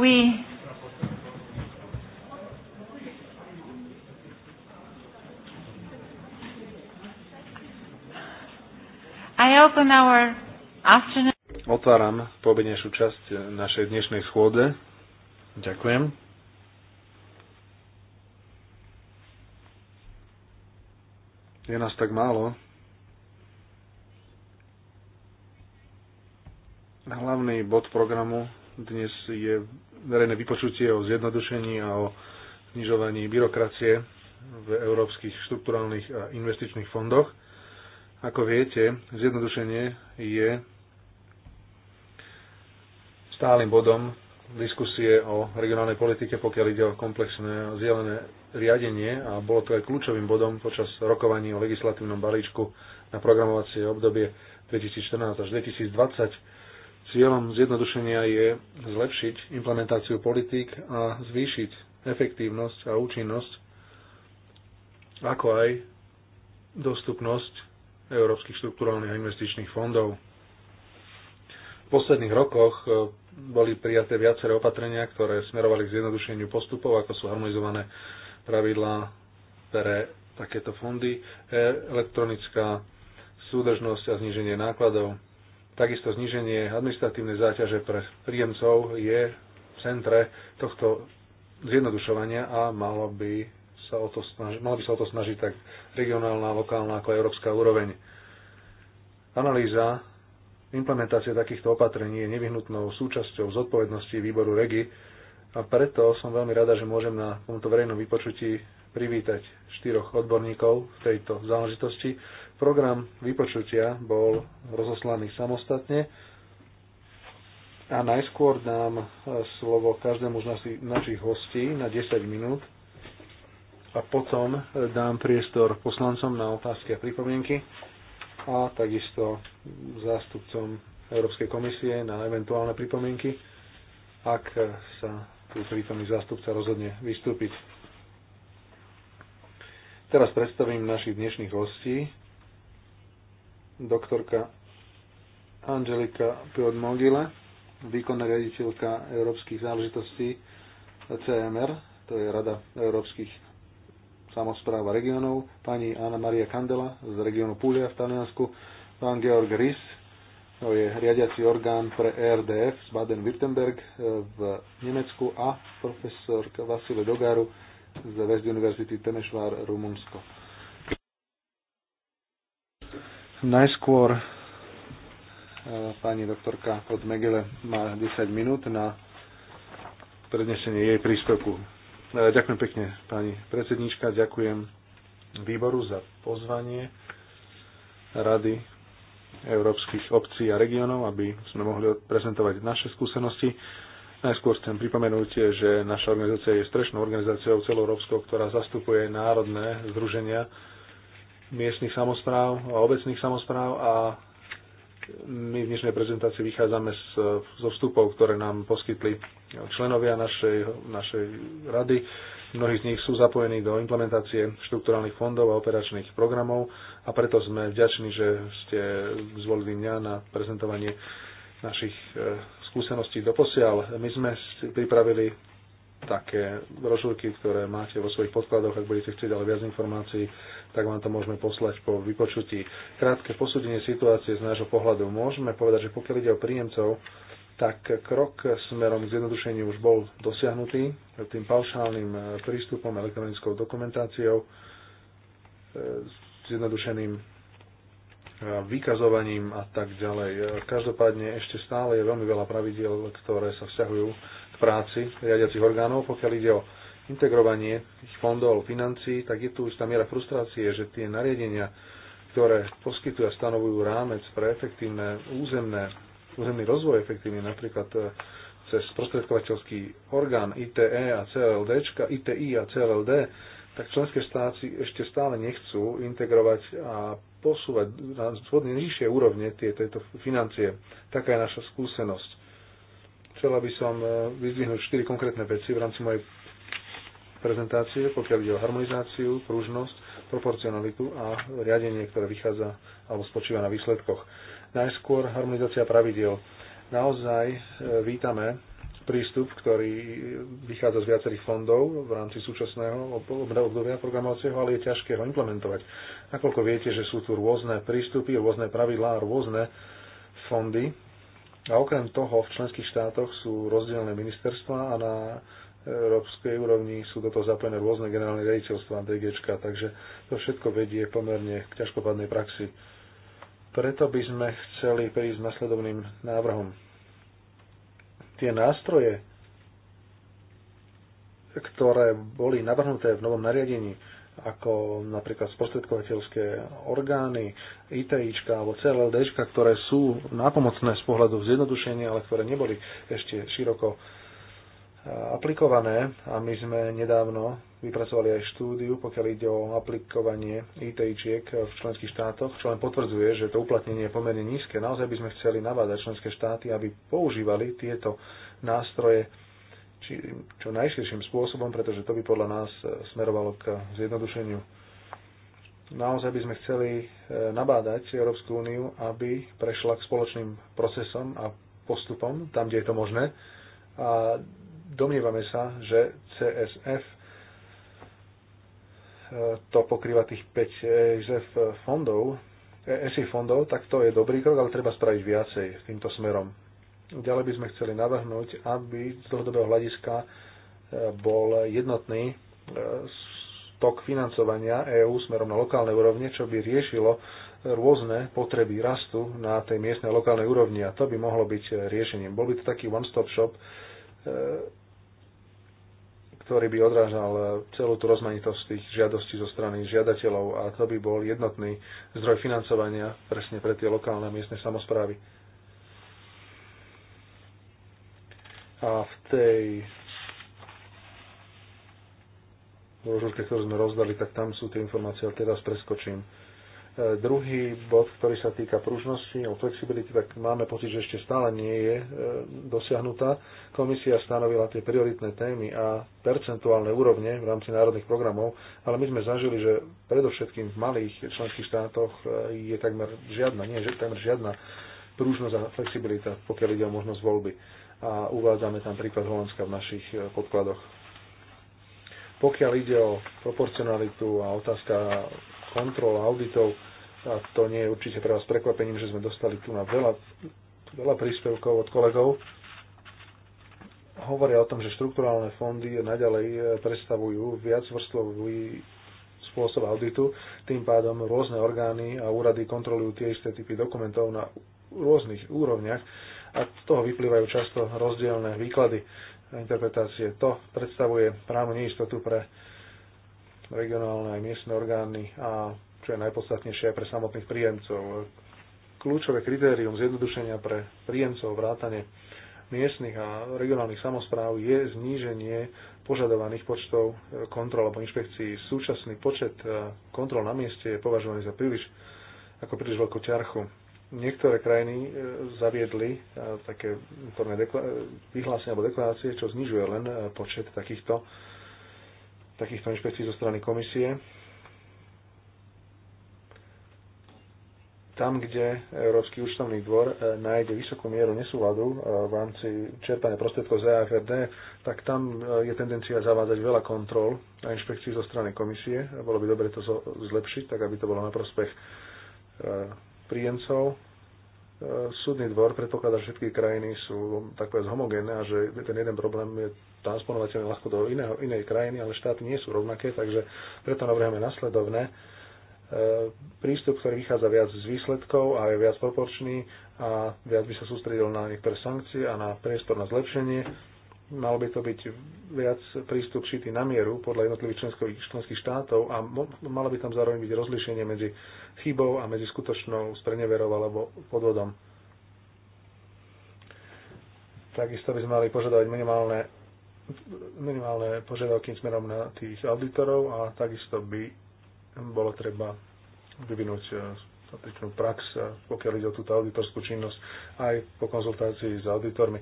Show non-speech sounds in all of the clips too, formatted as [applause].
We I open our afternoon. Otváram pobednejšiu časť našej dnešnej schôdze. Ďakujem. Je nás tak málo. Hlavný bod programu dnes je verejné vypočutie o zjednodušení a o znižovaní byrokracie v európskych štrukturálnych a investičných fondoch. Ako viete, zjednodušenie je stálym bodom diskusie o regionálnej politike, pokiaľ ide o komplexné zielené riadenie a bolo to aj kľúčovým bodom počas rokovaní o legislatívnom balíčku na programovacie obdobie 2014 až 2020 Cieľom zjednodušenia je zlepšiť implementáciu politík a zvýšiť efektívnosť a účinnosť, ako aj dostupnosť európskych štruktúrálnych a investičných fondov. V posledných rokoch e, boli prijaté viaceré opatrenia, ktoré smerovali k zjednodušeniu postupov, ako sú harmonizované pravidlá pre takéto fondy, e, elektronická súdržnosť a zníženie nákladov, Takisto zníženie administratívnej záťaže pre príjemcov je v centre tohto zjednodušovania a malo by sa o to snažiť, malo by sa o to snažiť tak regionálna, lokálna ako aj európska úroveň. Analýza implementácie takýchto opatrení je nevyhnutnou súčasťou zodpovednosti výboru REGI a preto som veľmi rada, že môžem na tomto verejnom vypočutí privítať štyroch odborníkov v tejto záležitosti, Program vypočutia bol rozoslaný samostatne a najskôr dám e, slovo každému z nasi, našich hostí na 10 minút a potom e, dám priestor poslancom na otázky a pripomienky a takisto zástupcom Európskej komisie na eventuálne pripomienky, ak sa tu prítomný zástupca rozhodne vystúpiť. Teraz predstavím našich dnešných hostí doktorka Angelika Piot výkonná riaditeľka európskych záležitostí CMR, to je Rada európskych samozpráv a regionov, pani Anna Maria Kandela z regionu Puglia v Taliansku, pán Georg Ries, to je riadiaci orgán pre ERDF z Baden-Württemberg e, v Nemecku a profesor Vasile Dogaru z West University Temešvár, Rumunsko. Najskôr e, pani doktorka od Megele má 10 minút na prednesenie jej príspevku. E, ďakujem pekne, pani predsednička, ďakujem výboru za pozvanie Rady európskych obcí a regionov, aby sme mohli prezentovať naše skúsenosti. Najskôr chcem pripomenúť, že naša organizácia je strešnou organizáciou celoeurópskou, ktorá zastupuje národné združenia miestnych samozpráv a obecných samozpráv a my v dnešnej prezentácii vychádzame z, zo vstupov, ktoré nám poskytli členovia našej, našej rady. Mnohí z nich sú zapojení do implementácie štrukturálnych fondov a operačných programov a preto sme vďační, že ste zvolili mňa na prezentovanie našich e, skúseností doposiaľ. My sme pripravili také brožúrky, ktoré máte vo svojich podkladoch, ak budete chcieť ale viac informácií, tak vám to môžeme poslať po vypočutí. Krátke posúdenie situácie z nášho pohľadu. Môžeme povedať, že pokiaľ ide o príjemcov, tak krok smerom k zjednodušeniu už bol dosiahnutý tým paušálnym eh, prístupom, elektronickou dokumentáciou, eh, zjednodušeným eh, vykazovaním a tak ďalej. Každopádne ešte stále je veľmi veľa pravidiel, ktoré sa vzťahujú práci riadiacich orgánov. Pokiaľ ide o integrovanie ich fondov financií, tak je tu istá miera frustrácie, že tie nariadenia, ktoré poskytujú a stanovujú rámec pre efektívne územné, územný rozvoj efektívny, napríklad e, cez prostredkovateľský orgán ITE a CLD, ITI a CLD, tak členské štáty ešte stále nechcú integrovať a posúvať na zhodne nižšie úrovne tie, tieto financie. Taká je naša skúsenosť. Chcela by som e, vyzvihnúť štyri konkrétne veci v rámci mojej prezentácie, pokiaľ ide o harmonizáciu, pružnosť, proporcionalitu a riadenie, ktoré vychádza alebo spočíva na výsledkoch. Najskôr harmonizácia pravidiel. Naozaj e, vítame prístup, ktorý vychádza z viacerých fondov v rámci súčasného obdobia programovacieho, ale je ťažké ho implementovať. Nakoľko viete, že sú tu rôzne prístupy, rôzne pravidlá, rôzne fondy, a okrem toho v členských štátoch sú rozdielne ministerstva a na európskej úrovni sú do toho zapojené rôzne generálne riaditeľstva DGčka, takže to všetko vedie pomerne k ťažkopádnej praxi. Preto by sme chceli prísť nasledovným návrhom. Tie nástroje, ktoré boli navrhnuté v novom nariadení, ako napríklad sprostredkovateľské orgány, ITIčka alebo CLDčka, ktoré sú nápomocné z pohľadu zjednodušenia, ale ktoré neboli ešte široko e, aplikované a my sme nedávno vypracovali aj štúdiu, pokiaľ ide o aplikovanie ITIčiek v členských štátoch, čo len potvrdzuje, že to uplatnenie je pomerne nízke. Naozaj by sme chceli navádať členské štáty, aby používali tieto nástroje či, čo najširším spôsobom, pretože to by podľa nás e, smerovalo k zjednodušeniu. Naozaj by sme chceli e, nabádať Európsku úniu, aby prešla k spoločným procesom a postupom, tam, kde je to možné. A domnievame sa, že CSF e, to pokrýva tých 5 ESF fondov, ESI fondov, tak to je dobrý krok, ale treba spraviť viacej týmto smerom. Ďalej by sme chceli navrhnúť, aby z dlhodobého hľadiska e, bol jednotný e, tok financovania EÚ smerom na lokálne úrovne, čo by riešilo rôzne potreby rastu na tej miestnej lokálnej úrovni a to by mohlo byť riešením. Bol by to taký one-stop shop, e, ktorý by odrážal celú tú rozmanitosť tých žiadostí zo strany žiadateľov a to by bol jednotný zdroj financovania presne pre tie lokálne miestne samozprávy. A v tej brožúrke, ktorú sme rozdali, tak tam sú tie informácie, ale teraz preskočím. E, druhý bod, ktorý sa týka pružnosti o flexibility, tak máme pocit, že ešte stále nie je e, dosiahnutá. Komisia stanovila tie prioritné témy a percentuálne úrovne v rámci národných programov, ale my sme zažili, že predovšetkým v malých členských štátoch e, je takmer žiadna, nie že takmer žiadna pružnosť a flexibilita, pokiaľ ide o možnosť voľby a uvádzame tam príklad Holandska v našich e, podkladoch. Pokiaľ ide o proporcionalitu a otázka kontrol a auditov, a to nie je určite pre vás prekvapením, že sme dostali tu na veľa, veľa príspevkov od kolegov, hovoria o tom, že štrukturálne fondy naďalej e, predstavujú viac vrstvový spôsob auditu, tým pádom rôzne orgány a úrady kontrolujú tie isté typy dokumentov na rôznych úrovniach a z toho vyplývajú často rozdielne výklady a interpretácie. To predstavuje právnu neistotu pre regionálne aj miestne orgány a čo je najpodstatnejšie aj pre samotných príjemcov. Kľúčové kritérium zjednodušenia pre príjemcov vrátane miestnych a regionálnych samozpráv je zníženie požadovaných počtov kontrol alebo inšpekcií. Súčasný počet eh, kontrol na mieste je považovaný za príliš, ako príliš veľkú ťarchu Niektoré krajiny e, zaviedli e, také informné e, vyhlásenia alebo deklarácie, čo znižuje len počet takýchto, takýchto inšpekcií zo strany komisie. Tam, kde Európsky účtovný dvor nájde vysokú mieru nesúladu v rámci čerpania prostriedkov z AFRD, tak tam je tendencia zavádzať veľa kontrol a inšpekcií zo strany komisie. Bolo by dobre to zlepšiť, tak aby to bolo na prospech príjemcov. E, súdny dvor predpokladá, že všetky krajiny sú také povedať homogénne a že ten jeden problém je transponovateľný ľahko do iného, inej krajiny, ale štáty nie sú rovnaké, takže preto navrhujeme nasledovné. E, prístup, ktorý vychádza viac z výsledkov a je viac proporčný a viac by sa sústredil na niektoré sankcie a na priestor na zlepšenie Malo by to byť viac prístup šitý na mieru podľa jednotlivých členských štátov a malo by tam zároveň byť rozlišenie medzi chybou a medzi skutočnou spreneverou alebo podvodom. Takisto by sme mali požadovať minimálne, minimálne požiadavky smerom na tých auditorov a takisto by bolo treba vyvinúť eh, patričnú prax, eh, pokiaľ ide o túto auditorskú činnosť, aj po konzultácii s auditormi.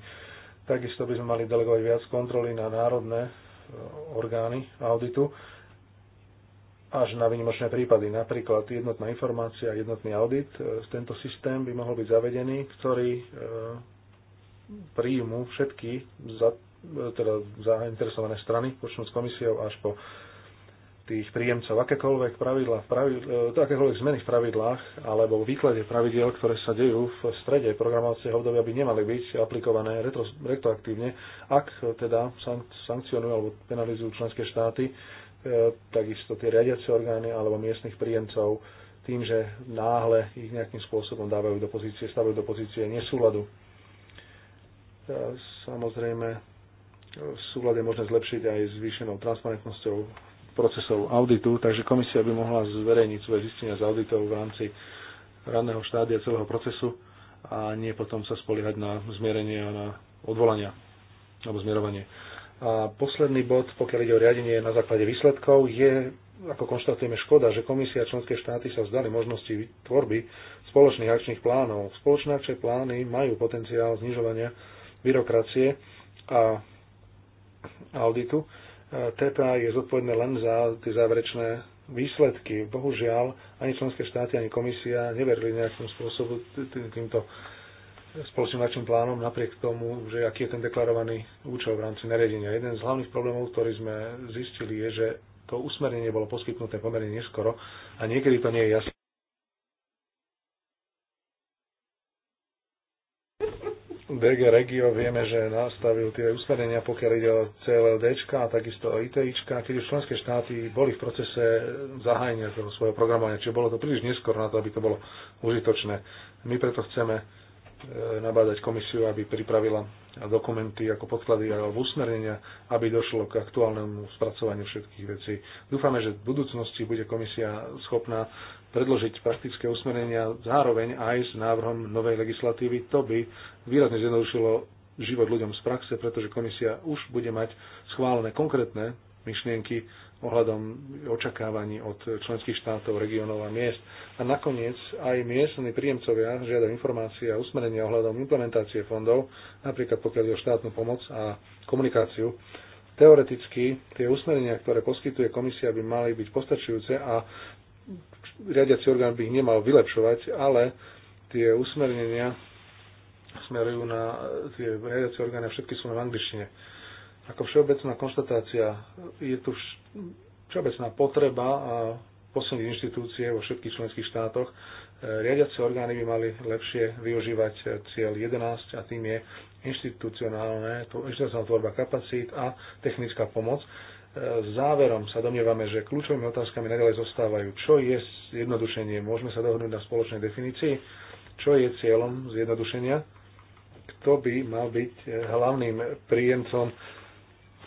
Takisto by sme mali delegovať viac kontroly na národné e, orgány auditu až na výnimočné prípady. Napríklad jednotná informácia, jednotný audit. E, tento systém by mohol byť zavedený, ktorý e, príjmu všetky za, teda zainteresované strany, počnúť s komisiou až po tých príjemcov. Akékoľvek, pravidla, pravidla, e, akékoľvek zmeny v pravidlách alebo v výklade pravidiel, ktoré sa dejú v strede programovacieho obdobia, by nemali byť aplikované retro, retroaktívne, ak teda sankcionujú alebo penalizujú členské štáty, e, takisto tie riadiace orgány alebo miestnych príjemcov tým, že náhle ich nejakým spôsobom dávajú do pozície, stavajú do pozície nesúladu. E, samozrejme, súlad je možné zlepšiť aj zvýšenou transparentnosťou procesov auditu, takže komisia by mohla zverejniť svoje zistenia z auditov v rámci ranného štádia celého procesu a nie potom sa spoliehať na zmierenie a na odvolania alebo zmierovanie. A posledný bod, pokiaľ ide o riadenie na základe výsledkov, je, ako konštatujeme, škoda, že komisia a členské štáty sa vzdali možnosti tvorby spoločných akčných plánov. Spoločné akčné plány majú potenciál znižovania byrokracie a auditu Teta je zodpovedné len za tie záverečné výsledky. Bohužiaľ, ani členské štáty, ani komisia neverili nejakým spôsobu týmto spoločným akčným plánom, napriek tomu, že aký je ten deklarovaný účel v rámci nariadenia. Jeden z hlavných problémov, ktorý sme zistili, je, že to usmernenie bolo poskytnuté pomerne neskoro a niekedy to nie je jasné. DG Regio vieme, že nastavil tie usmerenia, pokiaľ ide o CLD a takisto o ITI, keď už členské štáty boli v procese zahájenia toho svojho programovania, čiže bolo to príliš neskoro na to, aby to bolo užitočné. My preto chceme e, nabádať komisiu, aby pripravila dokumenty ako podklady alebo usmernenia, aby došlo k aktuálnemu spracovaniu všetkých vecí. Dúfame, že v budúcnosti bude komisia schopná predložiť praktické usmerenia zároveň aj s návrhom novej legislatívy. To by výrazne zjednodušilo život ľuďom z praxe, pretože komisia už bude mať schválené konkrétne myšlienky ohľadom očakávaní od členských štátov, regiónov a miest. A nakoniec aj miestni príjemcovia žiadajú informácie a usmerenia ohľadom implementácie fondov, napríklad pokiaľ je o štátnu pomoc a komunikáciu. Teoreticky tie usmerenia, ktoré poskytuje komisia, by mali byť postačujúce a riadiaci orgán by ich nemal vylepšovať, ale tie usmernenia smerujú na tie riadiace orgány a všetky sú v angličtine. Ako všeobecná konštatácia je tu všeobecná potreba a posilniť inštitúcie vo všetkých členských štátoch. E, riadiace orgány by mali lepšie využívať e, cieľ 11 a tým je inštitucionálne, inštitucionálna tvorba kapacít a technická pomoc. E, záverom sa domnievame, že kľúčovými otázkami nadalej zostávajú, čo je zjednodušenie, môžeme sa dohodnúť na spoločnej definícii, čo je cieľom zjednodušenia, kto by mal byť e, hlavným príjemcom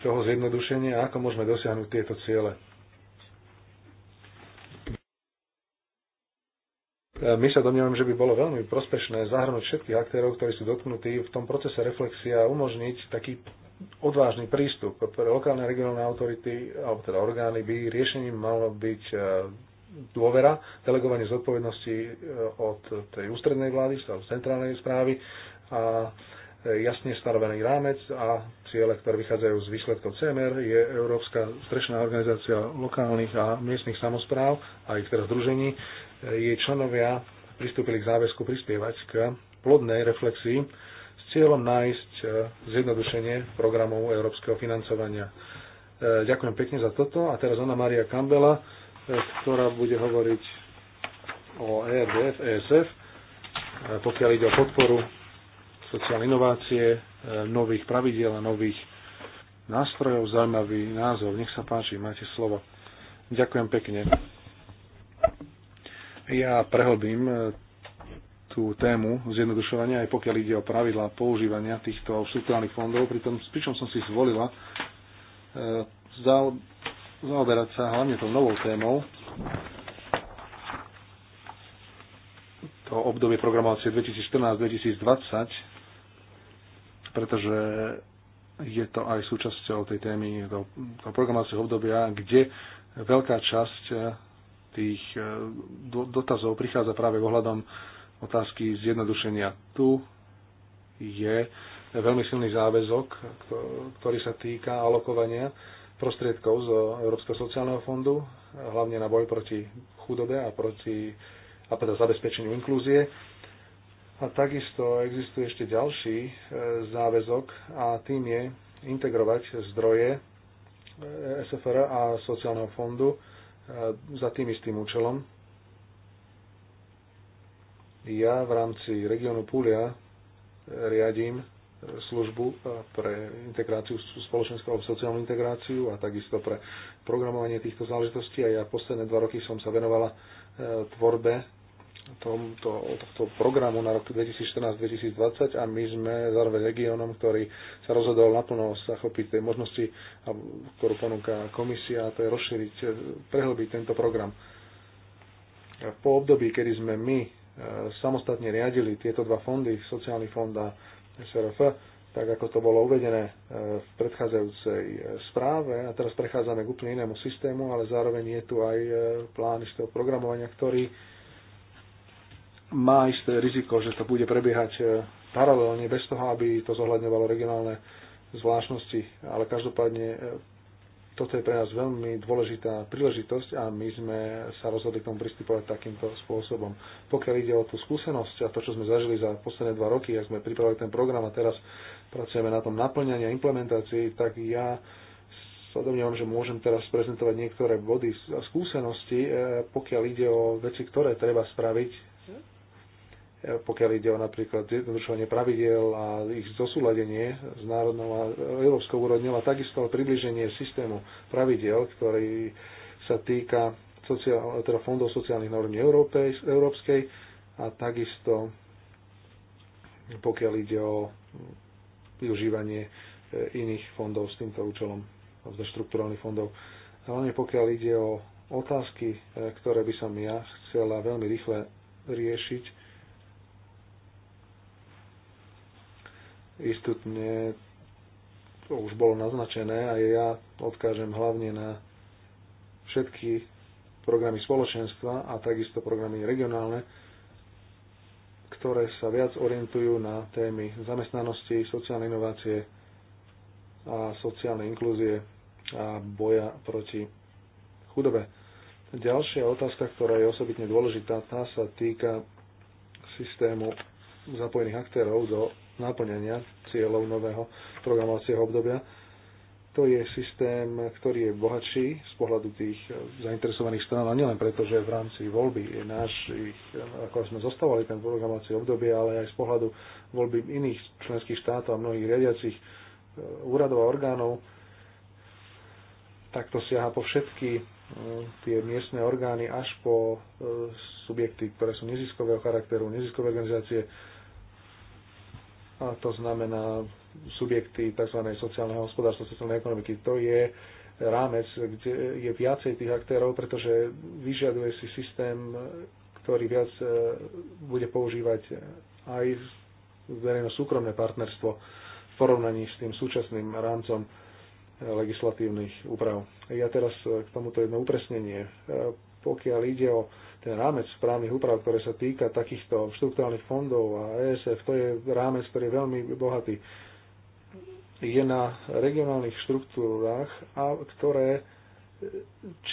toho zjednodušenia a ako môžeme dosiahnuť tieto ciele. E, my sa domnievame, že by bolo veľmi prospešné zahrnúť všetkých aktérov, ktorí sú dotknutí v tom procese reflexia a umožniť taký odvážny prístup pre lokálne regionálne autority, alebo teda orgány, by riešením malo byť e, dôvera, delegovanie zodpovednosti e, od tej ústrednej vlády, z teda centrálnej správy a e, jasne stanovený rámec a ciele, ktoré vychádzajú z výsledkov CMR, je Európska strešná organizácia lokálnych a miestnych samozpráv a ich teraz združení. Jej členovia pristúpili k záväzku prispievať k plodnej reflexii cieľom nájsť e, zjednodušenie programov európskeho financovania. E, ďakujem pekne za toto a teraz Anna Maria Kambela, e, ktorá bude hovoriť o ERDF, ESF, pokiaľ ide o podporu sociálnej inovácie, nových pravidiel a nových nástrojov. Zaujímavý názov. Nech sa páči, máte slovo. Ďakujem pekne. Ja prehlbím tú tému zjednodušovania, aj pokiaľ ide o pravidlá používania týchto štruktúrnych fondov, pritom, pričom som si zvolila e, zaoberať sa hlavne tou novou témou, to obdobie programovacie 2014-2020, pretože je to aj súčasťou tej témy toho, to programovacieho obdobia, kde veľká časť e, tých e, dotazov prichádza práve ohľadom otázky zjednodušenia. Tu je veľmi silný záväzok, ktorý sa týka alokovania prostriedkov z Európskeho sociálneho fondu, hlavne na boj proti chudobe a proti a teda zabezpečeniu inklúzie. A takisto existuje ešte ďalší e, záväzok a tým je integrovať zdroje e, SFR a sociálneho fondu e, za tým istým účelom, ja v rámci regiónu Púlia eh, riadím eh, službu eh, pre integráciu, spoločenskú alebo sociálnu integráciu a takisto pre programovanie týchto záležitostí a ja posledné dva roky som sa venovala tvorbe tomto, tohto programu na rok 2014-2020 a my sme zároveň regiónom, ktorý sa rozhodol naplno sa chopiť tej možnosti, ktorú ponúka komisia, a to je rozšíriť, prehlbiť tento program. Po období, kedy sme my samostatne riadili tieto dva fondy, sociálny fond a SRF, tak ako to bolo uvedené e, v predchádzajúcej e, správe. A teraz prechádzame k úplne inému systému, ale zároveň je tu aj e, plán istého programovania, ktorý má isté riziko, že to bude prebiehať paralelne, bez toho, aby to zohľadňovalo regionálne zvláštnosti. Ale každopádne toto je pre nás veľmi dôležitá príležitosť a my sme sa rozhodli k tomu pristupovať takýmto spôsobom. Pokiaľ ide o tú skúsenosť a to, čo sme zažili za posledné dva roky, ak sme pripravili ten program a teraz pracujeme na tom naplňaní a implementácii, tak ja sa domnievam, že môžem teraz prezentovať niektoré body a skúsenosti, e, pokiaľ ide o veci, ktoré treba spraviť E, pokiaľ ide o napríklad dodržovanie pravidiel a ich zosúladenie s národnou a európskou úrovňou a takisto približenie systému pravidiel, ktorý sa týka sociál, teda fondov sociálnych normy európskej a takisto pokiaľ ide o využívanie e, iných fondov s týmto účelom, alebo štruktúrálnych fondov. Hlavne pokiaľ ide o otázky, e, ktoré by som ja chcela veľmi rýchle riešiť, istotne to už bolo naznačené a ja odkážem hlavne na všetky programy spoločenstva a takisto programy regionálne, ktoré sa viac orientujú na témy zamestnanosti, sociálnej inovácie a sociálnej inklúzie a boja proti chudobe. Ďalšia otázka, ktorá je osobitne dôležitá, tá sa týka systému zapojených aktérov do náplňania cieľov nového programovacieho obdobia. To je systém, ktorý je bohatší z pohľadu tých zainteresovaných stran, a nielen preto, že v rámci voľby je náš, ich, ako sme zostávali ten programovací obdobie, ale aj z pohľadu voľby iných členských štátov a mnohých riadiacich eh, úradov a orgánov, tak to siaha po všetky eh, tie miestne orgány až po eh, subjekty, ktoré sú neziskového charakteru, neziskové organizácie, a to znamená subjekty tzv. sociálneho hospodárstva, sociálnej ekonomiky. To je rámec, kde je viacej tých aktérov, pretože vyžaduje si systém, ktorý viac e, bude používať aj verejno-súkromné partnerstvo v porovnaní s tým súčasným rámcom e, legislatívnych úprav. Ja teraz e, k tomuto jedno upresnenie. Pokiaľ ide o ten rámec správnych úprav, ktoré sa týka takýchto štruktúrálnych fondov a ESF, to je rámec, ktorý je veľmi bohatý. Je na regionálnych štruktúrách, a ktoré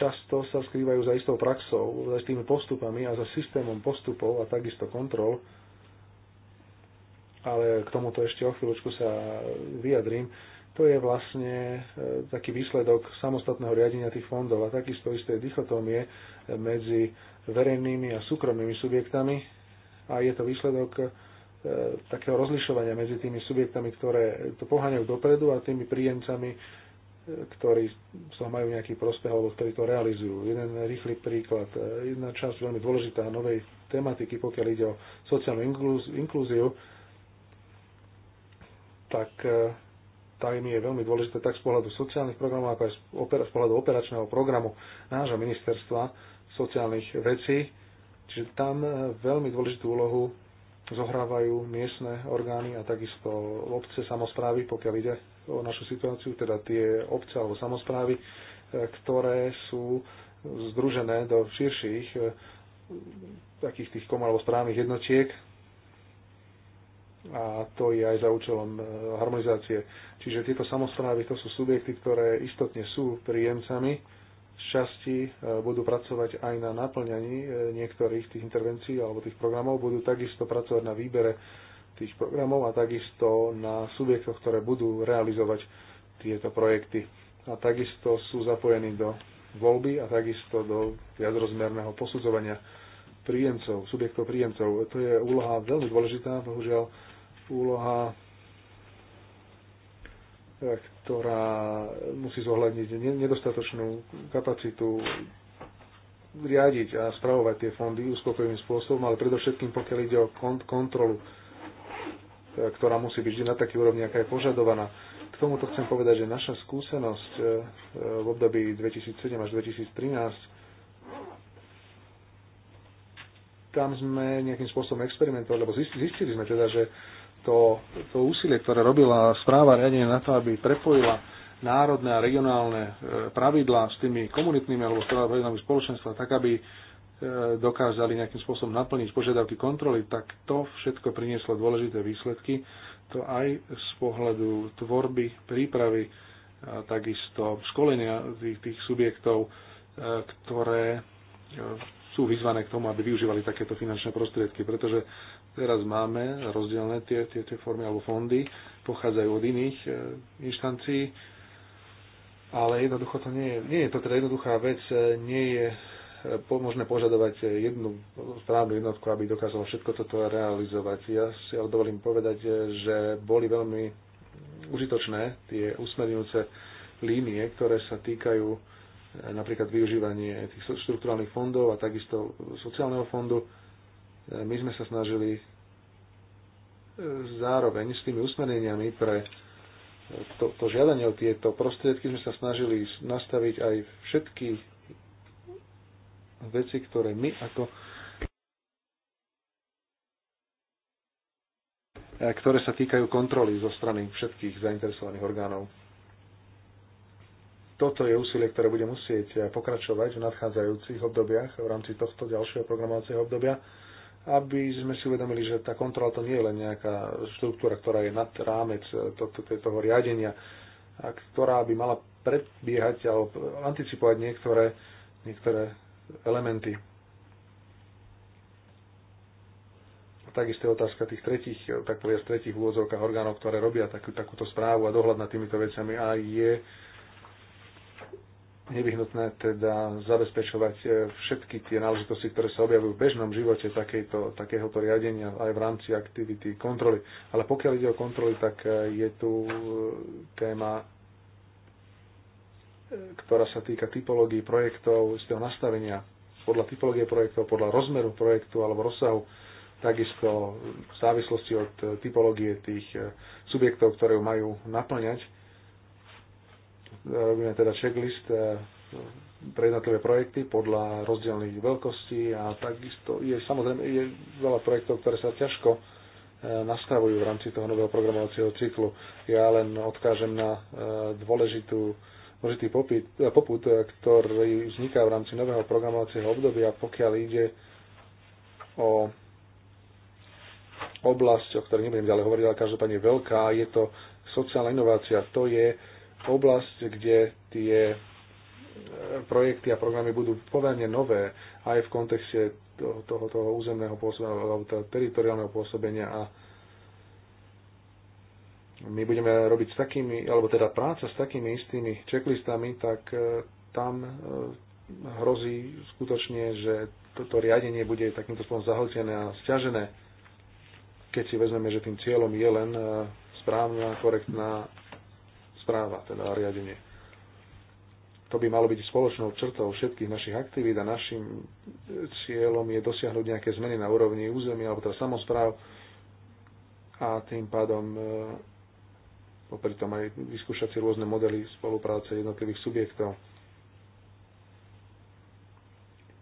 často sa skrývajú za istou praxou, za istými postupami a za systémom postupov a takisto kontrol, ale k tomuto ešte o chvíľočku sa vyjadrím to je vlastne e, taký výsledok samostatného riadenia tých fondov a takisto isté dichotómie e, medzi verejnými a súkromnými subjektami a je to výsledok e, takého rozlišovania medzi tými subjektami, ktoré to poháňajú dopredu a tými príjemcami, ktorí z toho majú nejaký prospech alebo ktorí to realizujú. Jeden rýchly príklad, jedna časť veľmi dôležitá novej tematiky, pokiaľ ide o sociálnu inklúziu, tak tajmy je veľmi dôležité tak z pohľadu sociálnych programov, ako aj z pohľadu operačného programu nášho ministerstva sociálnych vecí. Čiže tam e, veľmi dôležitú úlohu zohrávajú miestne orgány a takisto obce, samozprávy, pokiaľ ide o našu situáciu, teda tie obce alebo samozprávy, e, ktoré sú združené do širších e, takých tých komalov správnych jednotiek, a to je aj za účelom e, harmonizácie. Čiže tieto samozprávy to sú subjekty, ktoré istotne sú príjemcami z časti, e, budú pracovať aj na naplňaní e, niektorých tých intervencií alebo tých programov, budú takisto pracovať na výbere tých programov a takisto na subjektoch, ktoré budú realizovať tieto projekty. A takisto sú zapojení do voľby a takisto do viacrozmerného posudzovania príjemcov, subjektov príjemcov. To je úloha veľmi dôležitá, bohužiaľ úloha, eh, ktorá musí zohľadniť nedostatočnú kapacitu riadiť a spravovať tie fondy uspokojivým spôsobom, ale predovšetkým pokiaľ ide o kontrolu, eh, ktorá musí byť vždy na taký úrovni, aká je požadovaná. K tomuto chcem povedať, že naša skúsenosť eh, v období 2007 až 2013 tam sme nejakým spôsobom experimentovali, lebo zistili sme teda, že to, to úsilie, ktoré robila správa riadenie na to, aby prepojila národné a regionálne e, pravidlá s tými komunitnými alebo pravidlami spoločenstva, tak aby e, dokázali nejakým spôsobom naplniť požiadavky kontroly, tak to všetko prinieslo dôležité výsledky. To aj z pohľadu tvorby, prípravy, a takisto školenia tých, tých subjektov, e, ktoré sú vyzvané k tomu, aby využívali takéto finančné prostriedky, pretože Teraz máme rozdielne tie, tie, tie formy alebo fondy, pochádzajú od iných e, inštancií, ale jednoducho to nie je, nie je to teda jednoduchá vec, e, nie je e, po, možné požadovať jednu správnu jednotku, aby dokázalo všetko toto realizovať. Ja si ale dovolím povedať, e, že boli veľmi užitočné tie usmerňujúce línie, ktoré sa týkajú napríklad využívanie tých štruktúrálnych fondov a takisto sociálneho fondu my sme sa snažili e, zároveň s tými usmerneniami pre e, to, to žiadanie o tieto prostriedky sme sa snažili nastaviť aj všetky veci, ktoré my ako e, ktoré sa týkajú kontroly zo strany všetkých zainteresovaných orgánov. Toto je úsilie, ktoré bude musieť pokračovať v nadchádzajúcich obdobiach v rámci tohto ďalšieho programovacieho obdobia aby sme si uvedomili, že tá kontrola to nie je len nejaká štruktúra, ktorá je nad rámec to, to, toho riadenia, a ktorá by mala predbiehať alebo anticipovať niektoré, niektoré elementy. takisto je otázka tých tretich, tak povedať, tretich úvodzovkách orgánov, ktoré robia takú, takúto správu a dohľad nad týmito vecami a je nevyhnutné teda zabezpečovať e, všetky tie náležitosti, ktoré sa objavujú v bežnom živote takejto, takéhoto riadenia aj v rámci aktivity kontroly. Ale pokiaľ ide o kontroly, tak e, je tu e, téma, ktorá sa týka typológií projektov, z toho nastavenia podľa typológie projektov, podľa rozmeru projektu alebo rozsahu, takisto v závislosti od typológie tých subjektov, ktoré ju majú naplňať robíme teda checklist e, pre jednotlivé projekty podľa rozdielných veľkostí a takisto je samozrejme je veľa projektov, ktoré sa ťažko e, nastavujú v rámci toho nového programovacieho cyklu. Ja len odkážem na e, dôležitú, dôležitý popyt, poput, ktorý vzniká v rámci nového programovacieho obdobia, pokiaľ ide o oblasť, o ktorej nebudem ďalej hovoriť, ale každopádne veľká, je to sociálna inovácia. To je oblasť, kde tie e, projekty a programy budú pomerne nové aj v kontexte toho, toho, toho územného pôsobenia alebo toho teritoriálneho pôsobenia a my budeme robiť s takými, alebo teda práca s takými istými checklistami, tak e, tam e, hrozí skutočne, že toto riadenie bude takýmto spôsobom zahltené a stiažené, keď si vezmeme, že tým cieľom je len správna, korektná správa, teda riadenie. To by malo byť spoločnou črtou všetkých našich aktivít a našim cieľom je dosiahnuť nejaké zmeny na úrovni území alebo teda samozpráv a tým pádom e, popri tom aj vyskúšať si rôzne modely spolupráce jednotlivých subjektov.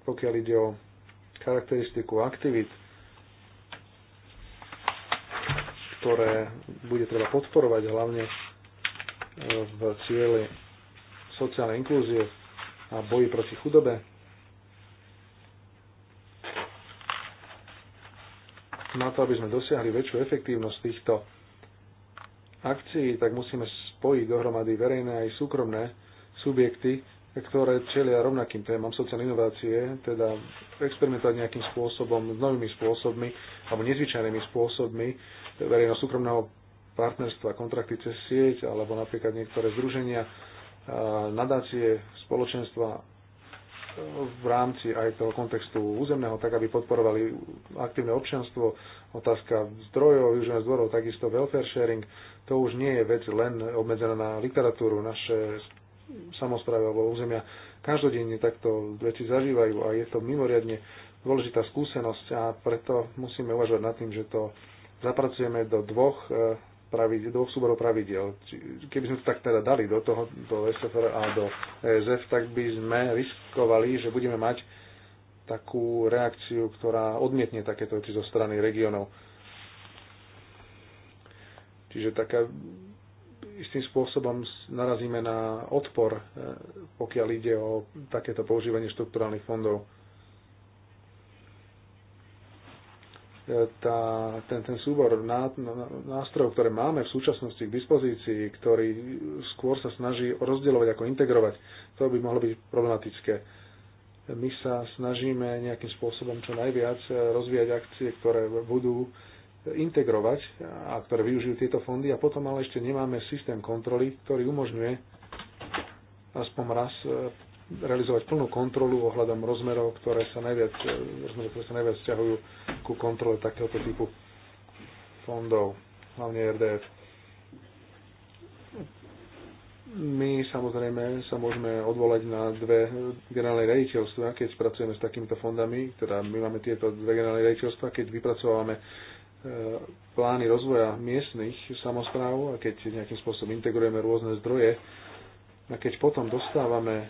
Pokiaľ ide o charakteristiku aktivít, ktoré bude treba podporovať, hlavne v cieli sociálnej inklúzie a boji proti chudobe. Na to, aby sme dosiahli väčšiu efektívnosť týchto akcií, tak musíme spojiť dohromady verejné aj súkromné subjekty, ktoré čelia rovnakým témam sociálnej inovácie, teda experimentovať nejakým spôsobom, novými spôsobmi alebo nezvyčajnými spôsobmi verejno-súkromného partnerstva, kontrakty cez sieť, alebo napríklad niektoré združenia, nadácie, spoločenstva e, v rámci aj toho kontextu územného, tak aby podporovali aktívne občanstvo, otázka zdrojov, využívania zdrojov, takisto welfare sharing, to už nie je vec len obmedzená na literatúru, naše samozprávy alebo územia každodenne takto veci zažívajú a je to mimoriadne dôležitá skúsenosť a preto musíme uvažovať nad tým, že to zapracujeme do dvoch e, pravidel, dvoch súborov pravidel. Keby sme to tak teda dali do toho, do SFR a do ESF, tak by sme riskovali, že budeme mať takú reakciu, ktorá odmietne takéto veci zo strany regionov. Čiže taká istým spôsobom narazíme na odpor, e, pokiaľ ide o takéto používanie štrukturálnych fondov. tá, ten, ten súbor nástrojov, ktoré máme v súčasnosti k dispozícii, ktorý skôr sa snaží rozdielovať ako integrovať, to by mohlo byť problematické. My sa snažíme nejakým spôsobom čo najviac rozvíjať akcie, ktoré budú integrovať a ktoré využijú tieto fondy a potom ale ešte nemáme systém kontroly, ktorý umožňuje aspoň raz realizovať plnú kontrolu ohľadom rozmerov, ktoré sa najviac, e, rozmerov, ktoré sa najviac vzťahujú ku kontrole takéhoto typu fondov, hlavne RDF. My samozrejme sa môžeme odvolať na dve generálne rejiteľstva, keď pracujeme s takýmito fondami, teda my máme tieto dve generálne rejiteľstva, keď vypracovávame e, plány rozvoja miestnych samozpráv a keď nejakým spôsobom integrujeme rôzne zdroje a keď potom dostávame e,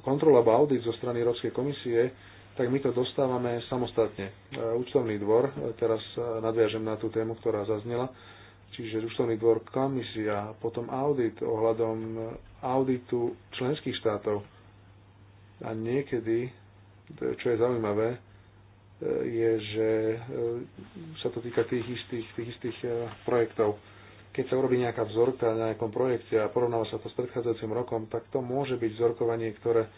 kontrola alebo audit zo strany Európskej komisie, tak my to dostávame samostatne. E, účtovný dvor, e, teraz nadviažem na tú tému, ktorá zaznela, čiže účtovný dvor komisia, potom audit ohľadom auditu členských štátov. A niekedy, čo je zaujímavé, je, že sa to týka tých istých, tých istých projektov keď sa urobí nejaká vzorka na nejakom projekte a porovnáva sa to s predchádzajúcim rokom, tak to môže byť vzorkovanie, ktoré e,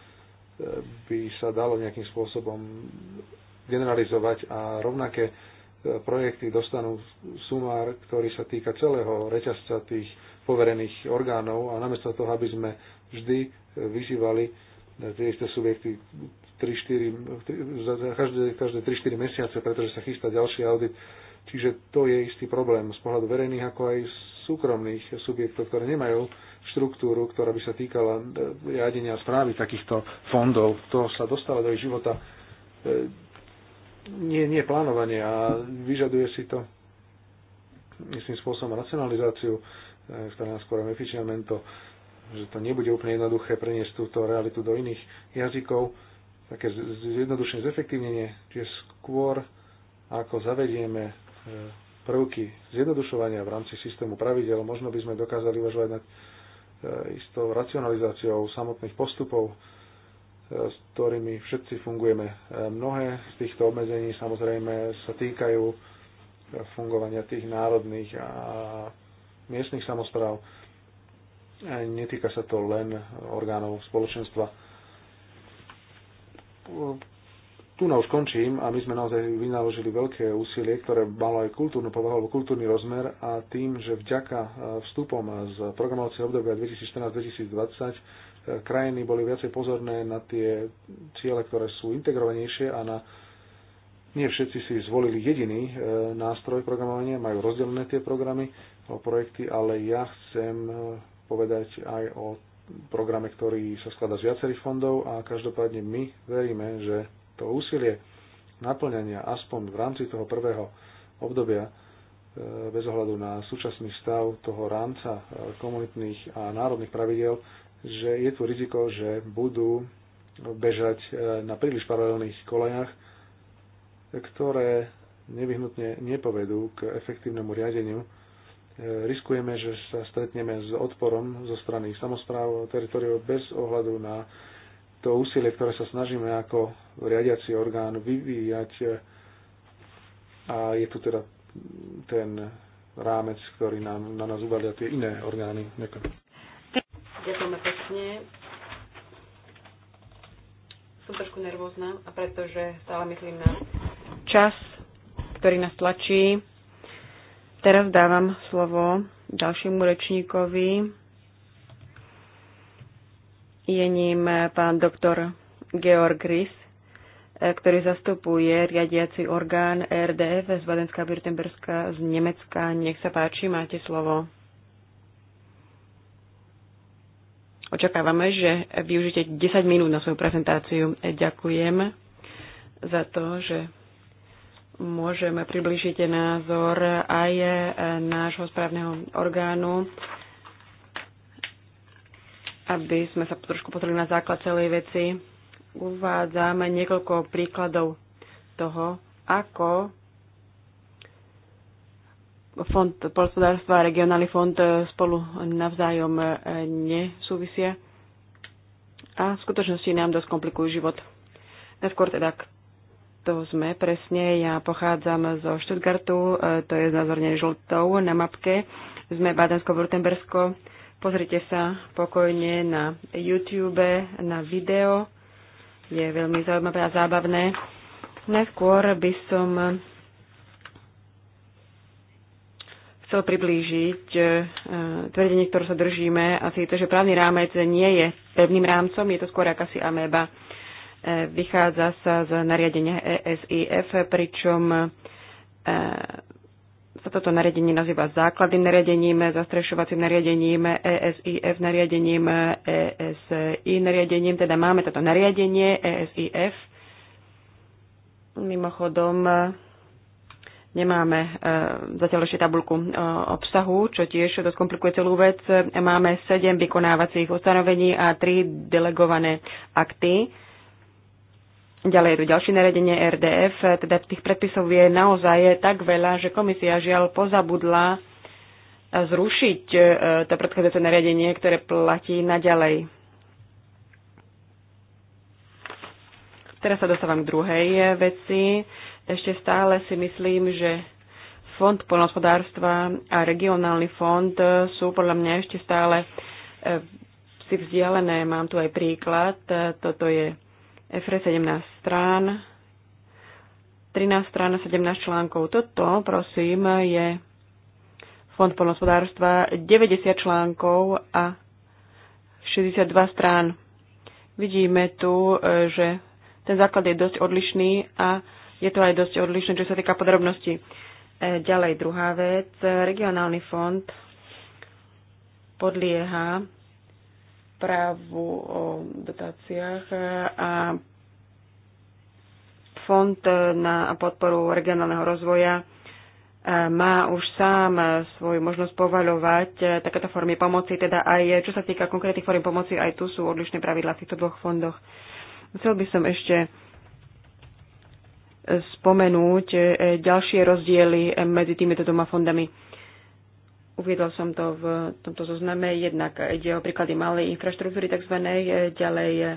by sa dalo nejakým spôsobom generalizovať a rovnaké e, projekty dostanú sumár, ktorý sa týka celého reťazca tých poverených orgánov a namiesto toho, aby sme vždy e, vyzývali tie isté subjekty 3, 4, každé, každé 3-4 mesiace, pretože sa chystá ďalší audit, Čiže to je istý problém z pohľadu verejných ako aj súkromných subjektov, ktoré nemajú štruktúru, ktorá by sa týkala e, riadenia a správy takýchto fondov. To sa dostáva do ich života e, nie, nie plánovanie a vyžaduje si to istým spôsobom racionalizáciu, e, ktorá nás skôr eficiamento, že to nebude úplne jednoduché preniesť túto realitu do iných jazykov, také zjednodušené zefektívnenie, čiže skôr ako zavedieme prvky zjednodušovania v rámci systému pravidel, možno by sme dokázali uvažovať nad eh, istou racionalizáciou samotných postupov, eh, s ktorými všetci fungujeme. Eh, mnohé z týchto obmedzení samozrejme sa týkajú fungovania tých národných a miestnych samozpráv. Netýka sa to len orgánov spoločenstva tu na už končím a my sme naozaj vynaložili veľké úsilie, ktoré malo aj kultúrnu povahu alebo kultúrny rozmer a tým, že vďaka e, vstupom z programovacieho obdobia 2014-2020 e, krajiny boli viacej pozorné na tie ciele, ktoré sú integrovanejšie a na nie všetci si zvolili jediný e, nástroj programovania, majú rozdelené tie programy o projekty, ale ja chcem povedať aj o programe, ktorý sa skladá z viacerých fondov a každopádne my veríme, že to úsilie naplňania aspoň v rámci toho prvého obdobia e, bez ohľadu na súčasný stav toho rámca e, komunitných a národných pravidel, že je tu riziko, že budú bežať e, na príliš paralelných kolejach, ktoré nevyhnutne nepovedú k efektívnemu riadeniu. Riskujeme, že sa stretneme s odporom zo strany samozpráv teritoriov bez ohľadu na to úsilie, ktoré sa snažíme ako riadiaci orgán vyvíjať a je tu teda ten rámec, ktorý nám, na nás uvalia tie iné orgány. Ďakujem. Ďakujeme pekne. Som trošku nervózna, a pretože stále myslím na čas, ktorý nás tlačí. Teraz dávam slovo ďalšiemu rečníkovi, je ním pán doktor Georg Gris, eh, ktorý zastupuje riadiaci orgán RDF z Badenská Württemberska z Nemecka. Nech sa páči, máte slovo. Očakávame, že využite 10 minút na svoju prezentáciu. Eh, Ďakujem za to, že môžeme približiť názor aj eh, nášho správneho orgánu aby sme sa trošku pozreli na základ celej veci, uvádzame niekoľko príkladov toho, ako fond polospodárstva a regionálny fond spolu navzájom eh, nesúvisia a v skutočnosti nám dosť komplikujú život. Neskôr teda to sme presne. Ja pochádzam zo Stuttgartu, eh, to je znázornené žltou na mapke. Sme Bádensko-Württembersko, Pozrite sa pokojne na YouTube, na video. Je veľmi zaujímavé a zábavné. Najskôr by som chcel priblížiť e, tvrdenie, ktoré sa držíme, a to, že právny rámec nie je pevným rámcom, je to skôr akási Ameba. E, vychádza sa z nariadenia ESIF, pričom e, toto nariadenie nazýva základným nariadením, zastrešovacím nariadením, ESIF nariadením, ESI nariadením. Teda máme toto nariadenie ESIF. Mimochodom, nemáme e, zatiaľ ešte tabulku e, obsahu, čo tiež to skomplikuje celú vec. Máme 7 vykonávacích ustanovení a 3 delegované akty Ďalej je tu ďalšie naredenie RDF, teda tých predpisov je naozaj tak veľa, že komisia žiaľ pozabudla e, zrušiť e, to predchádzajúce nariadenie, ktoré platí naďalej. Teraz sa dostávam k druhej e, veci. Ešte stále si myslím, že Fond poľnohospodárstva a regionálny fond sú podľa mňa ešte stále si vzdialené. Mám tu aj príklad. Toto je EFRE 17 strán, 13 strán a 17 článkov. Toto, prosím, je Fond polnospodárstva 90 článkov a 62 strán. Vidíme tu, e, že ten základ je dosť odlišný a je to aj dosť odlišné, čo sa týka podrobností. E, ďalej druhá vec. Regionálny fond podlieha správu o dotáciách a fond na podporu regionálneho rozvoja e, má už sám svoju možnosť povaľovať e, takéto formy pomoci, teda aj čo sa týka konkrétnych form pomoci, aj tu sú odlišné pravidla v týchto dvoch fondoch. Chcel by som ešte spomenúť e, ďalšie rozdiely medzi týmito dvoma fondami. Uviedol som to v tomto zozname. Jednak ide o príklady malej infraštruktúry tzv. E, ďalej e, e,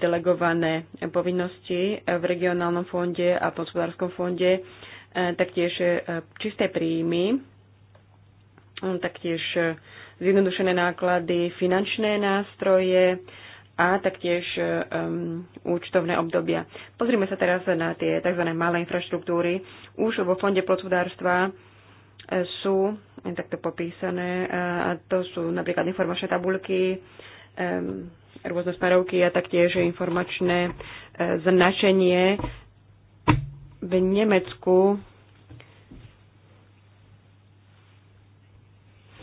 delegované povinnosti v regionálnom fonde a hospodárskom fonde, taktiež čisté príjmy, taktiež zjednodušené náklady, finančné nástroje a taktiež um, účtovné obdobia. Pozrime sa teraz na tie tzv. malé infraštruktúry. Už vo fonde podhospodárstva sú takto popísané. A to sú napríklad informačné tabulky, rôzne smerovky a taktiež informačné e, značenie. V Nemecku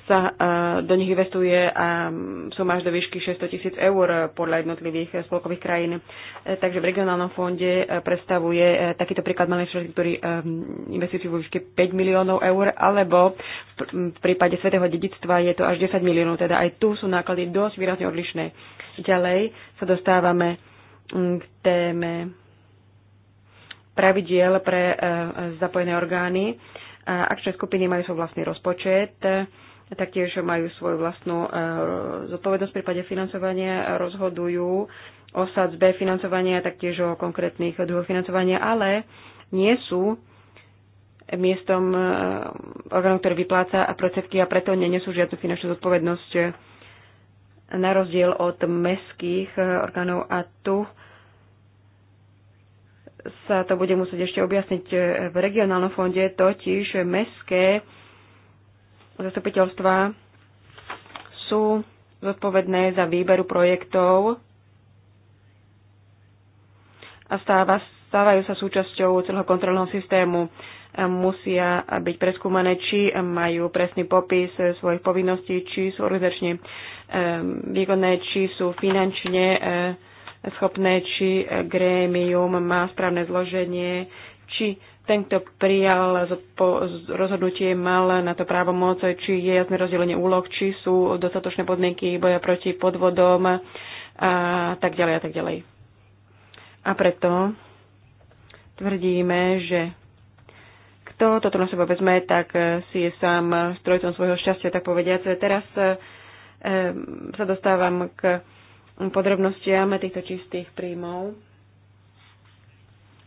sa e, do nich investuje a suma až do výšky 600 tisíc eur podľa jednotlivých spolkových krajín. E, takže v regionálnom fonde e, predstavuje takýto príklad malej infraštruktúry investíciu vo výške 5 miliónov eur, alebo v prípade svetého dedictva je to až 10 miliónov, teda aj tu sú náklady dosť výrazne odlišné. Ďalej sa dostávame k téme pravidiel pre zapojené orgány. Akčné skupiny majú svoj vlastný rozpočet taktiež majú svoju vlastnú e, zodpovednosť v prípade financovania, rozhodujú o sadzbe financovania, taktiež o konkrétnych druhoch financovania, ale nie sú miestom e, orgánu, ktorý vypláca a procedky a preto nenesú žiadnu finančnú zodpovednosť e, na rozdiel od mestských orgánov a tu sa to bude musieť ešte objasniť v regionálnom fonde, totiž mestské zastupiteľstva sú zodpovedné za výberu projektov a stáva, stávajú sa súčasťou celého kontrolného systému. Musia byť preskúmané, či majú presný popis svojich povinností, či sú organizačne eh, výkonné, či sú finančne eh, schopné, či eh, grémium má správne zloženie, či ten, kto prijal rozhodnutie, mal na to právo moc, či je jasné rozdelenie úloh, či sú dostatočné podmienky boja proti podvodom a tak ďalej a tak ďalej. A preto tvrdíme, že kto toto na seba vezme, tak si je sám strojcom svojho šťastia, tak povediať, Teraz sa dostávam k podrobnostiam týchto čistých príjmov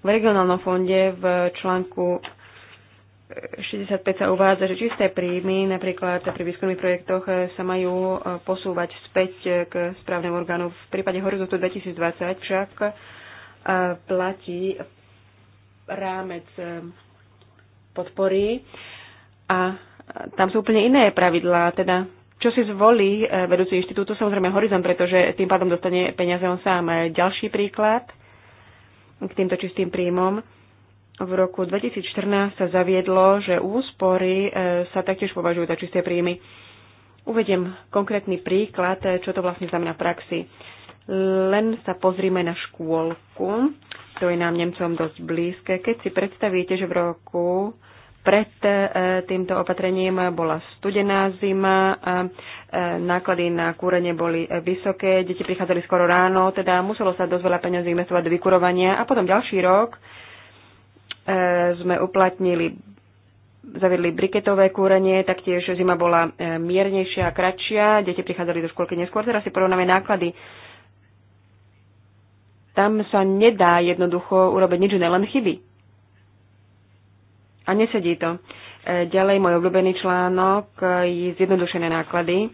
v regionálnom fonde v článku 65 sa uvádza, že čisté príjmy napríklad pri výskumných projektoch e, sa majú e, posúvať späť k správnemu orgánu. V prípade Horizontu 2020 však e, platí rámec podpory a tam sú úplne iné pravidlá, teda čo si zvolí vedúci inštitútu, samozrejme horizont, pretože tým pádom dostane peniaze on sám. Ďalší príklad, k týmto čistým príjmom. V roku 2014 sa zaviedlo, že úspory e, sa taktiež považujú za čisté príjmy. Uvediem konkrétny príklad, e, čo to vlastne znamená v praxi. Len sa pozrime na škôlku, to je nám Nemcom dosť blízke. Keď si predstavíte, že v roku pred e, týmto opatrením bola studená zima, e, náklady na kúrenie boli e, vysoké, deti prichádzali skoro ráno, teda muselo sa dosť veľa peňazí investovať do vykurovania a potom ďalší rok sme uplatnili zaviedli briketové kúrenie, taktiež zima bola miernejšia a kratšia, deti prichádzali do školky neskôr, teraz si porovnáme náklady. Tam sa nedá jednoducho urobiť nič, len chyby. A nesedí to. E, ďalej môj obľúbený článok e, je zjednodušené náklady.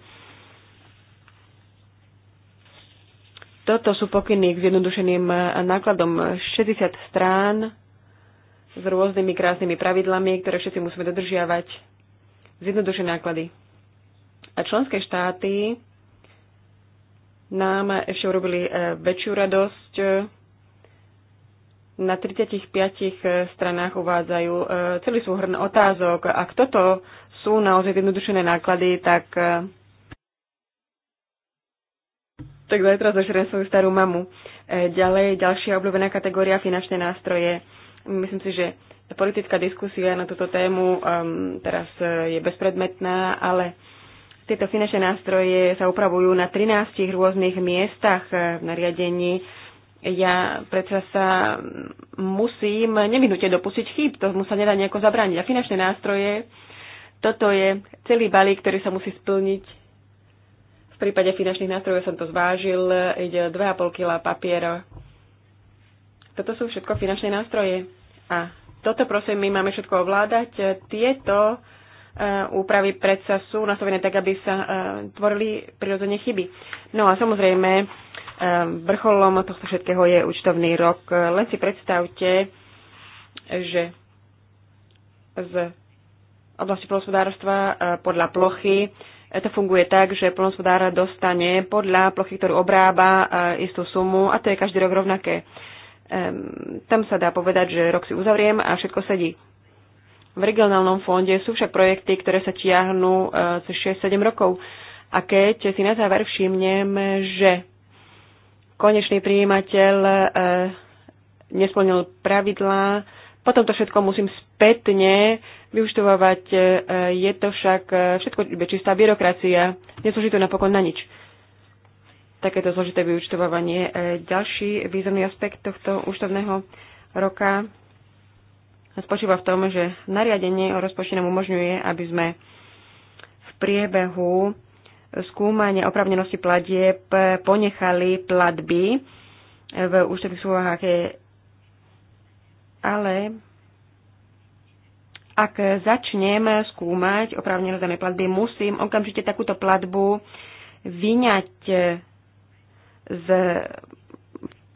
Toto sú pokyny k zjednodušeným e, nákladom 60 strán s rôznymi krásnymi pravidlami, ktoré všetci musíme dodržiavať. Zjednodušené náklady. A členské štáty nám ešte urobili väčšiu radosť na 35 eh, stranách uvádzajú eh, celý súhrn otázok. Ak toto sú naozaj jednodušené náklady, tak eh, tak zajtra zažerem svoju starú mamu. Ďalej, ďalšia obľúbená kategória finančné nástroje. Myslím si, že politická diskusia na túto tému um, teraz je bezpredmetná, ale tieto finančné nástroje sa upravujú na 13 rôznych miestach v nariadení ja predsa sa musím neminutne dopustiť chýb, mu sa nedá nejako zabrániť. A finančné nástroje, toto je celý balík, ktorý sa musí splniť. V prípade finančných nástrojov som to zvážil, ide 2,5 kg papiera. Toto sú všetko finančné nástroje. A toto prosím, my máme všetko ovládať. Tieto Eh, úpravy predsa sú nastavené tak, aby sa eh, tvorili prirodzene chyby. No a samozrejme, eh, vrcholom tohto všetkého je účtovný rok. Len si predstavte, že z oblasti polospodárstva podľa plochy to funguje tak, že plnospodár dostane podľa plochy, ktorú obrába, istú sumu a to je každý rok rovnaké. Tam sa dá povedať, že rok si uzavriem a všetko sedí. V regionálnom fonde sú však projekty, ktoré sa tiahnú e, cez 6-7 rokov. A keď si na záver všimnem, že konečný prijímateľ e, nesplnil pravidlá, potom to všetko musím spätne vyuštovovať, e, Je to však všetko čistá byrokracia. Neslúži to napokon na nič. Takéto zložité vyučtovávanie. Ďalší významný aspekt tohto účtovného roka spočíva v tom, že nariadenie o rozpočte nám umožňuje, aby sme v priebehu skúmania opravnenosti platieb ponechali platby v účtových súvahách, aké ale ak začnem skúmať oprávnenosť danej platby, musím okamžite takúto platbu vyňať z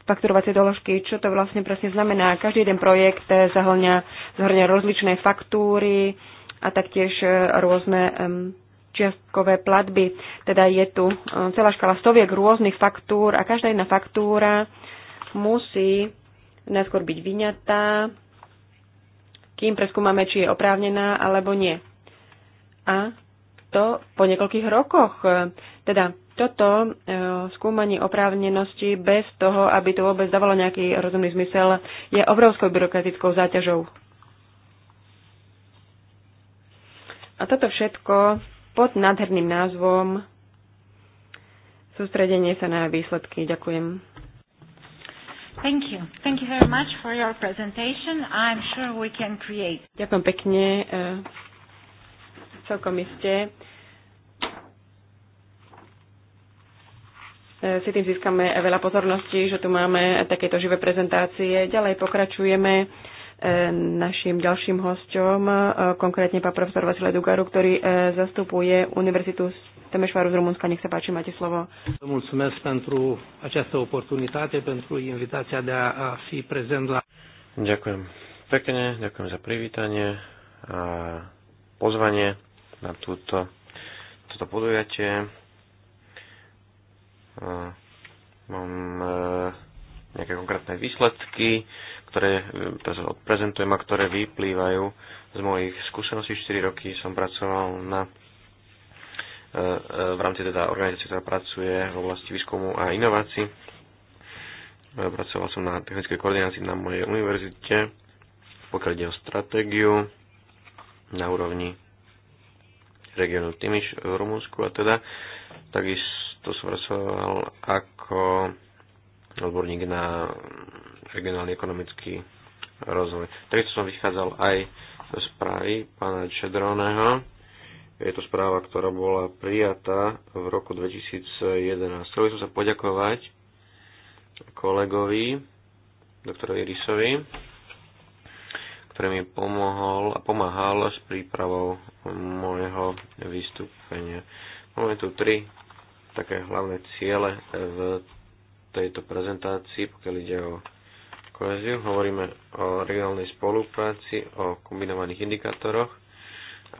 fakturovacie doložky, čo to vlastne presne znamená. Každý jeden projekt eh, zahrňa, zahrňa rozličné faktúry a taktiež eh, rôzne čiastkové platby. Teda je tu eh, celá škala stoviek rôznych faktúr a každá jedna faktúra musí najskôr byť vyňatá, kým preskúmame, či je oprávnená alebo nie. A to po niekoľkých rokoch. Teda toto e, skúmanie oprávnenosti bez toho, aby to vôbec dávalo nejaký rozumný zmysel, je obrovskou byrokratickou záťažou. A toto všetko pod nádherným názvom sústredenie sa na výsledky. Ďakujem. Thank you. Thank you very much for your presentation. I'm sure we can create. Ďakujem pekne. E, celkom iste E, si tým získame veľa pozornosti, že tu máme takéto živé prezentácie. Ďalej pokračujeme e, našim ďalším hosťom, e, konkrétne pán profesor Vasile Dugaru, ktorý zastupuje Univerzitu Temešvaru z Rumunska. Nech sa páči, máte slovo. Ďakujem pekne, ďakujem za privítanie a pozvanie na túto, toto podujatie mám e, nejaké konkrétne výsledky, ktoré e, teraz odprezentujem a ktoré vyplývajú z mojich skúseností. 4 roky som pracoval na e, v rámci teda organizácie, ktorá pracuje v oblasti výskumu a inovácií. Pracoval som na technickej koordinácii na mojej univerzite, pokiaľ ide o stratégiu na úrovni regionu Timiš v Rumunsku a teda takisto to som ako odborník na regionálny ekonomický rozvoj. Takisto som vychádzal aj zo správy pána Čedroného, Je to správa, ktorá bola prijatá v roku 2011. Chcel by som sa poďakovať kolegovi, doktorovi Rysovi, ktorý mi pomohol a pomáhal s prípravou môjho vystúpenia. Máme tu tri také hlavné ciele eh, v tejto prezentácii, pokiaľ ide o koheziu. Hovoríme o regionálnej spolupráci, o kombinovaných indikátoroch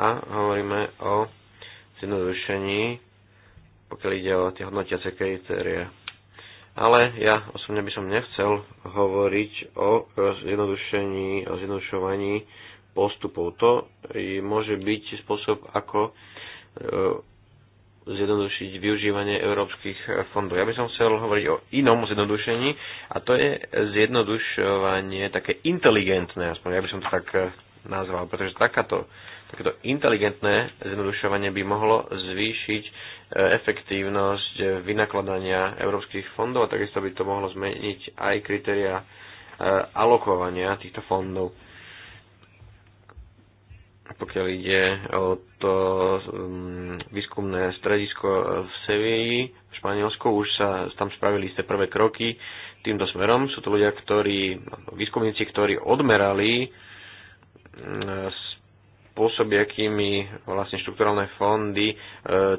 a hovoríme o zjednodušení, pokiaľ ide o tie hodnotiace kritérie. Ale ja osobne by som nechcel hovoriť o zjednodušení, o zjednodušovaní postupov. To môže byť spôsob, ako eh, zjednodušiť využívanie európskych fondov. Ja by som chcel hovoriť o inom zjednodušení a to je zjednodušovanie také inteligentné, aspoň ja by som to tak eh, nazval, pretože takáto, takéto inteligentné zjednodušovanie by mohlo zvýšiť eh, efektívnosť eh, vynakladania európskych fondov a takisto by to mohlo zmeniť aj kritéria alokovania týchto fondov pokiaľ ide o to um, výskumné stredisko v Sevilli, v Španielsku, už sa tam spravili isté prvé kroky týmto smerom. Sú to ľudia, ktorí, výskumníci, ktorí odmerali mm, spôsoby, akými vlastne štrukturálne fondy e,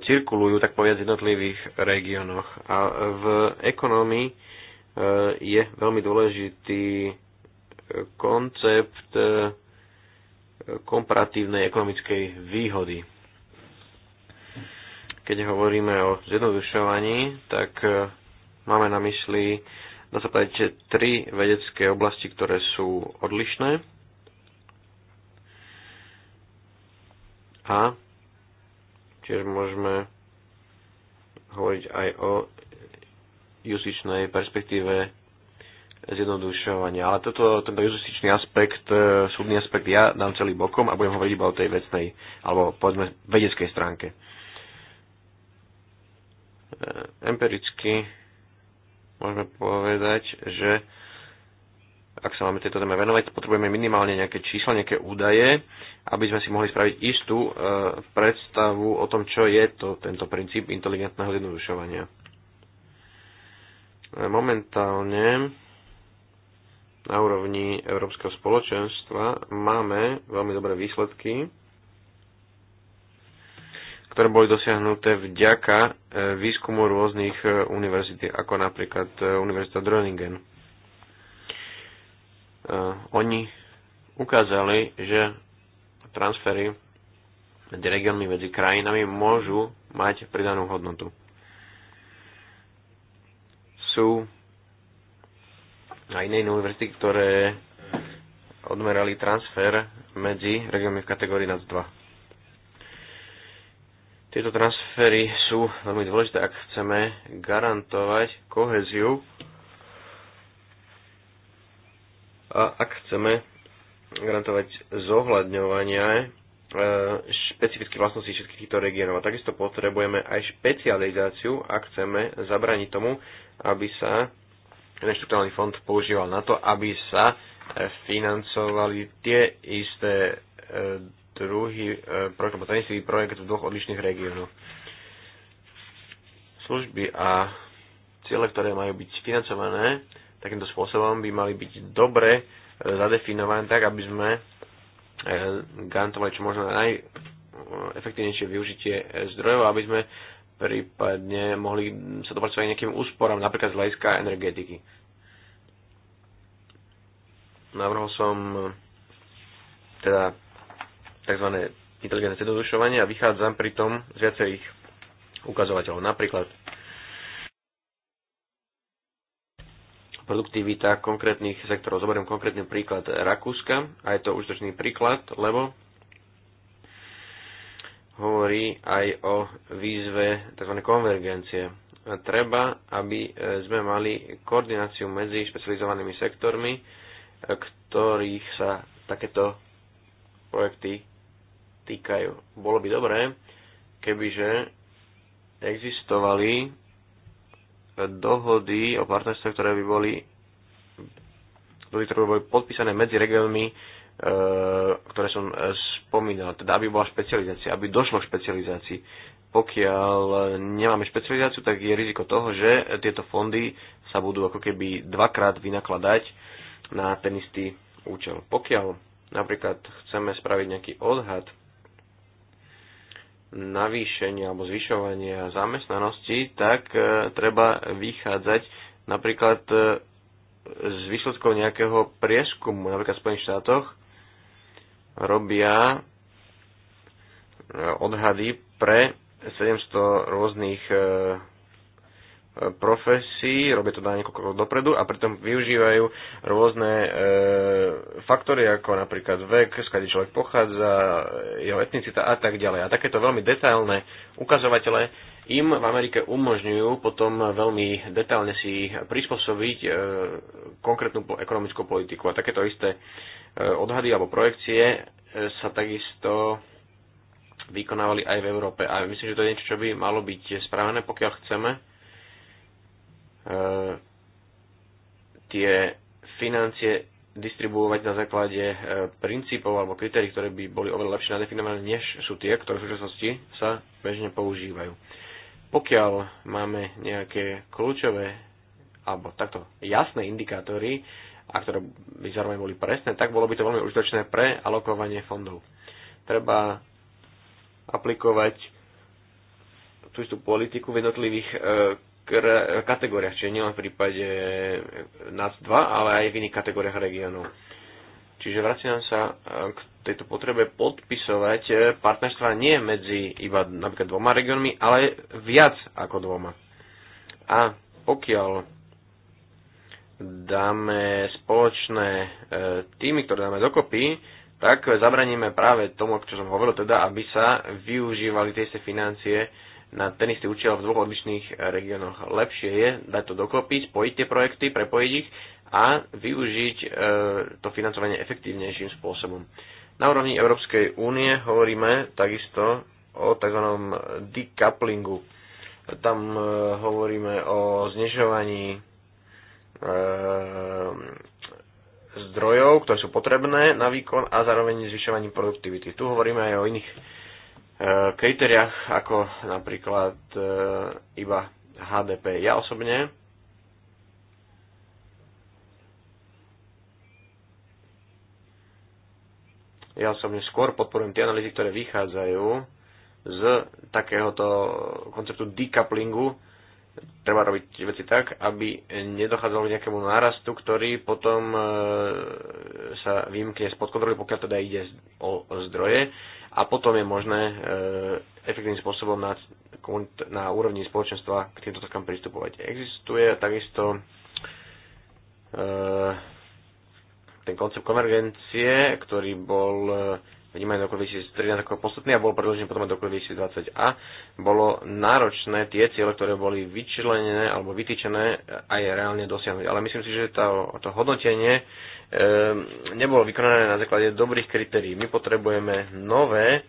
cirkulujú, tak povedať, v jednotlivých regiónoch. A v ekonomii e, je veľmi dôležitý e, koncept e, komparatívnej ekonomickej výhody. Keď hovoríme o zjednodušovaní, tak e, máme na mysli, dá sa povedať, tri vedecké oblasti, ktoré sú odlišné. A tiež môžeme hovoriť aj o justičnej perspektíve zjednodušovania. Ale toto, tento justičný aspekt, e, súdny aspekt ja dám celý bokom a budem hovoriť iba o tej vecnej, alebo povedzme vedeckej stránke. E, empiricky môžeme povedať, že ak sa máme tejto téme venovať, potrebujeme minimálne nejaké čísla, nejaké údaje, aby sme si mohli spraviť istú e, predstavu o tom, čo je to tento princíp inteligentného zjednodušovania. E, momentálne na úrovni Európskeho spoločenstva máme veľmi dobré výsledky, ktoré boli dosiahnuté vďaka e, výskumu rôznych e, univerzít, ako napríklad e, Univerzita Groningen. Oni ukázali, že transfery medzi regiónmi, medzi krajinami môžu mať pridanú hodnotu. Sú a iné univerzity, ktoré odmerali transfer medzi regiónmi v kategórii NAC 2. Tieto transfery sú veľmi dôležité, ak chceme garantovať koheziu a ak chceme garantovať zohľadňovanie e, špecifických vlastností všetkých týchto regiónov. A takisto potrebujeme aj špecializáciu, ak chceme zabrániť tomu, aby sa ten štruktúrny fond používal na to, aby sa e, financovali tie isté e, druhy e, projekt, ten istý projekt v dvoch odlišných regiónoch. Služby a ciele, ktoré majú byť financované takýmto spôsobom, by mali byť dobre zadefinované tak, aby sme garantovali čo možno najefektívnejšie využitie zdrojov, aby sme prípadne mohli sa dopracovať nejakým úsporom napríklad z hľadiska energetiky. Navrhol som teda tzv. inteligentné zjednodušovanie a vychádzam pritom z viacerých ukazovateľov. Napríklad produktivita konkrétnych sektorov. Zoberiem konkrétny príklad Rakúska a je to užitočný príklad, lebo hovorí aj o výzve tzv. konvergencie. Treba, aby e, sme mali koordináciu medzi špecializovanými sektormi, e, ktorých sa takéto projekty týkajú. Bolo by dobré, kebyže existovali e, dohody o partnerstve, ktoré by boli, dohody, ktoré by boli podpísané medzi regiónmi, ktoré som spomínal, teda aby bola špecializácia, aby došlo k špecializácii. Pokiaľ nemáme špecializáciu, tak je riziko toho, že tieto fondy sa budú ako keby dvakrát vynakladať na ten istý účel. Pokiaľ napríklad chceme spraviť nejaký odhad navýšenia alebo zvyšovania zamestnanosti, tak e, treba vychádzať napríklad e, z výsledkov nejakého prieskumu, napríklad v Spojených štátoch, robia e, odhady pre 700 rôznych e, e, profesí, robia to na niekoľko rokov dopredu a pritom využívajú rôzne e, faktory, ako napríklad vek, skade človek pochádza, jeho etnicita a tak ďalej. A takéto veľmi detailné ukazovatele im v Amerike umožňujú potom veľmi detailne si prispôsobiť e, konkrétnu ekonomickú politiku. A takéto isté E, odhady alebo projekcie e, sa takisto vykonávali aj v Európe. A myslím, že to je niečo, čo by malo byť spravené, pokiaľ chceme e, tie financie distribuovať na základe princípov alebo kritérií, ktoré by boli oveľa lepšie nadefinované, než sú tie, ktoré v súčasnosti sa bežne používajú. Pokiaľ máme nejaké kľúčové alebo takto jasné indikátory, a ktoré by zároveň boli presné, tak bolo by to veľmi užitočné pre alokovanie fondov. Treba aplikovať tú istú politiku v jednotlivých e, kategóriách, čiže nielen v prípade e, NAC 2, ale aj v iných kategóriách regiónov. Čiže vraciam sa e, k tejto potrebe podpisovať partnerstva nie medzi iba napríklad dvoma regiónmi, ale viac ako dvoma. A pokiaľ dáme spoločné e, týmy, ktoré dáme dokopy, tak zabraníme práve tomu, čo som hovoril, teda, aby sa využívali tie isté financie na ten istý účel v dvoch odlišných e, regiónoch. Lepšie je dať to dokopy, spojiť tie projekty, prepojiť ich a využiť e, to financovanie efektívnejším spôsobom. Na úrovni Európskej únie hovoríme takisto o tzv. decouplingu. Tam e, hovoríme o znižovaní Ehm, zdrojov, ktoré sú potrebné na výkon a zároveň zvyšovaním produktivity. Tu hovoríme aj o iných e, kritériách, ako napríklad e, iba HDP. Ja osobne ja osobne skôr podporujem tie analýzy, ktoré vychádzajú z takéhoto konceptu decouplingu, treba robiť veci tak, aby nedochádzalo k nejakému nárastu, ktorý potom e, sa vymkne spod kontroly, pokiaľ teda ide o zdroje a potom je možné e, efektívnym spôsobom na, na úrovni spoločenstva k týmto takám pristupovať. Existuje takisto e, ten koncept konvergencie, ktorý bol vnímaný do roku 2013 ako posledný a bol predložený potom do roku 2020. A bolo náročné tie ciele, ktoré boli vyčlenené alebo vytýčené aj reálne dosiahnuť. Ale myslím si, že to, to hodnotenie e, nebolo vykonané na základe dobrých kritérií. My potrebujeme nové,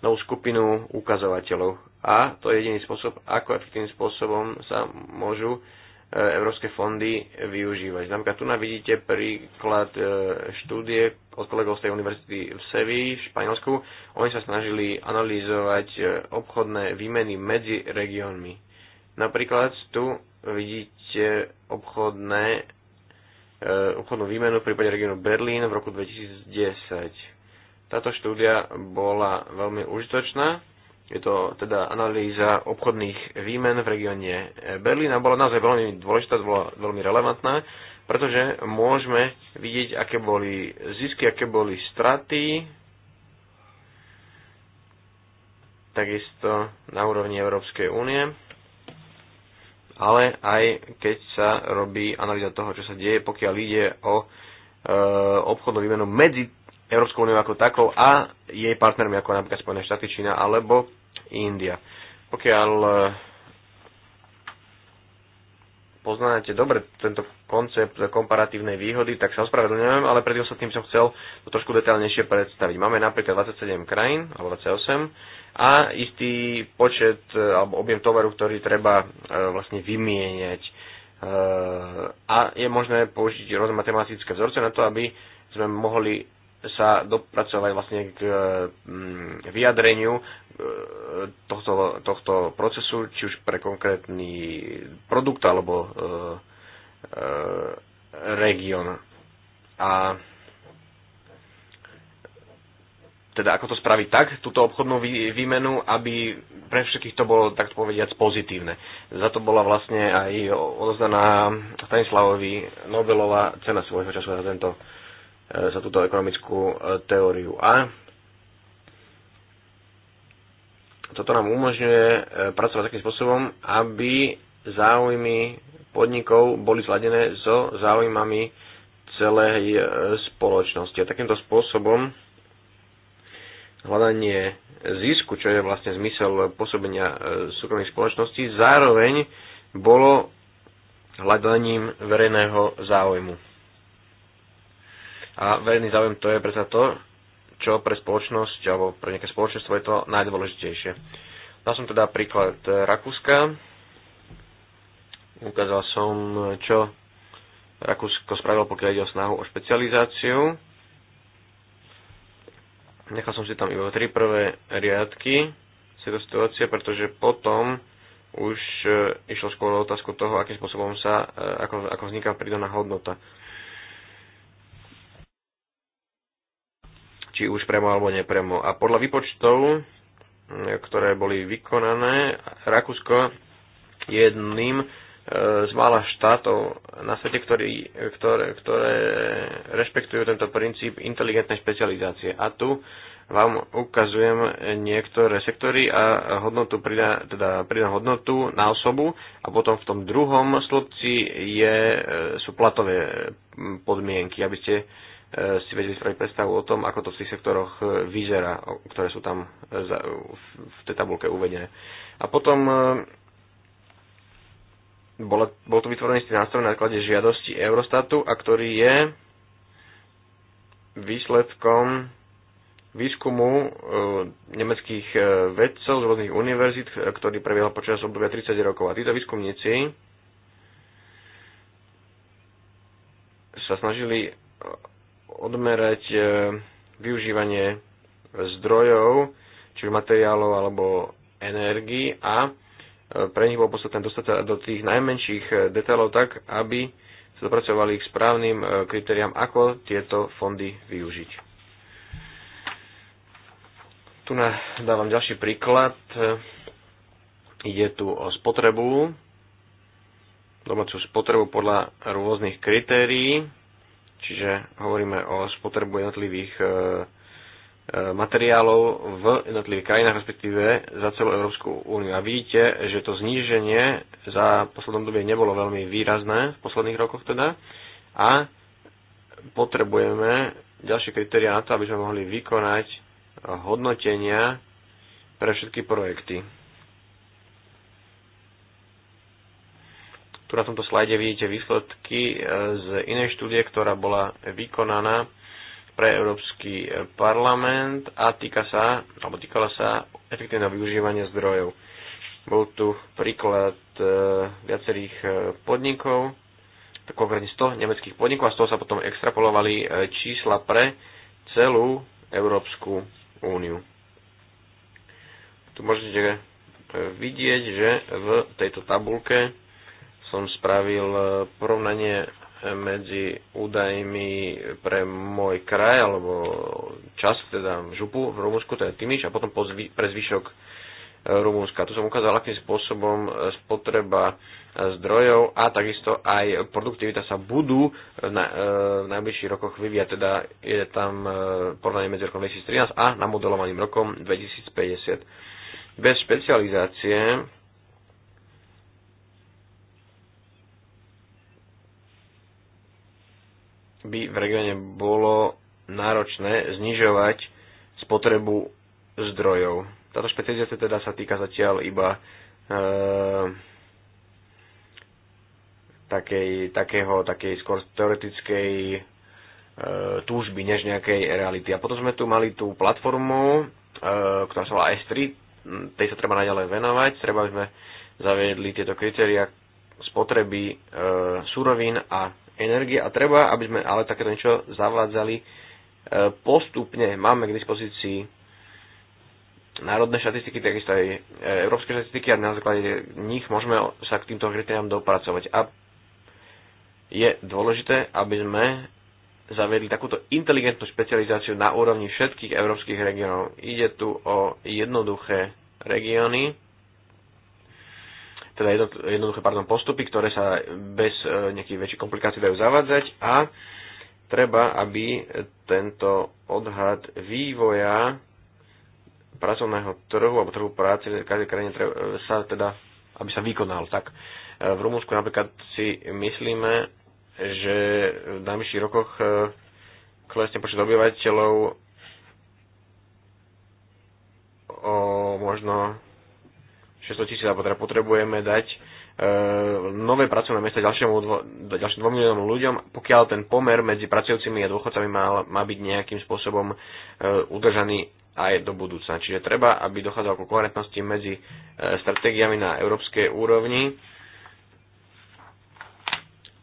novú skupinu ukazovateľov. A to je jediný spôsob, ako efektívnym spôsobom sa môžu E, európske fondy využívať. Napríklad tu vidíte príklad e, štúdie od kolegov z tej univerzity v Sevi, v Španielsku. Oni sa snažili analýzovať e, obchodné výmeny medzi regiónmi. Napríklad tu vidíte obchodné, obchodnú výmenu v prípade regiónu Berlín v roku 2010. Táto štúdia bola veľmi užitočná je to teda analýza obchodných výmen v regióne Berlína. Bola naozaj veľmi dôležitá, bola veľmi relevantná, pretože môžeme vidieť, aké boli zisky, aké boli straty. Takisto na úrovni Európskej únie. Ale aj keď sa robí analýza toho, čo sa deje, pokiaľ ide o e, obchodnú výmenu medzi Európskou úniou ako takou a jej partnermi, ako napríklad Spojené štáty, Čína alebo India. Pokiaľ e, poznáte dobre tento koncept komparatívnej výhody, tak sa ospravedlňujem, ale predtým sa tým som chcel to trošku detaľnejšie predstaviť. Máme napríklad 27 krajín, alebo 28, a istý počet e, alebo objem tovaru, ktorý treba e, vlastne vymieňať. A je možné použiť rôzne matematické vzorce na to, aby sme mohli sa dopracovať vlastne k e, mm, vyjadreniu e, tohto, tohto procesu, či už pre konkrétny produkt alebo region. E, región. A teda ako to spraviť tak, túto obchodnú výmenu, aby pre všetkých to bolo, tak povediať, pozitívne. Za to bola vlastne aj odozdaná Stanislavovi Nobelová cena svojho času za tento E, za túto ekonomickú e, teóriu. A toto nám umožňuje e, pracovať takým spôsobom, aby záujmy podnikov boli zladené so záujmami celej spoločnosti. A takýmto spôsobom hľadanie zisku, čo je vlastne zmysel pôsobenia súkromných spoločností, zároveň bolo hľadaním verejného záujmu. A verejný záujem to je predsa to, čo pre spoločnosť alebo pre nejaké spoločenstvo je to najdôležitejšie. Dal som teda príklad eh, Rakúska. Ukázal som, eh, čo Rakúsko spravilo, pokiaľ ide o snahu o špecializáciu. Nechal som si tam iba tri prvé riadky z tejto situácie, pretože potom už eh, išlo skôr o otázku toho, akým spôsobom sa, ako, ako vzniká pridaná hodnota. či už premo alebo nepremo. A podľa výpočtov, e, ktoré boli vykonané, Rakúsko je jedným e, z mála štátov na svete, ktorý, ktoré, ktoré rešpektujú tento princíp inteligentnej špecializácie. A tu vám ukazujem niektoré sektory a hodnotu prida, teda prida hodnotu na osobu a potom v tom druhom slobci je, e, sú platové podmienky, aby ste E, si vedeli spraviť predstavu o tom, ako to v tých sektoroch e, vyzerá, ktoré sú tam e, v tej tabulke uvedené. A potom bol, bol tu vytvorený istý nástroj na základe žiadosti Eurostatu a ktorý je výsledkom výskumu e, nemeckých vedcov z rôznych univerzít, ktorý prebiehal počas obdobia 30 rokov. A títo výskumníci sa snažili odmerať e, využívanie zdrojov, či materiálov alebo energii a e, pre nich bol podstatné dostať do tých najmenších e, detailov tak, aby sa dopracovali k správnym kritériám, ako tieto fondy využiť. Tu dávam ďalší príklad. Ide tu o spotrebu, domácu spotrebu podľa rôznych kritérií. Čiže hovoríme o spotrebu jednotlivých e, e, materiálov v jednotlivých krajinách, respektíve za celú Európsku úniu. A vidíte, že to zníženie za poslednom dobie nebolo veľmi výrazné, v posledných rokoch teda, a potrebujeme ďalšie kritéria na to, aby sme mohli vykonať hodnotenia pre všetky projekty. Tu na tomto slajde vidíte výsledky e, z inej štúdie, ktorá bola vykonaná pre Európsky parlament a týka sa, alebo týkala sa efektívneho využívania zdrojov. Bol tu príklad e, viacerých e, podnikov, konkrétne 100 nemeckých podnikov a z toho sa potom extrapolovali čísla pre celú Európsku úniu. Tu môžete vidieť, že v tejto tabulke som spravil e, porovnanie e, medzi údajmi pre môj kraj, alebo čas, teda župu v Rumunsku, teda Timiš, a potom pre zvyšok e, Rumunska. Tu som ukázal, akým spôsobom spotreba zdrojov a takisto aj produktivita sa budú na, v najbližších rokoch vyvíjať. Teda je tam porovnanie medzi rokom 2013 a namodelovaným rokom 2050. Bez špecializácie by v regióne bolo náročné znižovať spotrebu zdrojov. Táto špecializácia teda sa týka zatiaľ iba e, takej, takého, takej skôr teoretickej e, túžby, než nejakej reality. A potom sme tu mali tú platformu, e, ktorá sa volá S3, tej sa treba naďalej venovať, treba by sme zaviedli tieto kritéria spotreby e, súrovín a energie a treba, aby sme ale takéto niečo zavádzali e, postupne. Máme k dispozícii národné štatistiky, takisto aj e, európske štatistiky a na základe nich môžeme sa k týmto kritériám dopracovať. A je dôležité, aby sme zaviedli takúto inteligentnú špecializáciu na úrovni všetkých európskych regiónov. Ide tu o jednoduché regióny, teda jednoduché pardon, postupy, ktoré sa bez e, nejakých väčších komplikácií dajú zavádzať a treba, aby tento odhad vývoja pracovného trhu alebo trhu práce v každej krajine e, sa teda, aby sa vykonal. Tak e, v Rumunsku napríklad si myslíme, že v najbližších rokoch klesne počet obyvateľov o možno 600 tisíc, alebo teda potrebujeme dať e, nové pracovné miesta ďalšiemu, dvo, ďalším 2 miliónom ľuďom, pokiaľ ten pomer medzi pracujúcimi a dôchodcami má, má byť nejakým spôsobom e, udržaný aj do budúcna. Čiže treba, aby dochádzalo ku koherentnosti medzi e, stratégiami na európskej úrovni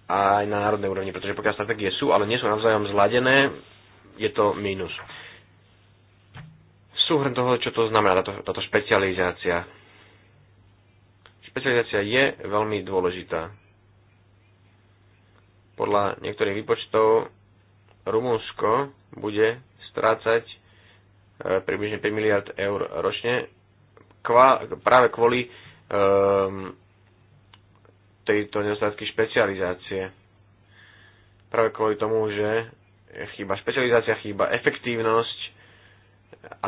a aj na národnej úrovni, pretože pokiaľ stratégie sú, ale nie sú navzájom zladené, je to mínus. Súhrn toho, čo to znamená táto, táto špecializácia Špecializácia je veľmi dôležitá. Podľa niektorých výpočtov Rumunsko bude strácať e, približne 5 miliard eur ročne práve kvôli um, tejto nedostatky špecializácie. Práve kvôli tomu, že chýba špecializácia, chýba efektívnosť,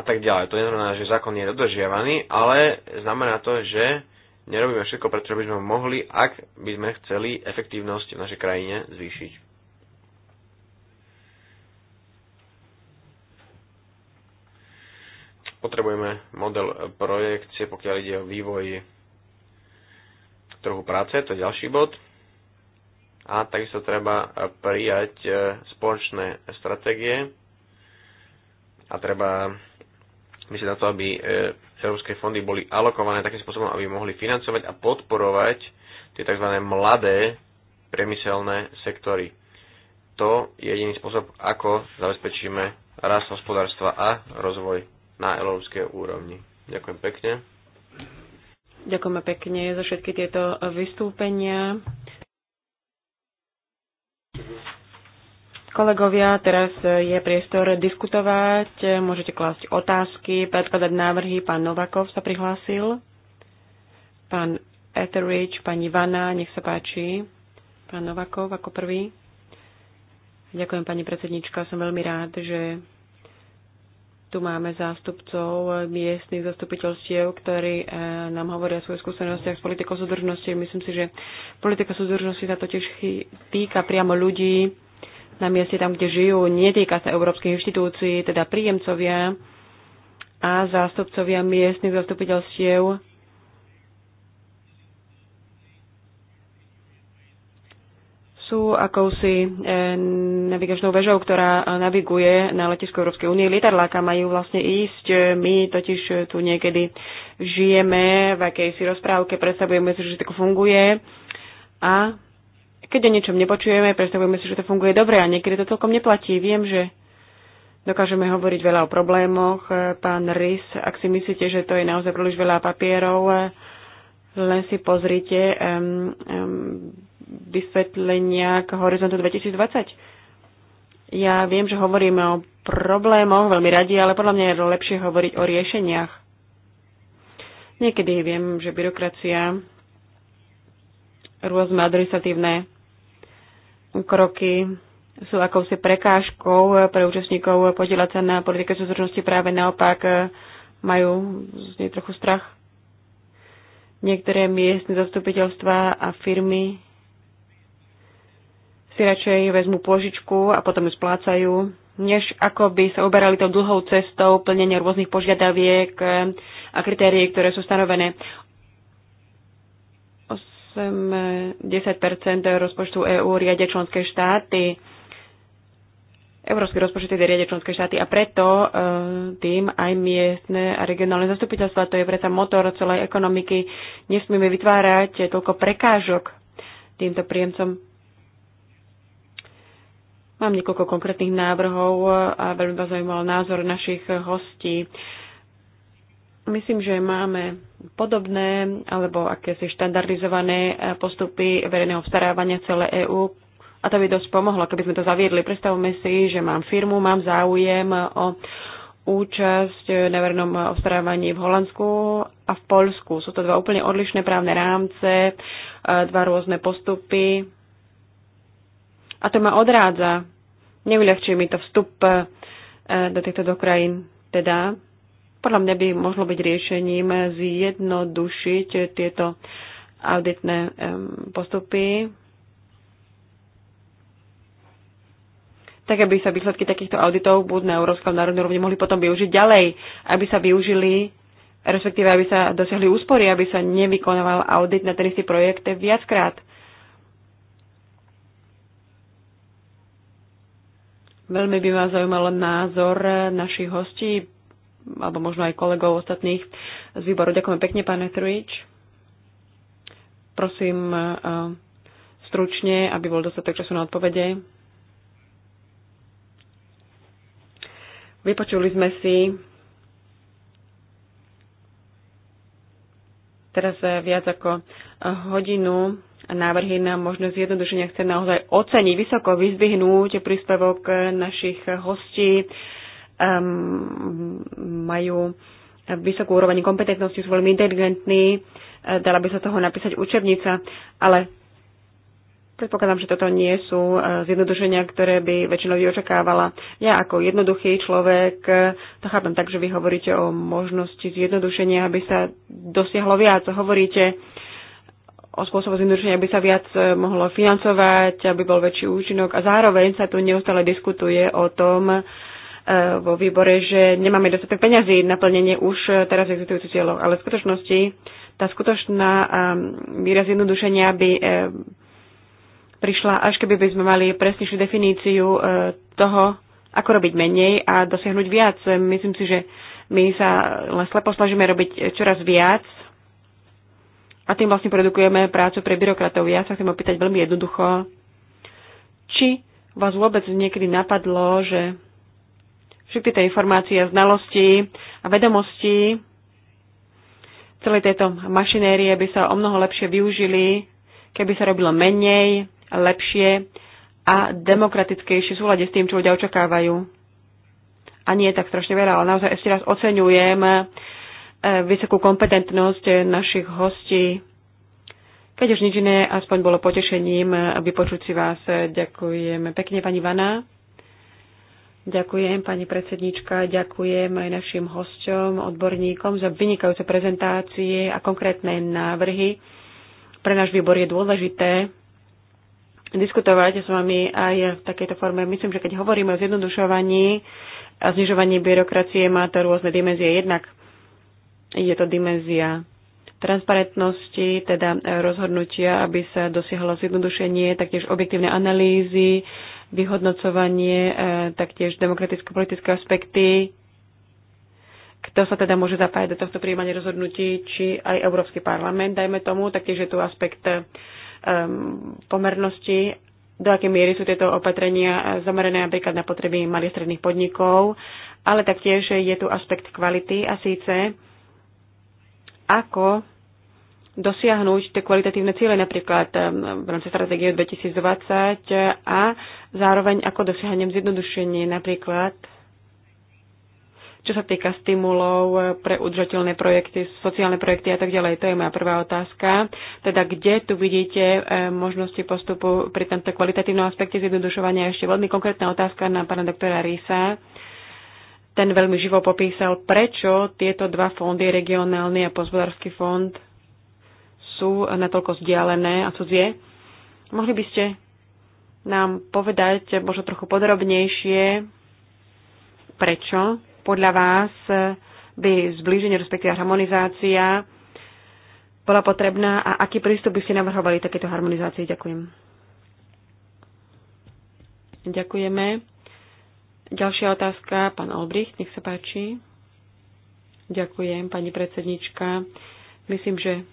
a tak ďalej. To neznamená, že zákon nie je dodržiavaný, ale znamená to, že nerobíme všetko, pretože by sme mohli, ak by sme chceli efektívnosť v našej krajine zvýšiť. Potrebujeme model projekcie, pokiaľ ide o vývoj trhu práce, to je ďalší bod. A takisto treba prijať e, spoločné stratégie a treba myslieť na to, aby e, európske fondy boli alokované takým spôsobom, aby mohli financovať a podporovať tie tzv. mladé priemyselné sektory. To je jediný spôsob, ako zabezpečíme rast hospodárstva a rozvoj na európskej úrovni. Ďakujem pekne. Ďakujeme pekne za všetky tieto vystúpenia. Kolegovia, teraz e, je priestor diskutovať, e, môžete klásť otázky, predkladať návrhy. Pán Novakov sa prihlásil, pán Etheridge, pani Vana, nech sa páči. Pán Novakov ako prvý. Ďakujem, pani predsednička, som veľmi rád, že tu máme zástupcov miestnych zastupiteľstiev, ktorí e, nám hovoria o svojich skúsenostiach s politikou súdržnosti. Myslím si, že politika súdržnosti sa totiž týka priamo ľudí, na mieste tam, kde žijú. Netýka sa európskych inštitúcií, teda príjemcovia a zástupcovia miestnych zastupiteľstiev sú akousi e, navigačnou vežou, ktorá naviguje na letisku Európskej únie. Lietadláka majú vlastne ísť. My totiž tu niekedy žijeme v akejsi rozprávke, predstavujeme si, že to funguje a keď o niečom nepočujeme, predstavujeme si, že to funguje dobre a niekedy to celkom neplatí. Viem, že dokážeme hovoriť veľa o problémoch. E, pán Rys, ak si myslíte, že to je naozaj príliš veľa papierov, e, len si pozrite um, um, vysvetlenia k horizontu 2020. Ja viem, že hovoríme o problémoch veľmi radi, ale podľa mňa je lepšie hovoriť o riešeniach. Niekedy viem, že byrokracia, rôzne administratívne kroky sú akousi prekážkou pre účastníkov podielať sa na politike súdržnosti, práve naopak eh, majú z nej trochu strach. Niektoré miestne zastupiteľstva a firmy si radšej vezmú požičku a potom ju splácajú, než ako by sa uberali tou dlhou cestou plnenia rôznych požiadaviek eh, a kritérií, ktoré sú stanovené. 10 rozpočtu EÚ riade členské štáty. Európsky rozpočet je riade členské štáty a preto uh, tým aj miestne a regionálne zastupiteľstva, to je predsa motor celej ekonomiky, nesmieme vytvárať toľko prekážok týmto príjemcom. Mám niekoľko konkrétnych návrhov a veľmi ma zaujímal názor našich hostí. Uh, Myslím, že máme podobné alebo akési štandardizované e, postupy verejného vstarávania celé EÚ a to by dosť pomohlo, keby sme to zaviedli. Predstavme si, že mám firmu, mám záujem o účasť na verejnom obstarávaní v Holandsku a v Poľsku. Sú to dva úplne odlišné právne rámce, e, dva rôzne postupy a to ma odrádza. Neuľahčuje mi to vstup e, do týchto dvoch krajín. Teda podľa mňa by mohlo byť riešením zjednodušiť tieto auditné postupy, tak aby sa výsledky takýchto auditov buď na európskom národnej úrovni mohli potom využiť ďalej, aby sa využili, respektíve aby sa dosiahli úspory, aby sa nevykonoval audit na ten istý projekt viackrát. Veľmi by ma zaujímalo názor našich hostí, alebo možno aj kolegov ostatných z výboru. Ďakujem pekne, pán Etruič. Prosím e, stručne, aby bol dostatok času na odpovede. Vypočuli sme si teraz viac ako hodinu návrhy na možnosť zjednodušenia chcem naozaj oceniť, vysoko vyzdvihnúť príspevok našich hostí, majú vysokú úroveň kompetentnosti, sú veľmi inteligentní, e, dala by sa toho napísať učebnica, ale predpokladám, že toto nie sú e, zjednodušenia, ktoré by väčšinou očakávala. Ja ako jednoduchý človek e, to chápem tak, že vy hovoríte o možnosti zjednodušenia, aby sa dosiahlo viac. Hovoríte o spôsobu zjednodušenia, aby sa viac mohlo financovať, aby bol väčší účinok a zároveň sa tu neustále diskutuje o tom, E, vo výbore, že nemáme dostatok peňazí na plnenie už e, teraz existujúcich cieľov. Ale v skutočnosti tá skutočná e, výraz jednodušenia by prišla, až keby by sme mali presnejšiu definíciu toho, ako robiť menej a dosiahnuť viac. Myslím si, že my sa len slepo snažíme robiť čoraz viac a tým vlastne produkujeme prácu pre byrokratov. Ja sa chcem opýtať veľmi jednoducho, či vás vôbec niekedy napadlo, že všetky tie informácie, znalosti a vedomosti celej tejto mašinérie by sa o mnoho lepšie využili, keby sa robilo menej, lepšie a demokratickejšie v súlade s tým, čo ľudia očakávajú. A nie je tak strašne veľa, ale naozaj ešte raz oceňujem e, vysokú kompetentnosť našich hostí. Keď už nič iné, aspoň bolo potešením vypočuť si vás. Ďakujeme pekne, pani Vana. Ďakujem pani predsednička, ďakujem aj našim hosťom, odborníkom za vynikajúce prezentácie a konkrétne návrhy. Pre náš výbor je dôležité diskutovať s vami aj v takejto forme. Myslím, že keď hovoríme o zjednodušovaní a znižovaní byrokracie, má to rôzne dimenzie. Jednak je to dimenzia transparentnosti, teda rozhodnutia, aby sa dosiahlo zjednodušenie, taktiež objektívne analýzy, vyhodnocovanie, e, taktiež demokraticko-politické aspekty. Kto sa teda môže zapájať do tohto príjmania rozhodnutí, či aj Európsky parlament, dajme tomu, taktiež je tu aspekt um, pomernosti, do akej miery sú tieto opatrenia e, zamerané napríklad na potreby malých stredných podnikov, ale taktiež je tu aspekt kvality a síce ako dosiahnuť tie kvalitatívne ciele, napríklad v rámci stratégie 2020 a zároveň ako dosiahnem zjednodušenie, napríklad čo sa týka stimulov pre udržateľné projekty, sociálne projekty a tak ďalej. To je moja prvá otázka. Teda kde tu vidíte možnosti postupu pri tomto kvalitatívnom aspekte zjednodušovania? Ešte veľmi konkrétna otázka na pána doktora Rísa ten veľmi živo popísal, prečo tieto dva fondy, regionálny a pozbodársky fond, sú natoľko vzdialené a cudzie. Mohli by ste nám povedať možno trochu podrobnejšie, prečo podľa vás by zblíženie, respektíve harmonizácia bola potrebná a aký prístup by ste navrhovali takéto harmonizácii? Ďakujem. Ďakujeme. Ďalšia otázka, pán Olbricht, nech sa páči. Ďakujem, pani predsednička. Myslím, že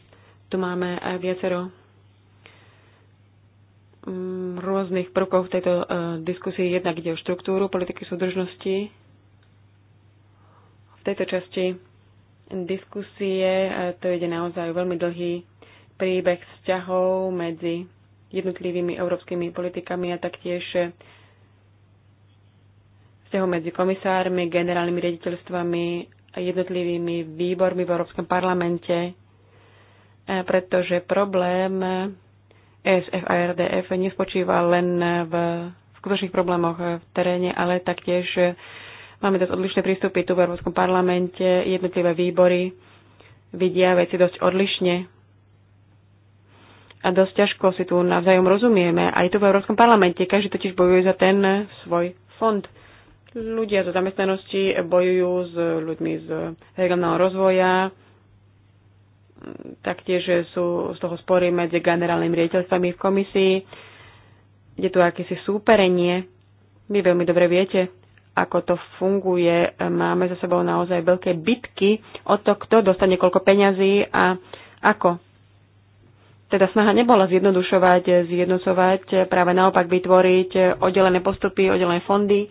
tu máme aj e, viacero mm, rôznych prvkov v tejto e, diskusii. Jednak ide o štruktúru politiky súdržnosti. V tejto časti diskusie e, to ide naozaj veľmi dlhý príbeh vzťahov medzi jednotlivými európskymi politikami a taktiež vzťahov medzi komisármi, generálnymi riaditeľstvami a jednotlivými výbormi v Európskom parlamente. Eh, pretože problém ESF eh, a RDF nespočíva len v skutočných problémoch eh, v teréne, ale taktiež máme dosť odlišné prístupy tu v Európskom parlamente, jednotlivé výbory vidia veci dosť odlišne a dosť ťažko si tu navzájom rozumieme. Aj tu v Európskom parlamente každý totiž bojuje za ten svoj fond. Ľudia zo zamestnanosti bojujú s ľuďmi z regionálneho rozvoja, taktiež sú z toho spory medzi generálnymi riaditeľstvami v komisii. Je tu akési súperenie. Vy veľmi dobre viete, ako to funguje. Máme za sebou naozaj veľké bitky o to, kto dostane koľko peňazí a ako. Teda snaha nebola zjednodušovať, zjednocovať, práve naopak vytvoriť oddelené postupy, oddelené fondy,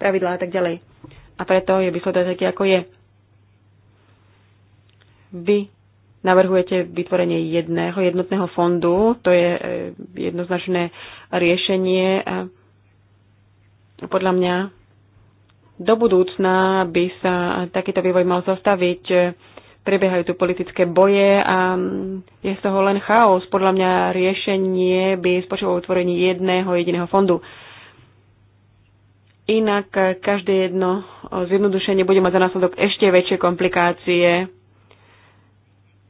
pravidlá a tak ďalej. A preto je výsledok taký, ako je. Vy Navrhujete vytvorenie jedného jednotného fondu, to je e, jednoznačné riešenie. Podľa mňa do budúcna by sa takýto vývoj mal zostaviť. Prebiehajú tu politické boje a mm, je z toho len chaos. Podľa mňa riešenie by spočívalo utvorení jedného jediného fondu. Inak každé jedno zjednodušenie bude mať za následok ešte väčšie komplikácie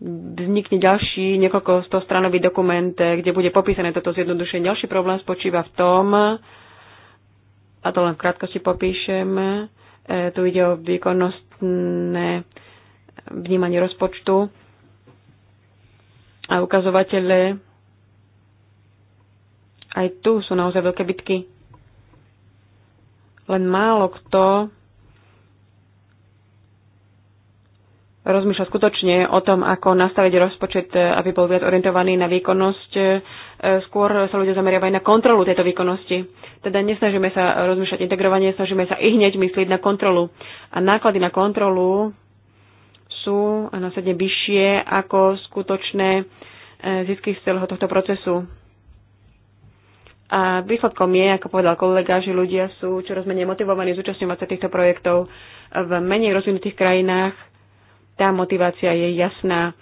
vznikne ďalší niekoľko stranový dokument, eh, kde bude popísané toto zjednodušenie. Ďalší problém spočíva v tom, a to len v krátkosti popíšem, eh, tu ide o výkonnostné vnímanie rozpočtu a ukazovatele. Aj tu sú naozaj veľké bitky. Len málo kto rozmýšľa skutočne o tom, ako nastaviť rozpočet, aby bol viac orientovaný na výkonnosť. E, skôr sa ľudia zameriavajú na kontrolu tejto výkonnosti. Teda nesnažíme sa rozmýšľať integrovanie, snažíme sa i hneď myslieť na kontrolu. A náklady na kontrolu sú následne vyššie ako skutočné e, zisky z celého tohto procesu. A výsledkom je, ako povedal kolega, že ľudia sú čoraz menej motivovaní zúčastňovať sa týchto projektov v menej rozvinutých krajinách tá motivácia je jasná.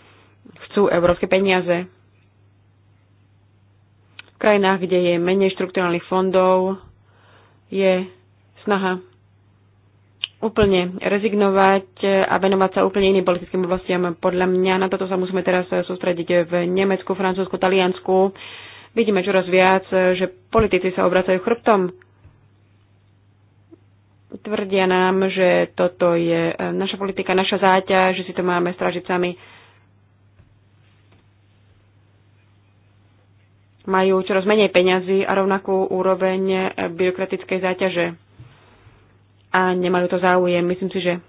Chcú európske peniaze. V krajinách, kde je menej štrukturálnych fondov, je snaha úplne rezignovať a venovať sa úplne iným politickým oblastiam. Podľa mňa na toto sa musíme teraz sústrediť v Nemecku, Francúzsku, Taliansku. Vidíme čoraz viac, že politici sa obracajú chrbtom Tvrdia nám, že toto je e, naša politika, naša záťaž, že si to máme stražiť sami. Majú čoraz menej peňazí a rovnakú úroveň e, byrokratickej záťaže. A nemajú to záujem. Myslím si, že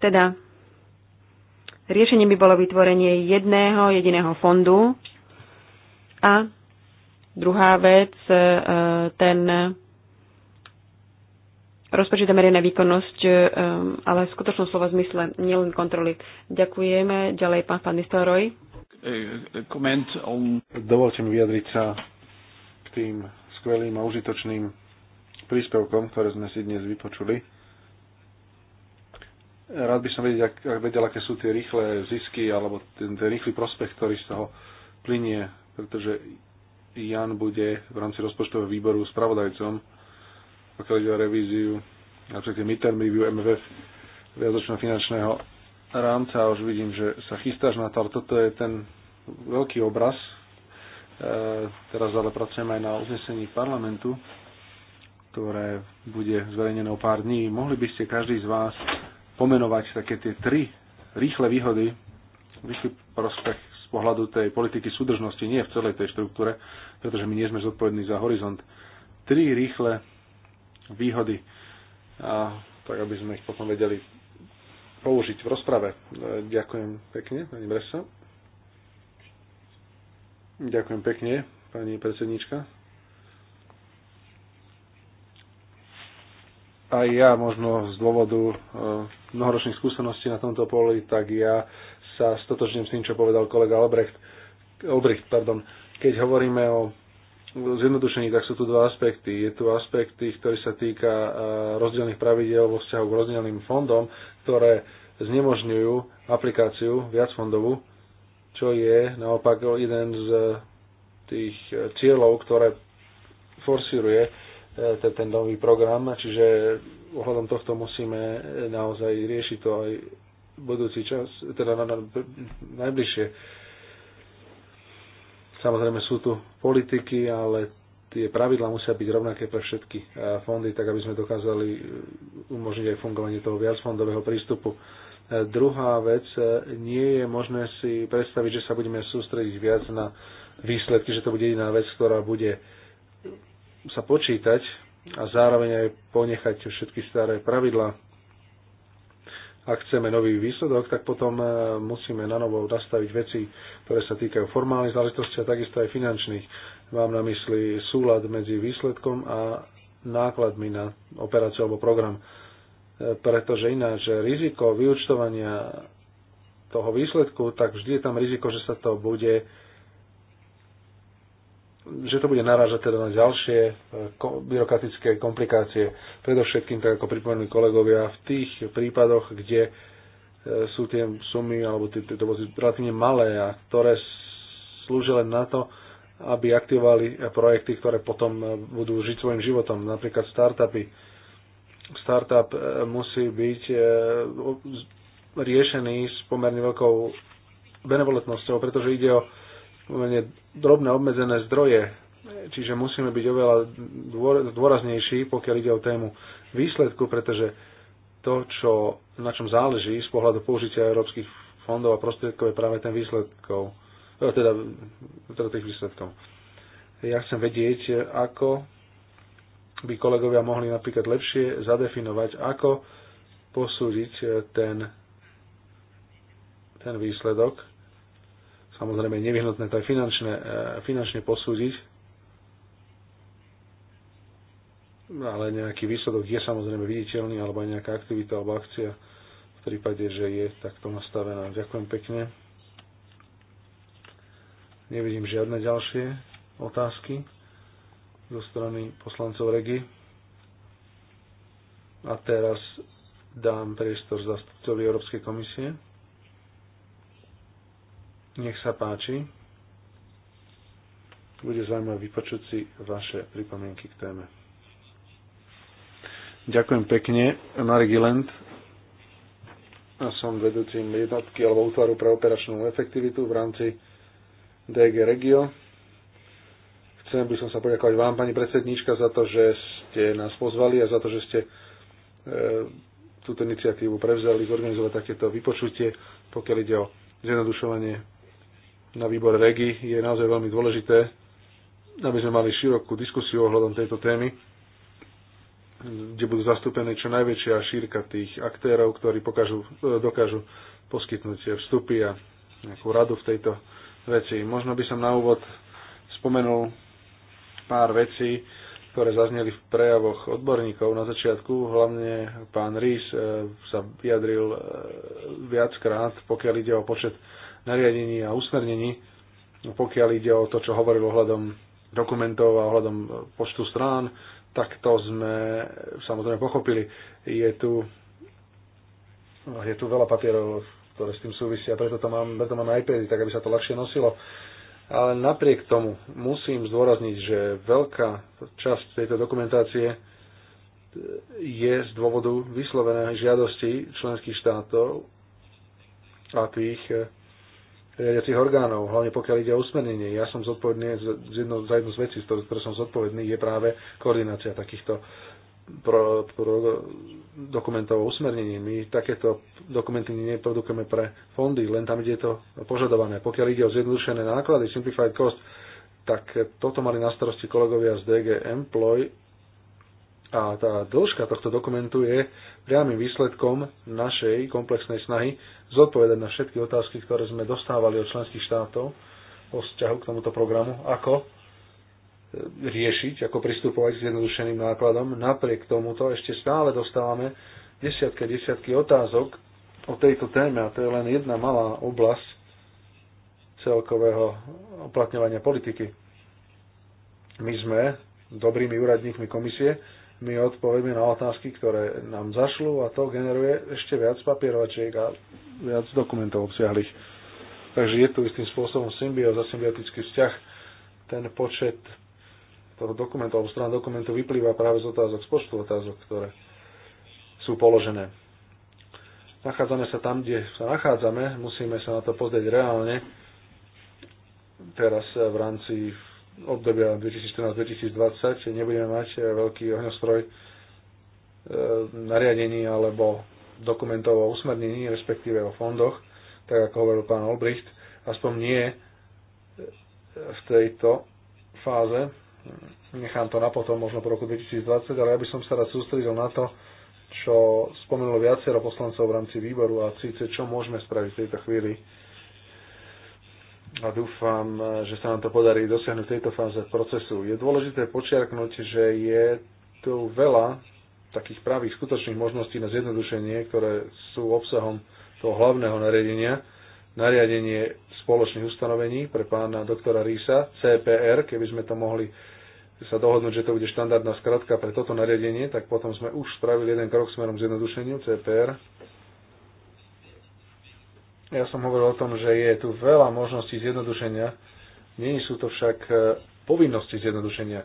teda riešením by bolo vytvorenie jedného jediného fondu a druhá vec, e, ten rozpočítame na výkonnosť, e, e, ale v skutočnom slova zmysle, nielen kontroly. Ďakujeme. Ďalej pán pán Nistelroj. E, Dovolte mi vyjadriť sa k tým skvelým a užitočným príspevkom, ktoré sme si dnes vypočuli. Rád by som vedel, ak, vedel aké sú tie rýchle zisky alebo ten, ten rýchly prospech, ktorý z toho plinie, pretože Jan bude v rámci rozpočtového výboru spravodajcom pokiaľ ide o revíziu, napríklad midterm review MFF viacočného finančného rámca a už vidím, že sa chystáš na to, ale toto je ten veľký obraz. E, teraz ale pracujem aj na uznesení parlamentu, ktoré bude zverejnené o pár dní. Mohli by ste každý z vás pomenovať také tie tri rýchle výhody, rýchly prospech z pohľadu tej politiky súdržnosti, nie v celej tej štruktúre, pretože my nie sme zodpovední za horizont. Tri rýchle výhody, a, tak aby sme ich potom vedeli použiť v rozprave. E, ďakujem pekne, pani Bresa. Ďakujem pekne, pani predsednička. Aj ja možno z dôvodu e, mnohoročných skúseností na tomto poli, tak ja sa stotožňujem s tým, čo povedal kolega Albrecht. Albrecht pardon. Keď hovoríme o zjednodušení, tak sú tu dva aspekty. Je tu aspekt tých, ktorý sa týka e, rozdielných pravidel vo vzťahu k rozdielným fondom, ktoré znemožňujú aplikáciu viac fondovú, čo je naopak jeden z e, tých e, cieľov, ktoré forsíruje ten, nový program, čiže ohľadom tohto musíme naozaj riešiť to aj budúci čas, teda na, na, najbližšie Samozrejme sú tu politiky, ale tie pravidlá musia byť rovnaké pre všetky e, fondy, tak aby sme dokázali e, umožniť aj fungovanie toho viacfondového prístupu. E, druhá vec, nie je možné si predstaviť, že sa budeme sústrediť viac na výsledky, že to bude jediná vec, ktorá bude sa počítať a zároveň aj ponechať všetky staré pravidlá ak chceme nový výsledok, tak potom e, musíme na novo nastaviť veci, ktoré sa týkajú formálnych záležitostí a takisto aj finančných. Mám na mysli súlad medzi výsledkom a nákladmi na operáciu alebo program. E, pretože ináč riziko vyučtovania toho výsledku, tak vždy je tam riziko, že sa to bude že to bude narážať teda na ďalšie e, byrokratické komplikácie. Predovšetkým, tak ako pripomenuli kolegovia, v tých prípadoch, kde e, sú tie sumy alebo tieto dovozy relatívne malé a ktoré slúžia len na to, aby aktivovali projekty, ktoré potom e, budú žiť svojim životom. Napríklad startupy. Startup musí byť riešený s pomerne veľkou benevolentnosťou, pretože ide o pomerne drobné obmedzené zdroje, čiže musíme byť oveľa dôraznejší, pokiaľ ide o tému výsledku, pretože to, čo, na čom záleží z pohľadu použitia európskych fondov a prostriedkov je práve ten výsledkov, e, teda, teda tých výsledkov. Ja chcem vedieť, ako by kolegovia mohli napríklad lepšie zadefinovať, ako posúdiť ten, ten výsledok, Samozrejme, nevyhnutné to aj finančne, finančne posúdiť, ale nejaký výsledok je samozrejme viditeľný, alebo aj nejaká aktivita alebo akcia v prípade, že je takto nastavená. Ďakujem pekne. Nevidím žiadne ďalšie otázky zo strany poslancov Regi. A teraz dám priestor zastupcovi Európskej komisie. Nech sa páči. Bude zaujímavé vypočuť si vaše pripomienky k téme. Ďakujem pekne. Marek A Som vedúcim jednotky alebo útvaru pre operačnú efektivitu v rámci DG Regio. Chcem by som sa poďakovať vám, pani predsedníčka, za to, že ste nás pozvali a za to, že ste e, túto iniciatívu prevzali zorganizovať takéto vypočutie, pokiaľ ide o zjednodušovanie na výbore REGI je naozaj veľmi dôležité, aby sme mali širokú diskusiu ohľadom tejto témy, kde budú zastúpené čo najväčšia šírka tých aktérov, ktorí pokážu, dokážu poskytnúť vstupy a nejakú radu v tejto veci. Možno by som na úvod spomenul pár vecí, ktoré zazneli v prejavoch odborníkov na začiatku, hlavne pán Rís eh, sa vyjadril eh, viackrát, pokiaľ ide o počet nariadení a usmernení, pokiaľ ide o to, čo hovoril ohľadom dokumentov a ohľadom počtu strán, tak to sme samozrejme pochopili. Je tu, je tu veľa papierov, ktoré s tým súvisia, preto to mám, preto mám iPady, tak aby sa to ľahšie nosilo. Ale napriek tomu musím zdôrazniť, že veľká časť tejto dokumentácie je z dôvodu vyslovené žiadosti členských štátov a tých riadiacich orgánov, hlavne pokiaľ ide o usmernenie. Ja som zodpovedný z jedno, za jednu z vecí, z ktoré, som zodpovedný, je práve koordinácia takýchto pro, pro dokumentov o usmernení. My takéto dokumenty neprodukujeme pre fondy, len tam, kde je to požadované. Pokiaľ ide o zjednodušené náklady, simplified cost, tak toto mali na starosti kolegovia z DG Employ a tá dĺžka tohto dokumentu je priamým výsledkom našej komplexnej snahy zodpovedať na všetky otázky, ktoré sme dostávali od členských štátov o vzťahu k tomuto programu, ako e, riešiť, ako pristupovať s jednodušeným nákladom. Napriek tomuto ešte stále dostávame desiatky, desiatky otázok o tejto téme a to je len jedna malá oblasť celkového uplatňovania politiky. My sme dobrými úradníkmi komisie, my odpovieme na otázky, ktoré nám zašlú a to generuje ešte viac papierovačiek a viac dokumentov obsiahlých. Takže je tu istým spôsobom symbióza, symbiotický vzťah. Ten počet toho dokumentov alebo strana dokumentu vyplýva práve z otázok, z počtu otázok, ktoré sú položené. Nachádzame sa tam, kde sa nachádzame, musíme sa na to pozrieť reálne. Teraz v rámci obdobia 2014-2020 nebudeme mať e, veľký ohňostroj e, nariadení alebo dokumentov o usmernení, respektíve o fondoch, tak ako hovoril pán Olbricht, aspoň nie e, v tejto fáze. Nechám to na potom, možno po roku 2020, ale ja by som sa rád sústredil na to, čo spomenulo viacero poslancov v rámci výboru a síce čo môžeme spraviť v tejto chvíli a dúfam, že sa nám to podarí dosiahnuť v tejto fáze procesu. Je dôležité počiarknúť, že je tu veľa takých pravých skutočných možností na zjednodušenie, ktoré sú obsahom toho hlavného nariadenia. Nariadenie spoločných ustanovení pre pána doktora Rísa, CPR, keby sme to mohli sa dohodnúť, že to bude štandardná skratka pre toto nariadenie, tak potom sme už spravili jeden krok smerom zjednodušeniu CPR ja som hovoril o tom, že je tu veľa možností zjednodušenia, nie sú to však e, povinnosti zjednodušenia.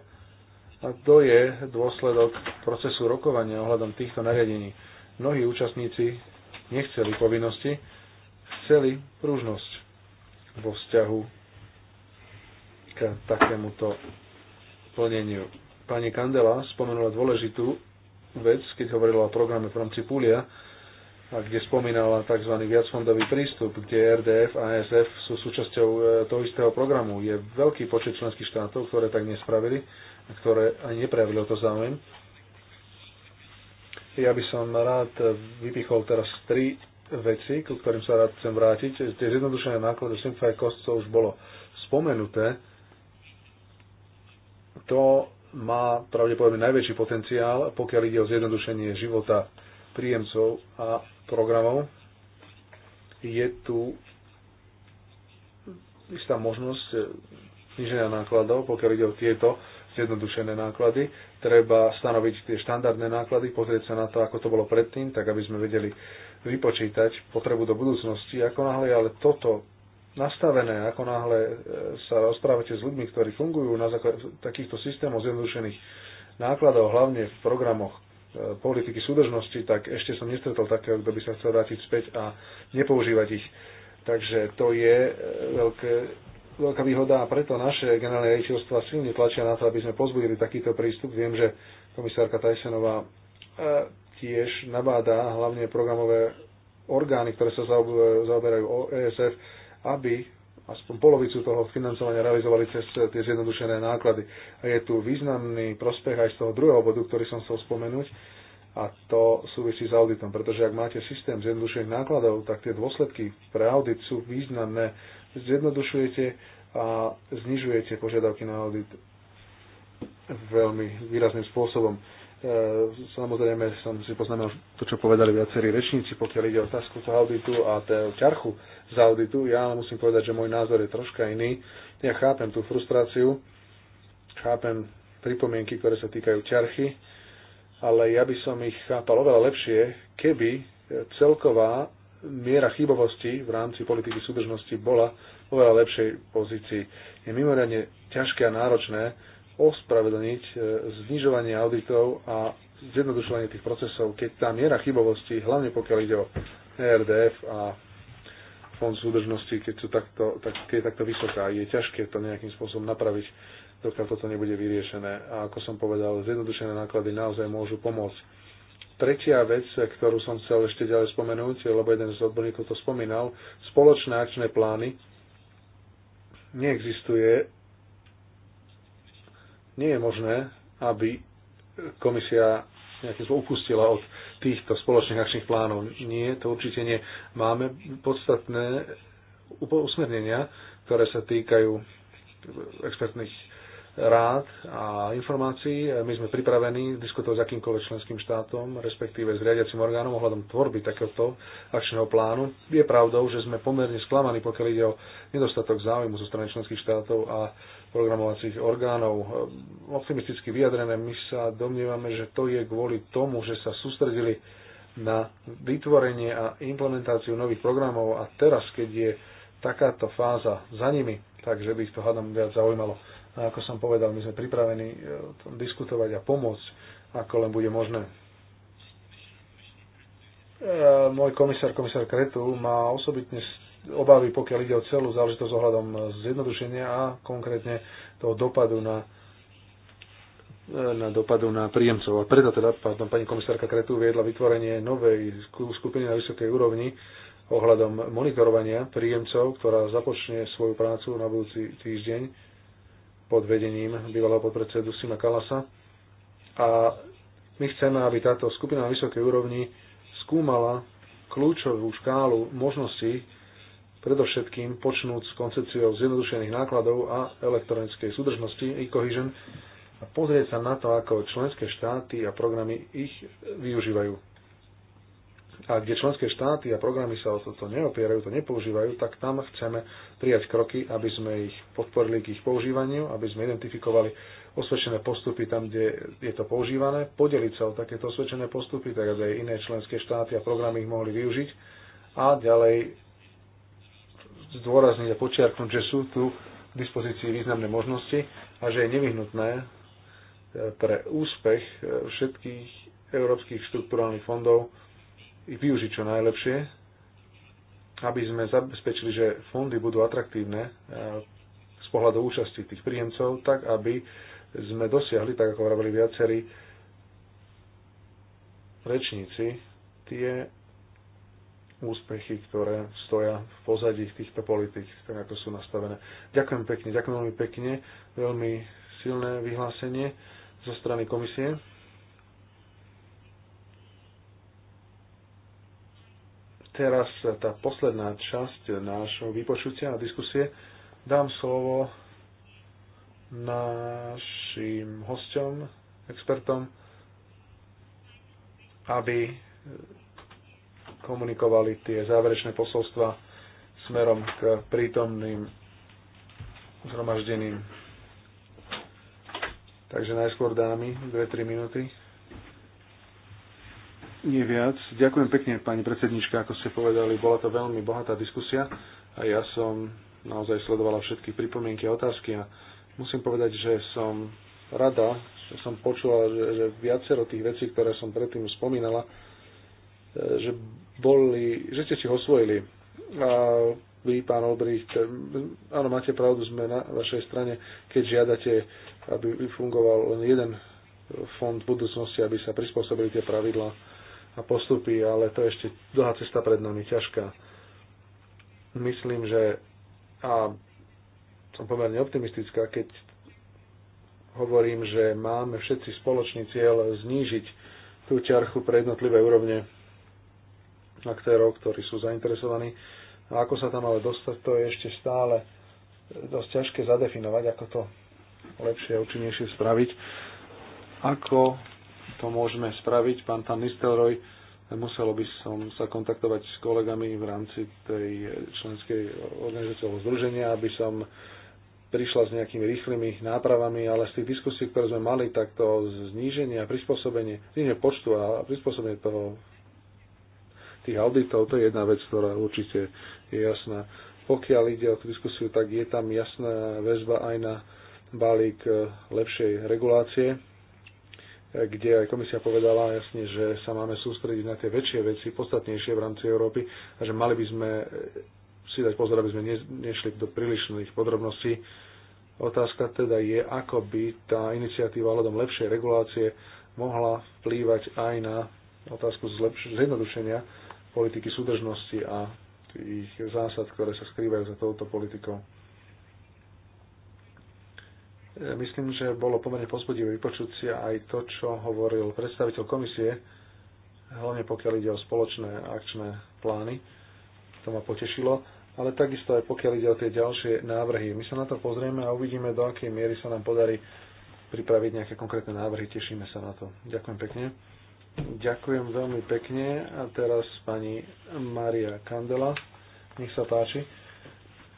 A to je dôsledok procesu rokovania ohľadom týchto nariadení. Mnohí účastníci nechceli povinnosti, chceli pružnosť vo vzťahu k takémuto plneniu. Pani Kandela spomenula dôležitú vec, keď hovorila o programe v rámci Púlia, a kde spomínala tzv. viacfondový prístup, kde RDF a ASF sú súčasťou e, toho istého programu. Je veľký počet členských štátov, ktoré tak nespravili a ktoré ani neprejavili o to záujem. Ja by som rád vypichol teraz tri veci, ku ktorým sa rád chcem vrátiť. Tie zjednodušené náklady simfaj Cost, už bolo spomenuté, to má pravdepodobne najväčší potenciál, pokiaľ ide o zjednodušenie života príjemcov a programov je tu istá možnosť eh, zniženia nákladov, pokiaľ ide o tieto zjednodušené náklady. Treba stanoviť tie štandardné náklady, pozrieť sa na to, ako to bolo predtým, tak aby sme vedeli vypočítať potrebu do budúcnosti. Ako náhle ale toto nastavené, ako náhle eh, sa rozprávate s ľuďmi, ktorí fungujú na takýchto systémoch zjednodušených nákladov, hlavne v programoch Eh, politiky súdržnosti, tak ešte som nestretol takého, kto by sa chcel vrátiť späť a nepoužívať ich. Takže to je eh, veľké, veľká výhoda a preto naše generálne rejiteľstva silne tlačia na to, aby sme pozbudili takýto prístup. Viem, že komisárka Tajsenová eh, tiež nabáda hlavne programové orgány, ktoré sa zaoberajú o ESF, aby aspoň polovicu toho financovania realizovali cez tie zjednodušené náklady. A je tu významný prospech aj z toho druhého bodu, ktorý som chcel spomenúť, a to súvisí s auditom, pretože ak máte systém zjednodušených nákladov, tak tie dôsledky pre audit sú významné. Zjednodušujete a znižujete požiadavky na audit veľmi výrazným spôsobom. E, samozrejme, som si poznamenal to, čo povedali viacerí rečníci, pokiaľ ide o otázku toho auditu a ťarchu z auditu. Ja ale musím povedať, že môj názor je troška iný. Ja chápem tú frustráciu, chápem pripomienky, ktoré sa týkajú ťarchy, ale ja by som ich chápal oveľa lepšie, keby celková miera chybovosti v rámci politiky súdržnosti bola v oveľa lepšej pozícii. Je mimoriadne ťažké a náročné ospravedlniť e, znižovanie auditov a zjednodušovanie tých procesov, keď tá miera chybovosti, hlavne pokiaľ ide o ERDF a fond súdržnosti, keď sú takto, tak, keď je takto vysoká. Je ťažké to nejakým spôsobom napraviť, dokiaľ toto nebude vyriešené. A ako som povedal, zjednodušené náklady naozaj môžu pomôcť. Tretia vec, ktorú som chcel ešte ďalej spomenúť, lebo jeden z odborníkov to spomínal, spoločné akčné plány. Neexistuje, nie je možné, aby komisia nejakým spôsobom upustila od týchto spoločných akčných plánov. Nie, to určite nie. Máme podstatné usmernenia, ktoré sa týkajú expertných rád a informácií. My sme pripravení diskutovať s akýmkoľvek členským štátom, respektíve s riadiacim orgánom ohľadom tvorby takéhoto akčného plánu. Je pravdou, že sme pomerne sklamaní, pokiaľ ide o nedostatok záujmu zo strany členských štátov a programovacích orgánov. Ehm, optimisticky vyjadrené, my sa domnievame, že to je kvôli tomu, že sa sústredili na vytvorenie a implementáciu nových programov a teraz, keď je takáto fáza za nimi, takže by ich to hádam viac zaujímalo. A ako som povedal, my sme pripravení ehm, diskutovať a pomôcť, ako len bude možné. Ehm, môj komisár, komisár Kretu, má osobitne obavy, pokiaľ ide o celú záležitosť ohľadom zjednodušenia a konkrétne toho dopadu na na dopadu na príjemcov. A preto teda pardon, pani komisárka Kretu viedla vytvorenie novej skupiny na vysokej úrovni ohľadom monitorovania príjemcov, ktorá započne svoju prácu na budúci týždeň pod vedením bývalého podpredsedu Sima Kalasa. A my chceme, aby táto skupina na vysokej úrovni skúmala kľúčovú škálu možností predovšetkým počnúc s koncepciou zjednodušených nákladov a elektronickej súdržnosti e-cohesion a pozrieť sa na to, ako členské štáty a programy ich využívajú. A kde členské štáty a programy sa o toto neopierajú, to nepoužívajú, tak tam chceme prijať kroky, aby sme ich podporili k ich používaniu, aby sme identifikovali osvedčené postupy tam, kde je to používané, podeliť sa o takéto osvedčené postupy, tak aby aj iné členské štáty a programy ich mohli využiť a ďalej zdôrazniť a počiarknúť, že sú tu k dispozícii významné možnosti a že je nevyhnutné e, pre úspech e, všetkých európskych štruktúrálnych fondov ich využiť čo najlepšie, aby sme zabezpečili, že fondy budú atraktívne e, z pohľadu účasti tých príjemcov, tak aby sme dosiahli, tak ako hovorili viacerí rečníci, tie úspechy, ktoré stoja v pozadí týchto politik, tak ako sú nastavené. Ďakujem pekne, ďakujem veľmi pekne, veľmi silné vyhlásenie zo strany komisie. Teraz tá posledná časť nášho vypočutia a diskusie. Dám slovo našim hosťom, expertom, aby komunikovali tie záverečné posolstva smerom k prítomným zhromaždeným. Takže najskôr dámy, 2-3 minúty. Nie viac. Ďakujem pekne, pani predsednička, ako ste povedali. Bola to veľmi bohatá diskusia a ja som naozaj sledovala všetky pripomienky a otázky a musím povedať, že som rada, že som počula, že, že viacero tých vecí, ktoré som predtým spomínala, že boli, že ste si osvojili. A vy, pán Olbricht, áno, máte pravdu, sme na vašej strane, keď žiadate, aby fungoval len jeden fond v budúcnosti, aby sa prispôsobili tie pravidla a postupy, ale to je ešte dlhá cesta pred nami, ťažká. Myslím, že a som pomerne optimistická, keď hovorím, že máme všetci spoločný cieľ znížiť tú ťarchu pre jednotlivé úrovne aktérov, ktorí sú zainteresovaní. A ako sa tam ale dostať, to je ešte stále dosť ťažké zadefinovať, ako to lepšie a účinnejšie spraviť. Ako to môžeme spraviť, pán pán Nistelroj, muselo by som sa kontaktovať s kolegami v rámci tej členskej organizácie združenia, aby som prišla s nejakými rýchlymi nápravami, ale z tých diskusí, ktoré sme mali, tak to zníženie a prispôsobenie, zníženie počtu a prispôsobenie toho tých auditov, to je jedna vec, ktorá určite je jasná. Pokiaľ ide o tú diskusiu, tak je tam jasná väzba aj na balík e, lepšej regulácie, e, kde aj komisia povedala jasne, že sa máme sústrediť na tie väčšie veci, podstatnejšie v rámci Európy a že mali by sme e, si dať pozor, aby sme nešli do prílišných podrobností. Otázka teda je, ako by tá iniciatíva hľadom lepšej regulácie mohla vplývať aj na otázku zjednodušenia politiky súdržnosti a tých zásad, ktoré sa skrývajú za touto politikou. Myslím, že bolo pomerne pozbudivé vypočuť si aj to, čo hovoril predstaviteľ komisie, hlavne pokiaľ ide o spoločné akčné plány. To ma potešilo. Ale takisto aj pokiaľ ide o tie ďalšie návrhy. My sa na to pozrieme a uvidíme, do akej miery sa nám podarí pripraviť nejaké konkrétne návrhy. Tešíme sa na to. Ďakujem pekne. Ďakujem veľmi pekne. A teraz pani Maria Kandela. Nech sa páči.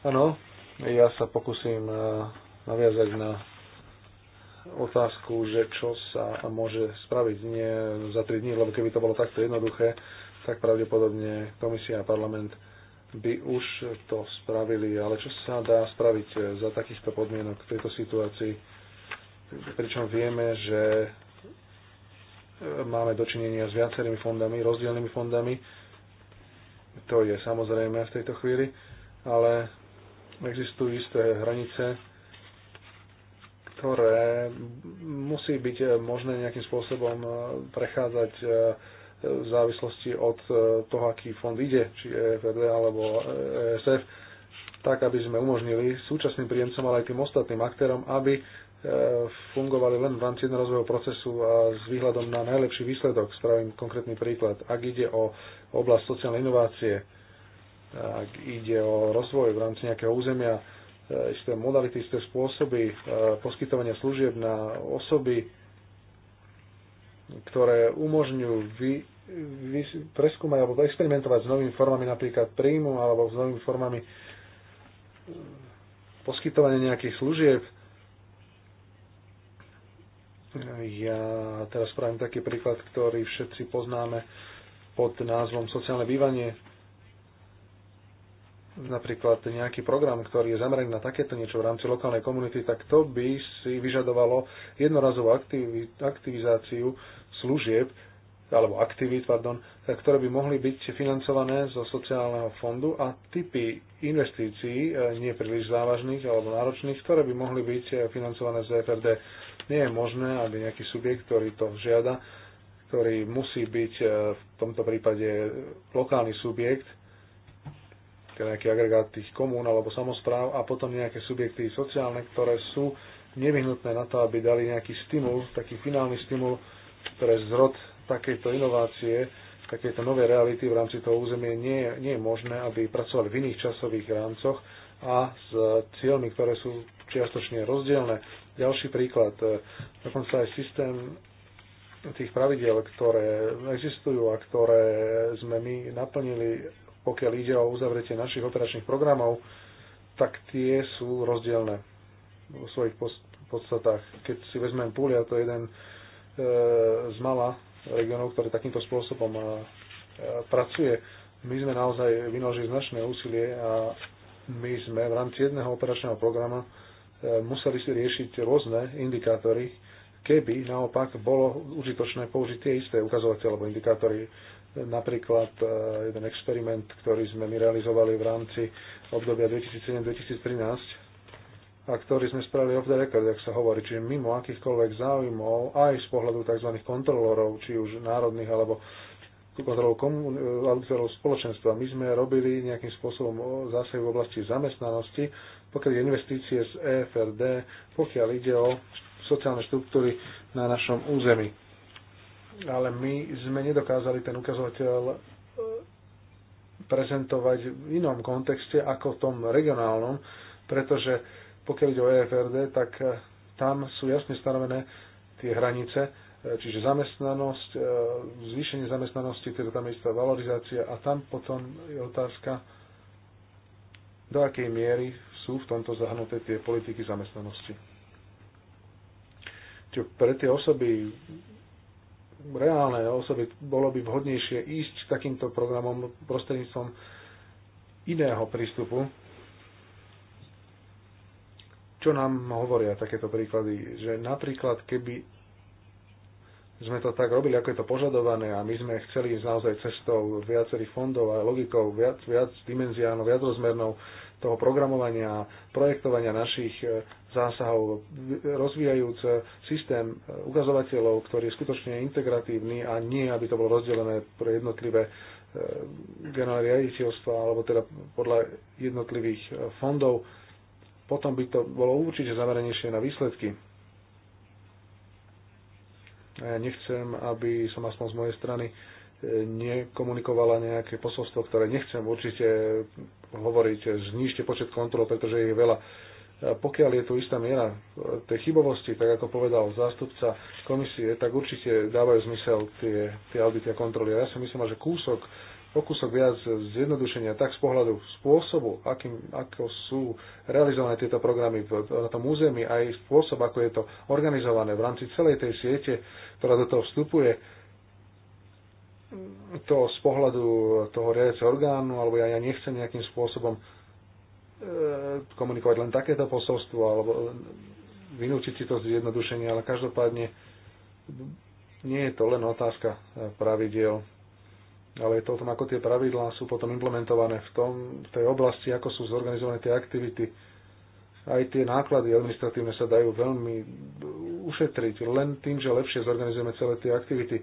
Áno, ja sa pokúsim eh, naviazať na otázku, že čo sa môže spraviť nie za 3 dní, lebo keby to bolo takto jednoduché, tak pravdepodobne komisia a parlament by už to spravili. Ale čo sa dá spraviť eh, za takýchto podmienok v tejto situácii? Pričom vieme, že Máme dočinenia s viacerými fondami, rozdielnymi fondami. To je samozrejme v tejto chvíli, ale existujú isté hranice, ktoré musí byť možné nejakým spôsobom prechádzať e, v závislosti od e, toho, aký fond ide, či EFD e alebo ESF, tak aby sme umožnili súčasným príjemcom, ale aj tým ostatným aktérom, aby E, fungovali len v rámci jednorazového procesu a s výhľadom na najlepší výsledok. Spravím konkrétny príklad. Ak ide o oblasť sociálnej inovácie, e, ak ide o rozvoj v rámci nejakého územia, e, isté modality, isté spôsoby poskytovania služieb na osoby, ktoré umožňujú vy, vy, preskúmať alebo experimentovať s novými formami napríklad príjmu alebo s novými formami poskytovania nejakých služieb, ja teraz spravím taký príklad, ktorý všetci poznáme pod názvom sociálne bývanie. Napríklad nejaký program, ktorý je zameraný na takéto niečo v rámci lokálnej komunity, tak to by si vyžadovalo jednorazovú aktivizáciu služieb alebo aktivít, pardon, ktoré by mohli byť financované zo sociálneho fondu a typy investícií, e, nie príliš závažných alebo náročných, ktoré by mohli byť e, financované z EFRD. Nie je možné, aby nejaký subjekt, ktorý to žiada, ktorý musí byť e, v tomto prípade lokálny subjekt, teda nejaký agregát tých komún alebo samozpráv a potom nejaké subjekty sociálne, ktoré sú nevyhnutné na to, aby dali nejaký stimul, taký finálny stimul pre zrod takejto inovácie, takéto nové reality v rámci toho územia nie, nie je možné, aby pracovali v iných časových rámcoch a s cieľmi, ktoré sú čiastočne rozdielne. Ďalší príklad, e, dokonca aj systém tých pravidel, ktoré existujú a ktoré sme my naplnili, pokiaľ ide o uzavretie našich operačných programov, tak tie sú rozdielne vo svojich podstatách. Keď si vezmem Púlia, to je jeden e, z mala regionov, ktorý takýmto spôsobom e, pracuje. My sme naozaj vynaložili značné úsilie a my sme v rámci jedného operačného programa museli si riešiť rôzne indikátory, keby naopak bolo užitočné použiť tie isté ukazovateľe alebo indikátory. Napríklad e, jeden experiment, ktorý sme my realizovali v rámci obdobia 2007-2013 a ktorý sme spravili off the record, ak sa hovorí, čiže mimo akýchkoľvek záujmov, aj z pohľadu tzv. kontrolorov, či už národných alebo kontrolou, komun- e, spoločenstva. My sme robili nejakým spôsobom zase v oblasti zamestnanosti pokiaľ ide investície z EFRD, pokiaľ ide o sociálne štruktúry na našom území. Ale my sme nedokázali ten ukazovateľ e, prezentovať v inom kontexte ako v tom regionálnom, pretože pokiaľ ide o EFRD, tak e, tam sú jasne stanovené tie hranice, e, čiže zamestnanosť, zvýšenie zamestnanosti, teda tam je istá valorizácia a tam potom je otázka, do akej miery sú v tomto zahrnuté tie politiky zamestnanosti. Čiže pre tie osoby, reálne osoby, bolo by vhodnejšie ísť takýmto programom prostredníctvom iného prístupu, čo nám hovoria takéto príklady, že napríklad keby sme to tak robili, ako je to požadované a my sme chceli ísť naozaj cestou viacerých fondov a logikou viac, viac dimenziálnou, viac rozmernou, toho programovania, projektovania našich e, zásahov, rozvíjajúc e, systém e, ukazovateľov, ktorý je skutočne integratívny a nie, aby to bolo rozdelené pre jednotlivé generály riaditeľstva alebo teda podľa jednotlivých fondov, potom by to bolo určite zameranejšie na výsledky. Ja nechcem, aby som aspoň z mojej strany nekomunikovala nejaké posolstvo, ktoré nechcem určite hovoriť, znižte počet kontrol, pretože je veľa. Pokiaľ je tu istá miera e, tej chybovosti, tak ako povedal zástupca komisie, tak určite dávajú zmysel tie, tie audity a kontroly. A ja si myslím, že kúsok, pokúsok viac zjednodušenia, tak z pohľadu spôsobu, akým, ako sú realizované tieto programy na tom území, aj spôsob, ako je to organizované v rámci celej tej siete, ktorá do toho vstupuje, to z pohľadu toho riadiaceho orgánu, alebo ja, ja nechcem nejakým spôsobom e, komunikovať len takéto posolstvo, alebo vynúčiť si to zjednodušenie, ale každopádne nie je to len otázka e, pravidiel, ale je to o tom, ako tie pravidlá sú potom implementované v, tom, v tej oblasti, ako sú zorganizované tie aktivity. Aj tie náklady administratívne sa dajú veľmi ušetriť len tým, že lepšie zorganizujeme celé tie aktivity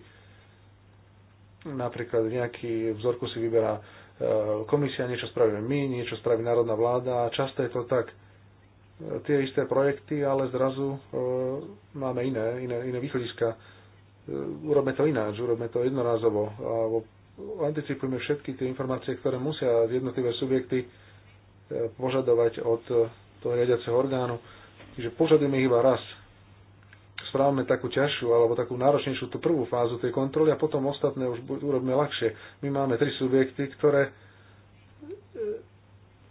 Napríklad nejaký vzorku si vyberá e, komisia, niečo spravíme my, niečo spraví národná vláda. a Často je to tak e, tie isté projekty, ale zrazu e, máme iné, iné, iné východiska. urobme to ináč, urobme to jednorázovo. Alebo anticipujme všetky tie informácie, ktoré musia jednotlivé subjekty požadovať od toho riadiaceho orgánu. Čiže požadujme ich iba raz správame takú ťažšiu alebo takú náročnejšiu tú prvú fázu tej kontroly a potom ostatné už urobíme ľahšie. My máme tri subjekty, ktoré e,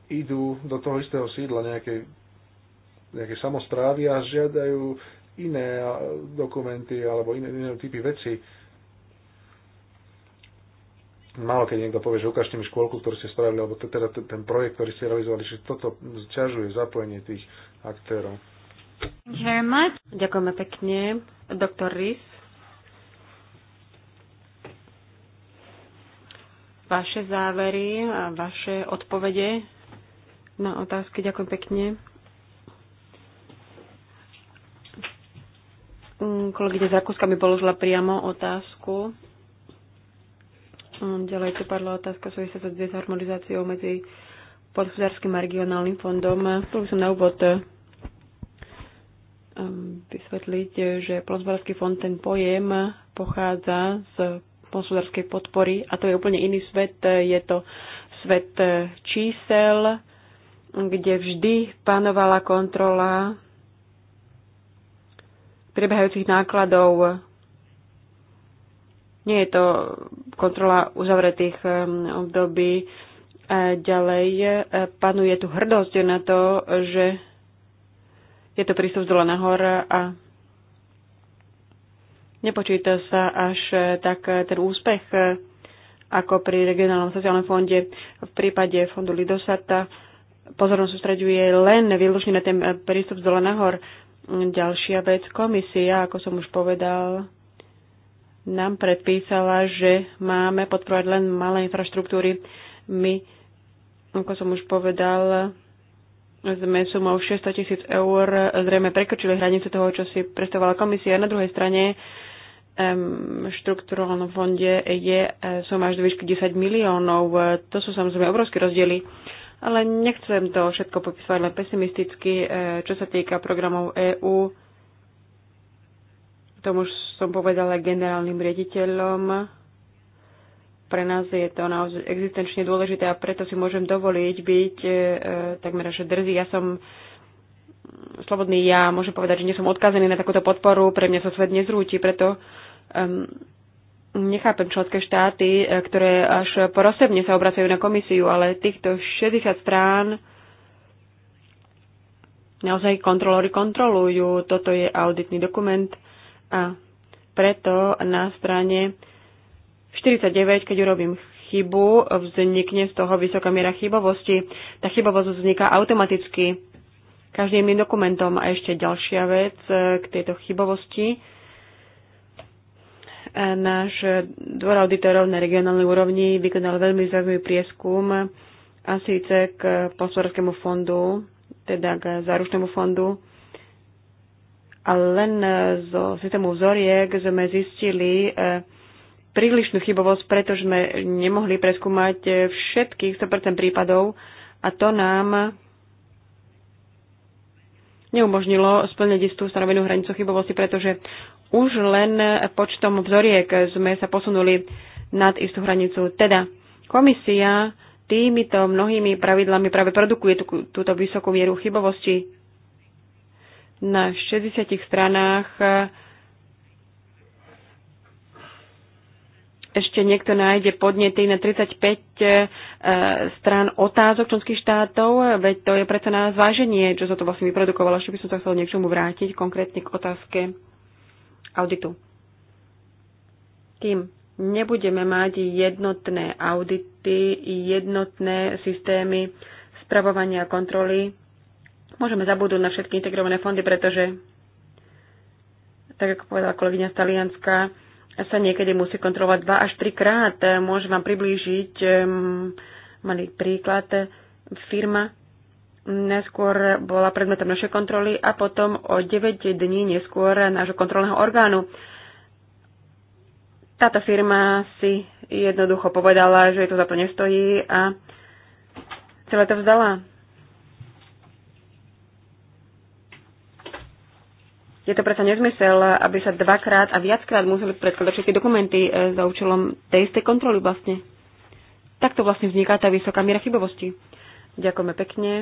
idú do toho istého sídla nejakej, nejakej samozprávy a žiadajú iné dokumenty alebo iné, iné typy veci. Málo keď niekto povie, že ukážte mi škôlku, ktorú ste spravili, alebo teda ten projekt, ktorý ste realizovali, že toto ťažuje zapojenie tých aktérov. Ďakujeme pekne. Doktor Rys. Vaše závery a vaše odpovede na otázky. Ďakujem pekne. Mm, Kolegyne z Rakúska mi položila priamo otázku. Mm, ďalej tu padla otázka súvisiaca s harmonizáciou medzi podhospodárským a regionálnym fondom. Tu by som na úvod Ehm, vysvetliť, že Polnospodársky fond ten pojem pochádza z polnospodárskej podpory a to je úplne iný svet. Je to svet e, čísel, kde vždy panovala kontrola prebiehajúcich nákladov. Nie je to kontrola uzavretých ehm, období. E, ďalej e, panuje tu hrdosť na to, že je to prístup z dola nahor a nepočíta sa až eh, tak eh, ten úspech eh, ako pri regionálnom sociálnom fonde. V prípade fondu Lidosata pozornosť sústreďuje len výlučne na ten prístup z dola nahor. Ďalšia vec, komisia, ako som už povedal, nám predpísala, že máme podporovať len malé infraštruktúry. My, ako som už povedal, sme sumou 600 tisíc eur zrejme prekočili hranice toho, čo si predstavovala komisia. Na druhej strane v štruktúrálnom fonde je eh, suma až do výšky 10 miliónov. To sú samozrejme obrovské rozdiely, ale nechcem to všetko popisovať len pesimisticky, eh, čo sa týka programov EÚ. Tomu už som povedala generálnym riaditeľom pre nás je to naozaj existenčne dôležité a preto si môžem dovoliť byť e, takmer až drzý. Ja som slobodný ja, môžem povedať, že nie som odkazený na takúto podporu, pre mňa sa svet nezrúti, preto um, nechápem členské štáty, e, ktoré až porosebne sa obracajú na komisiu, ale týchto 60 strán naozaj kontrolóri kontrolujú. Toto je auditný dokument a preto na strane 49, keď urobím chybu, vznikne z toho vysoká miera chybovosti. Tá chybovosť vzniká automaticky každým iným dokumentom. A ešte ďalšia vec e, k tejto chybovosti. E, náš dvor auditorov na regionálnej úrovni vykonal veľmi zaujímavý prieskum a síce k posvorskému fondu, teda k záručnému fondu. A len zo systému vzoriek sme zistili, e, prílišnú chybovosť, pretože sme nemohli preskúmať eh, všetkých 100% prípadov a to nám neumožnilo splniť istú stanovenú hranicu chybovosti, pretože už len počtom vzoriek sme sa posunuli nad istú hranicu. Teda komisia týmito mnohými pravidlami práve produkuje tú, túto vysokú mieru chybovosti. Na 60 stranách ešte niekto nájde podnety na 35 e, e, strán otázok členských štátov, veď to je preto na zváženie, čo sa to vlastne vyprodukovalo. Ešte by som sa chcel niečomu vrátiť, konkrétne k otázke auditu. Kým nebudeme mať jednotné audity, jednotné systémy spravovania a kontroly, môžeme zabudnúť na všetky integrované fondy, pretože tak ako povedala kolegyňa z Talianska, sa niekedy musí kontrolovať 2 až 3 krát. Môžem vám priblížiť malý príklad. Firma neskôr bola predmetom našej kontroly a potom o 9 dní neskôr nášho kontrolného orgánu. Táto firma si jednoducho povedala, že to za to nestojí a celé to vzdala. Je to predsa nezmysel, aby sa dvakrát a viackrát museli predkladať všetky dokumenty e, za účelom tej istej kontroly vlastne. Takto vlastne vzniká tá vysoká miera chybovosti. Ďakujeme pekne.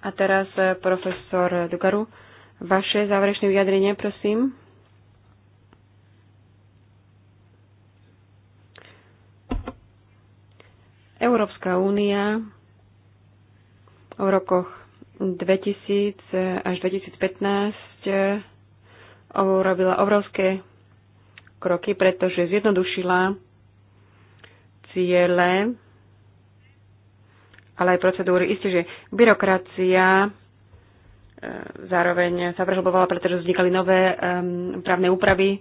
A teraz e, profesor Dugaru, vaše záverečné vyjadrenie, prosím. Európska únia o rokoch 2000 eh, až 2015 eh, robila obrovské kroky, pretože zjednodušila ciele, ale aj procedúry. Isté, že byrokracia eh, zároveň sa prehlbovala, pretože vznikali nové um, právne úpravy,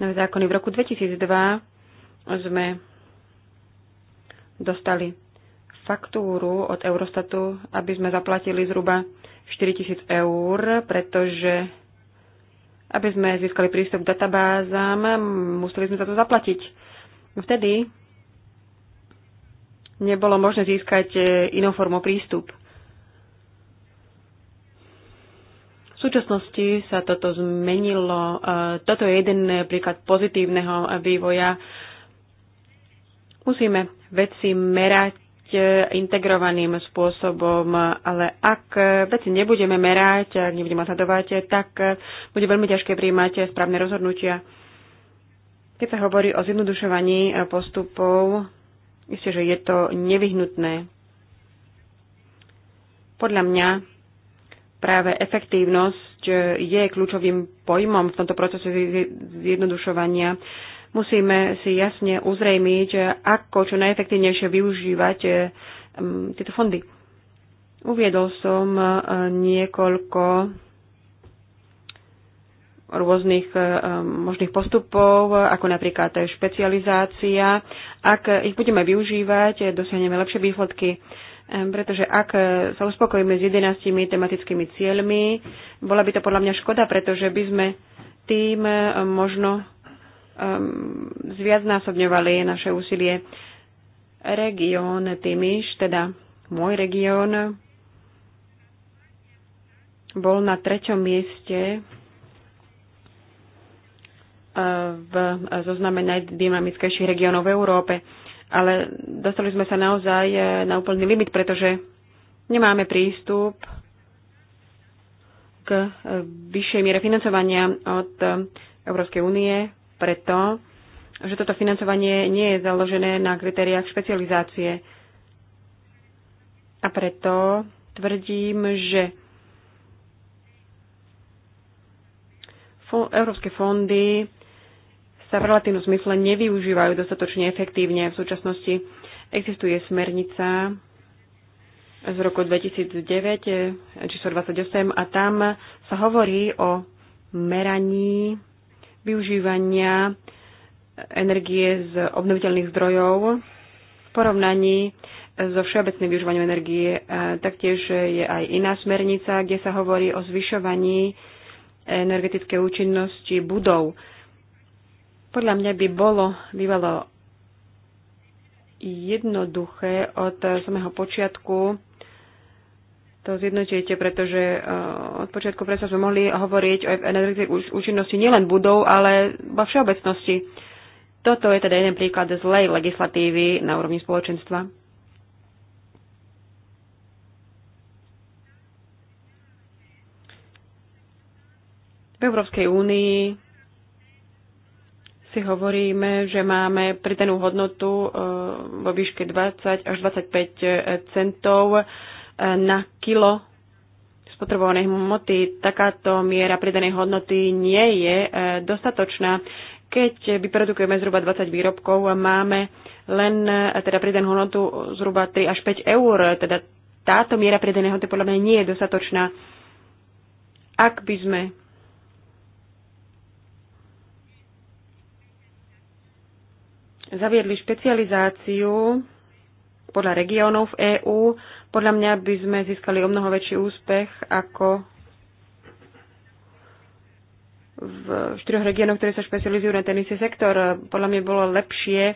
nové zákony. V roku 2002 sme dostali faktúru od Eurostatu, aby sme zaplatili zhruba 4000 eur, pretože aby sme získali prístup k databázám, museli sme za to zaplatiť. Vtedy nebolo možné získať e, inú formu prístup. V súčasnosti sa toto zmenilo. E, toto je jeden príklad pozitívneho vývoja. Musíme veci merať E, integrovaným spôsobom, ale ak e, veci nebudeme merať, ak nebudeme sledovať, e, tak bude veľmi ťažké príjmať správne rozhodnutia. Keď sa hovorí o zjednodušovaní postupov, isté, že je to nevyhnutné. Podľa mňa práve efektívnosť je kľúčovým pojmom v tomto procese zjednodušovania. Musíme si jasne uzrejmiť, ako čo najefektívnejšie využívať um, tieto fondy. Uviedol som uh, niekoľko rôznych uh, um, možných postupov, ako napríklad špecializácia. Ak ich budeme využívať, dosiahneme lepšie výsledky, um, pretože ak sa uspokojíme s 11 tematickými cieľmi, bola by to podľa mňa škoda, pretože by sme tým uh, možno Um, zviacnásobňovali naše úsilie. Región Timiš, teda môj región, bol na treťom mieste uh, v zozname najdynamickejších regiónov v Európe. Ale dostali sme sa naozaj uh, na úplný limit, pretože nemáme prístup k uh, vyššej miere financovania od Európskej únie preto, že toto financovanie nie je založené na kritériách špecializácie. A preto tvrdím, že európske fondy sa v relatívnom zmysle nevyužívajú dostatočne efektívne. V súčasnosti existuje smernica z roku 2009, číslo 28, a tam sa hovorí o meraní využívania energie z obnoviteľných zdrojov v porovnaní so všeobecným využívaním energie. Taktiež je aj iná smernica, kde sa hovorí o zvyšovaní energetickej účinnosti budov. Podľa mňa by bolo bývalo jednoduché od samého počiatku to zjednotíte, pretože eh, od počiatku predsa sme mohli hovoriť o energetickej účinnosti nielen budov, ale vo všeobecnosti. Toto je teda jeden príklad zlej legislatívy na úrovni spoločenstva. V Európskej únii si hovoríme, že máme pridanú hodnotu eh, vo výške 20 až 25 centov E, na kilo spotrebovanej hmoty. Takáto miera pridanej hodnoty nie je e, dostatočná. Keď vyprodukujeme zhruba 20 výrobkov, máme len e, teda pridanú hodnotu zhruba 3 až 5 eur. Teda táto miera pridanej hodnoty podľa mňa nie je dostatočná. Ak by sme zaviedli špecializáciu podľa regiónov v EÚ, podľa mňa by sme získali o mnoho väčší úspech ako v štyroch regiónoch, ktoré sa špecializujú na ten istý sektor. Podľa mňa bolo lepšie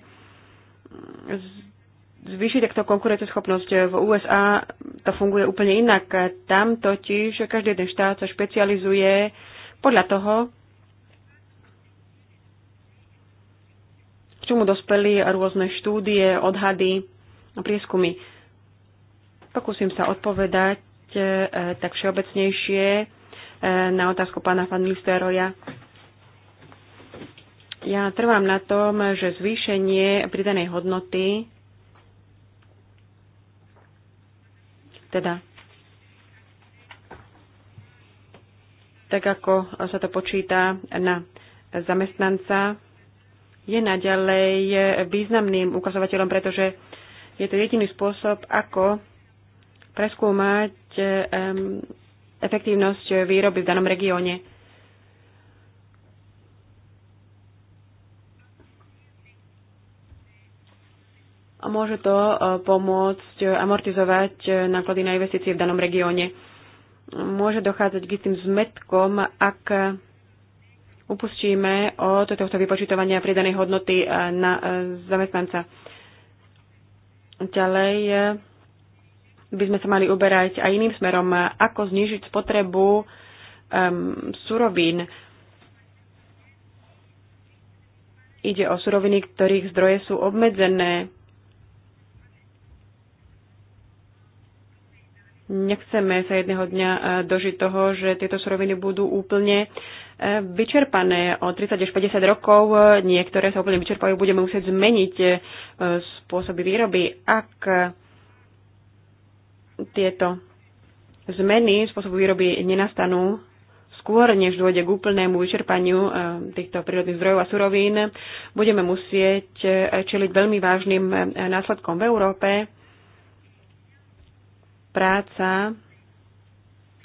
zvýšiť takto konkurenceschopnosť. V USA to funguje úplne inak. Tam totiž každý jeden štát sa špecializuje podľa toho, k čomu dospeli rôzne štúdie, odhady a prieskumy. Pokúsim sa odpovedať e, tak všeobecnejšie e, na otázku pána Van Nistelrooya. Ja trvám na tom, že zvýšenie pridanej hodnoty, teda tak ako sa to počíta na zamestnanca, je naďalej významným ukazovateľom, pretože je to jediný spôsob, ako preskúmať efektívnosť výroby v danom regióne. A môže to e, pomôcť e, amortizovať e, náklady na investície v danom regióne. Môže dochádzať k istým zmetkom, ak upustíme od tohto vypočítovania pridanej hodnoty na zamestnanca. Ďalej by sme sa mali uberať aj iným smerom, ako znižiť spotrebu um, surovín. Ide o suroviny, ktorých zdroje sú obmedzené. Nechceme sa jedného dňa uh, dožiť toho, že tieto suroviny budú úplne uh, vyčerpané. O 30 až 50 rokov uh, niektoré sa úplne vyčerpajú, budeme musieť zmeniť spôsoby výroby. Ak tieto zmeny spôsobu výroby nenastanú skôr, než dôjde k úplnému vyčerpaniu eh, týchto prírodných zdrojov a surovín, budeme musieť eh, čeliť veľmi vážnym eh, následkom v Európe. Práca,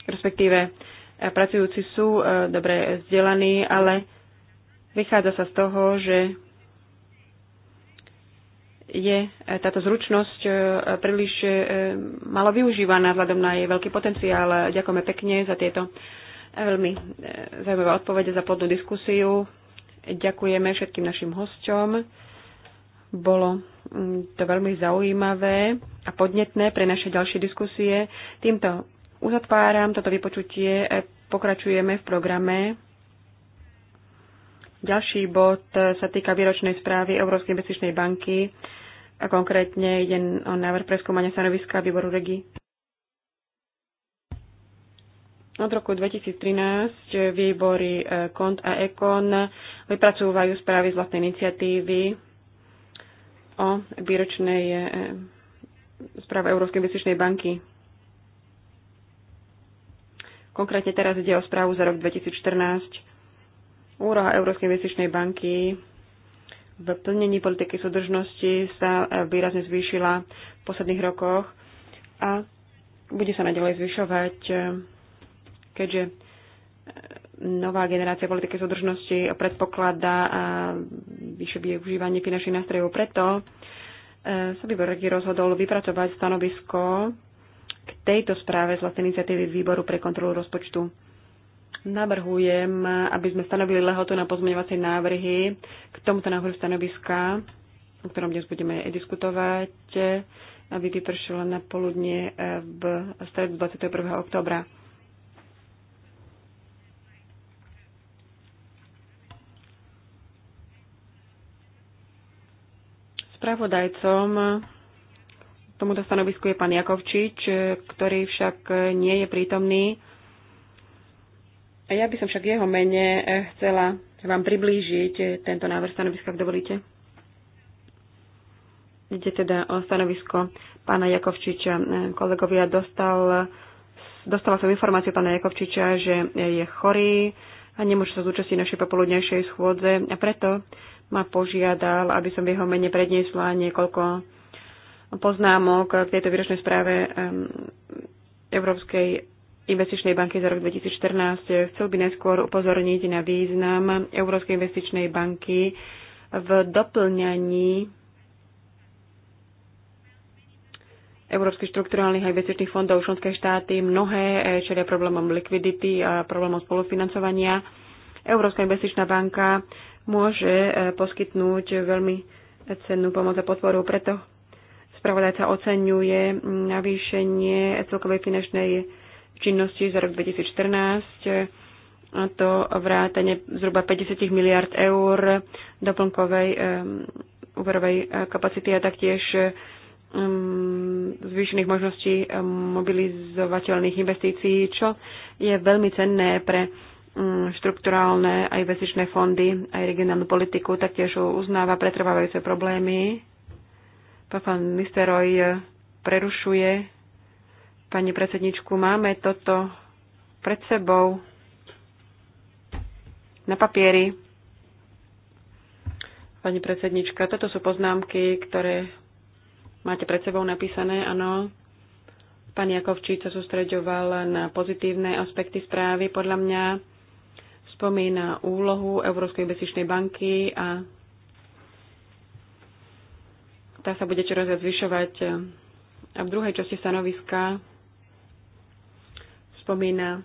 respektíve pracujúci sú dobre vzdelaní, ale vychádza sa z toho, že je e, táto zručnosť e, príliš e, malo využívaná vzhľadom na jej veľký potenciál. Ďakujeme pekne za tieto veľmi zaujímavé odpovede, za plodnú diskusiu. Ďakujeme všetkým našim hosťom. Bolo mm, to veľmi zaujímavé a podnetné pre naše ďalšie diskusie. Týmto uzatváram toto vypočutie. Pokračujeme v programe. Ďalší bod sa týka výročnej správy Európskej investičnej banky. A konkrétne ide o návrh preskúmania stanoviska výboru regi. Od roku 2013 výbory e, KONT a EKON vypracúvajú správy z vlastnej iniciatívy o výročnej e, správe Európskej investičnej banky. Konkrétne teraz ide o správu za rok 2014. Úroha Európskej investičnej banky v plnení politiky súdržnosti sa e, výrazne zvýšila v posledných rokoch a bude sa naďalej zvyšovať, e, keďže e, nová generácia politiky súdržnosti predpokladá vyššie využívanie finančných nástrojov. Preto sa výbor rozhodol vypracovať stanovisko k tejto správe z vlastnej iniciatívy výboru pre kontrolu rozpočtu Navrhujem, aby sme stanovili lehotu na pozmeňovacie návrhy k tomuto návrhu stanoviska, o ktorom dnes budeme diskutovať, aby vypršilo na poludne v stredu 21. oktobra. Spravodajcom tomuto stanovisku je pán Jakovčič, ktorý však nie je prítomný. Ja by som však jeho mene eh, chcela vám priblížiť eh, tento návrh stanoviska, ak dovolíte. Ide teda o stanovisko pána Jakovčiča. Eh, kolegovia dostal, dostala som informáciu pána Jakovčiča, že je chorý a nemôže sa zúčastniť našej popoludnejšej schôdze a preto ma požiadal, aby som v jeho mene predniesla niekoľko poznámok k tejto výročnej správe Európskej investičnej banky za rok 2014. Chcel by najskôr upozorniť na význam Európskej investičnej banky v doplňaní európskych štrukturálnych a investičných fondov členské štáty. Mnohé eh, čelia problémom likvidity a problémom spolufinancovania. Európska investičná banka môže eh, poskytnúť veľmi cennú pomoc a podporu. Preto spravodajca oceňuje mm, navýšenie celkovej finančnej činnosti za rok 2014, a to vrátanie zhruba 50 miliard eur doplnkovej úverovej e, kapacity a taktiež zvýšených možností e, mobilizovateľných investícií, čo je veľmi cenné pre štrukturálne aj investičné fondy, aj regionálnu politiku, taktiež uznáva pretrvávajúce problémy. Pán Misteroj e, prerušuje Pani predsedničku, máme toto pred sebou na papieri. Pani predsednička, toto sú poznámky, ktoré máte pred sebou napísané, áno. Pani Jakovčík sa sústreďoval na pozitívne aspekty správy. Podľa mňa spomína úlohu Európskej investičnej banky a tá sa bude čoraz viac zvyšovať. A v druhej časti stanoviska spomína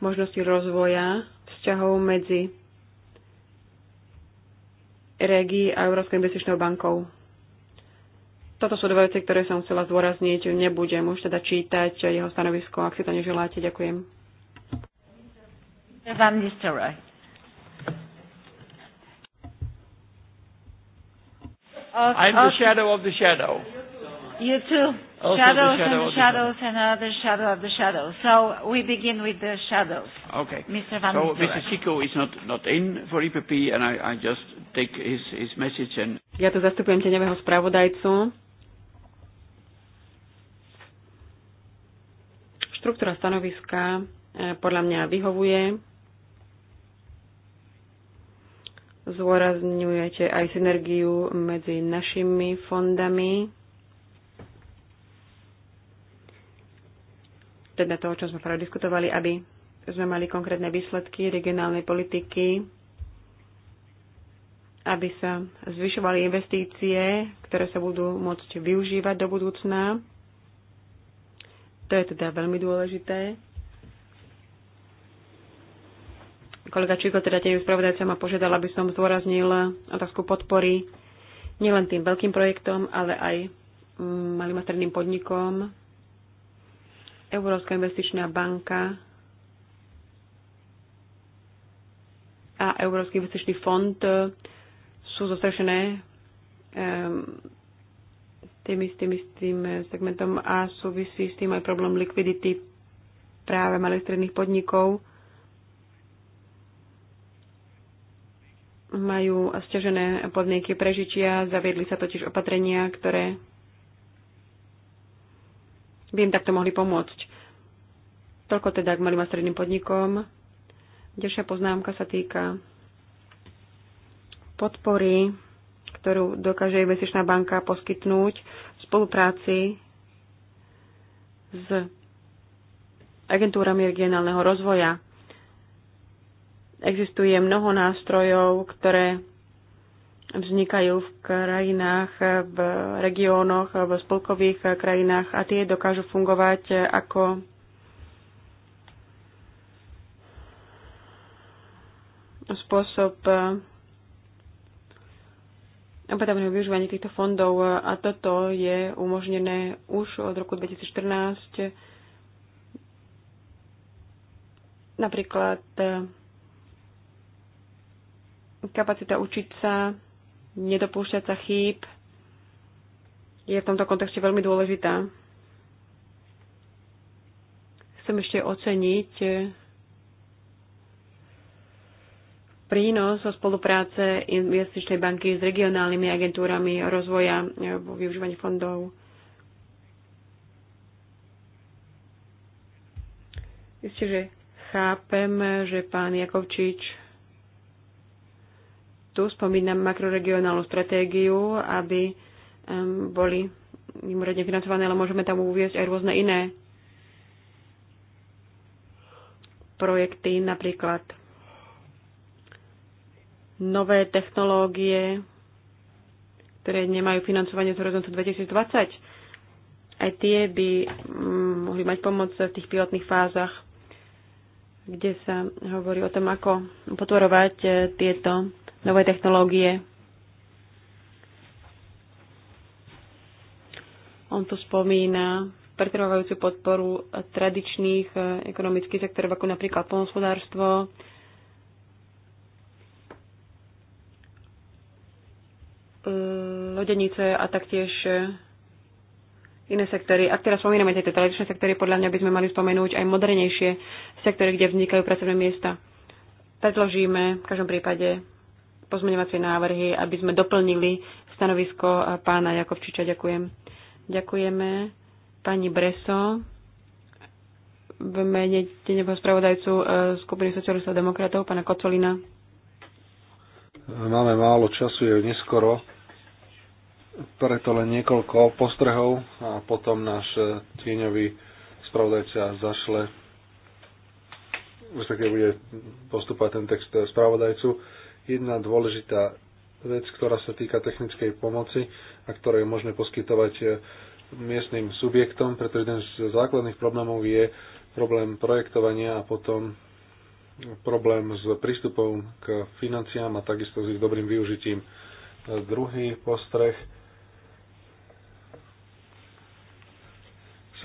možnosti rozvoja vzťahov medzi Regi a Európskou investičnou bankou. Toto sú dve veci, ktoré som chcela zdôrazniť. Nebudem už teda čítať jeho stanovisko, ak si to neželáte. Ďakujem. I'm the shadow of the shadow. You too shadows the shadow and the shadows and another shadow of the shadow. So we begin with the shadows. Okay. Mr. Van so Mr. Chico is not, not in for EPP and I, I just take his, his message and... Ja tu zastupujem teňového spravodajcu. Štruktúra stanoviska e, podľa mňa vyhovuje. Zôrazňujete aj synergiu medzi našimi fondami teda toho, čo sme práve diskutovali, aby sme mali konkrétne výsledky regionálnej politiky, aby sa zvyšovali investície, ktoré sa budú môcť využívať do budúcna. To je teda veľmi dôležité. Kolega Čiko, teda tiež spravodajcom ma požiadal, aby som zdôraznil otázku podpory nielen tým veľkým projektom, ale aj mm, malým a stredným podnikom, Európska investičná banka a Európsky investičný fond e, sú zostrešené e, tým istým, istým e, segmentom a súvisí s tým aj problém likvidity práve malých stredných podnikov. Majú stiažené podmienky prežitia, zaviedli sa totiž opatrenia, ktoré by im takto mohli pomôcť. Toľko teda k malým a stredným podnikom. Ďalšia poznámka sa týka podpory, ktorú dokáže investičná banka poskytnúť v spolupráci s agentúrami regionálneho rozvoja. Existuje mnoho nástrojov, ktoré vznikajú v krajinách, v regiónoch, v spolkových krajinách a tie dokážu fungovať ako spôsob opätovného využívania týchto fondov a toto je umožnené už od roku 2014 napríklad kapacita učiť sa nedopúšťať sa chýb je v tomto kontexte veľmi dôležitá. Chcem ešte oceniť eh, prínos o spolupráce investičnej banky s regionálnymi agentúrami rozvoja eh, vo využívaní fondov. Isté, že chápem, že pán Jakovčič tu spomínam makroregionálnu stratégiu, aby boli mimoriadne financované, ale môžeme tam uviezť aj rôzne iné projekty, napríklad nové technológie, ktoré nemajú financovanie z horizontu 2020. Aj tie by mm, mohli mať pomoc v tých pilotných fázach, kde sa hovorí o tom, ako potvorovať e, tieto nové technológie. On tu spomína pretrvávajúcu podporu tradičných e, ekonomických sektorov, ako napríklad polnospodárstvo, e, lodenice a taktiež e, iné sektory. Ak teraz spomíname tieto tradičné sektory, podľa mňa by sme mali spomenúť aj modernejšie sektory, kde vznikajú pracovné miesta. Predložíme v každom prípade pozmeňovacie návrhy, aby sme doplnili stanovisko pána Jakovčiča. Ďakujem. Ďakujeme pani Breso v mene tenebho spravodajcu e, skupiny socialistov demokratov, pána Kocolina. Máme málo času, je neskoro, preto len niekoľko postrehov a potom náš e, tieňový spravodajca zašle také bude postupovať ten text spravodajcu. Jedna dôležitá vec, ktorá sa týka technickej pomoci a ktoré je možné poskytovať eh, miestnym subjektom, pretože jeden z základných problémov je problém projektovania a potom problém s prístupom k financiám a takisto s ich dobrým využitím. Eh, druhý postreh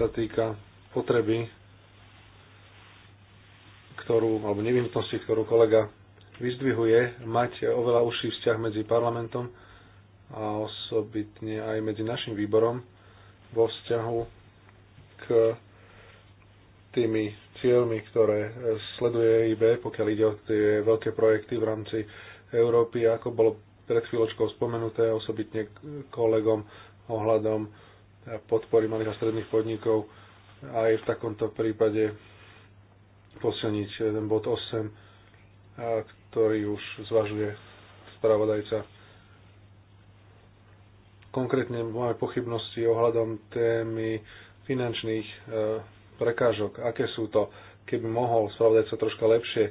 sa týka potreby, ktorú, alebo nevyhnutnosti, ktorú kolega vyzdvihuje mať oveľa užší vzťah medzi parlamentom a osobitne aj medzi našim výborom vo vzťahu k tými cieľmi, ktoré sleduje EIB, pokiaľ ide o tie veľké projekty v rámci Európy, ako bolo pred chvíľočkou spomenuté, osobitne kolegom ohľadom podpory malých a stredných podnikov aj v takomto prípade posilniť ten bod 8 ktorý už zvažuje spravodajca. Konkrétne máme pochybnosti ohľadom témy finančných e, prekážok. Aké sú to? Keby mohol spravodajca troška lepšie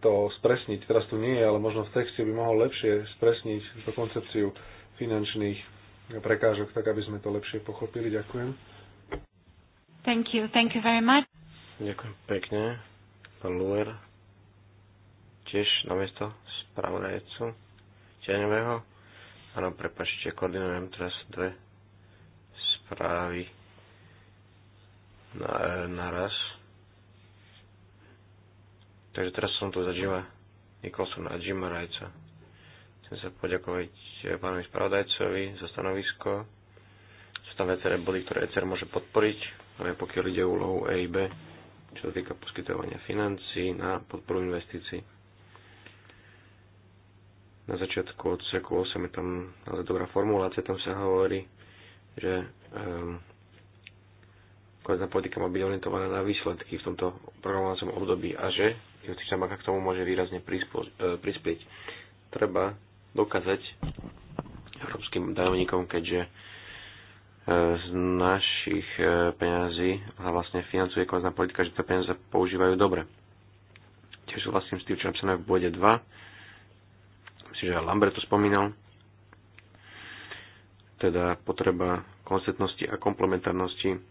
to spresniť, teraz tu nie je, ale možno v texte by mohol lepšie spresniť tú koncepciu finančných prekážok, tak aby sme to lepšie pochopili. Ďakujem. Thank you. Thank you very much. Ďakujem pekne. Pán Luer tiež na miesto spravodajcu Čeňového. Áno, prepačte, koordinujem teraz dve správy na, naraz. Takže teraz som tu za Jima Nicholson a Jima Rajca. Chcem sa poďakovať pánovi spravodajcovi za stanovisko. Sú tam viaceré body, ktoré ECR môže podporiť, ale pokiaľ ide o úlohu EIB, čo sa týka poskytovania financí na podporu investícií na začiatku odseku 8 je tam ale dobrá formulácia, tam sa hovorí, že um, politika má byť orientovaná na výsledky v tomto programovacom období a že investičná banka k tomu môže výrazne e, prispieť. Treba dokázať európskym dajomníkom, keďže e, z našich peniazí peňazí sa vlastne financuje kohezná politika, že tie peniaze používajú dobre. Tiež vlastne s tým, čo napísané v bode 2, myslím, že Lambert to spomínal, teda potreba konzistentnosti a komplementárnosti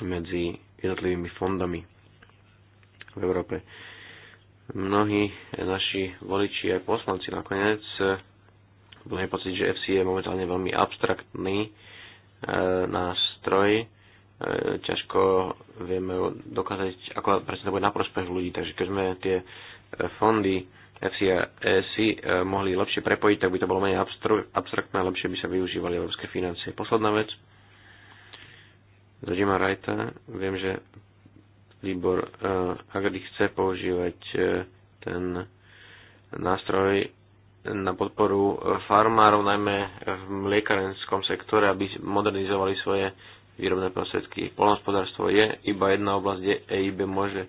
medzi jednotlivými fondami v Európe. Mnohí naši voliči aj poslanci nakoniec majú pocit, že FC je momentálne veľmi abstraktný e, nástroj, e, ťažko vieme dokázať, ako presne to bude na prospech ľudí. Takže keď sme tie e, fondy EFSI a ESI eh, mohli lepšie prepojiť, tak by to bolo menej abstraktné a lepšie by sa využívali európske financie. Posledná vec. Z Jima Wrighta viem, že výbor eh, Agri chce používať eh, ten nástroj na podporu farmárov, najmä v mliekarenskom sektore, aby modernizovali svoje výrobné prostriedky. Polnohospodárstvo je iba jedna oblasť, kde EIB môže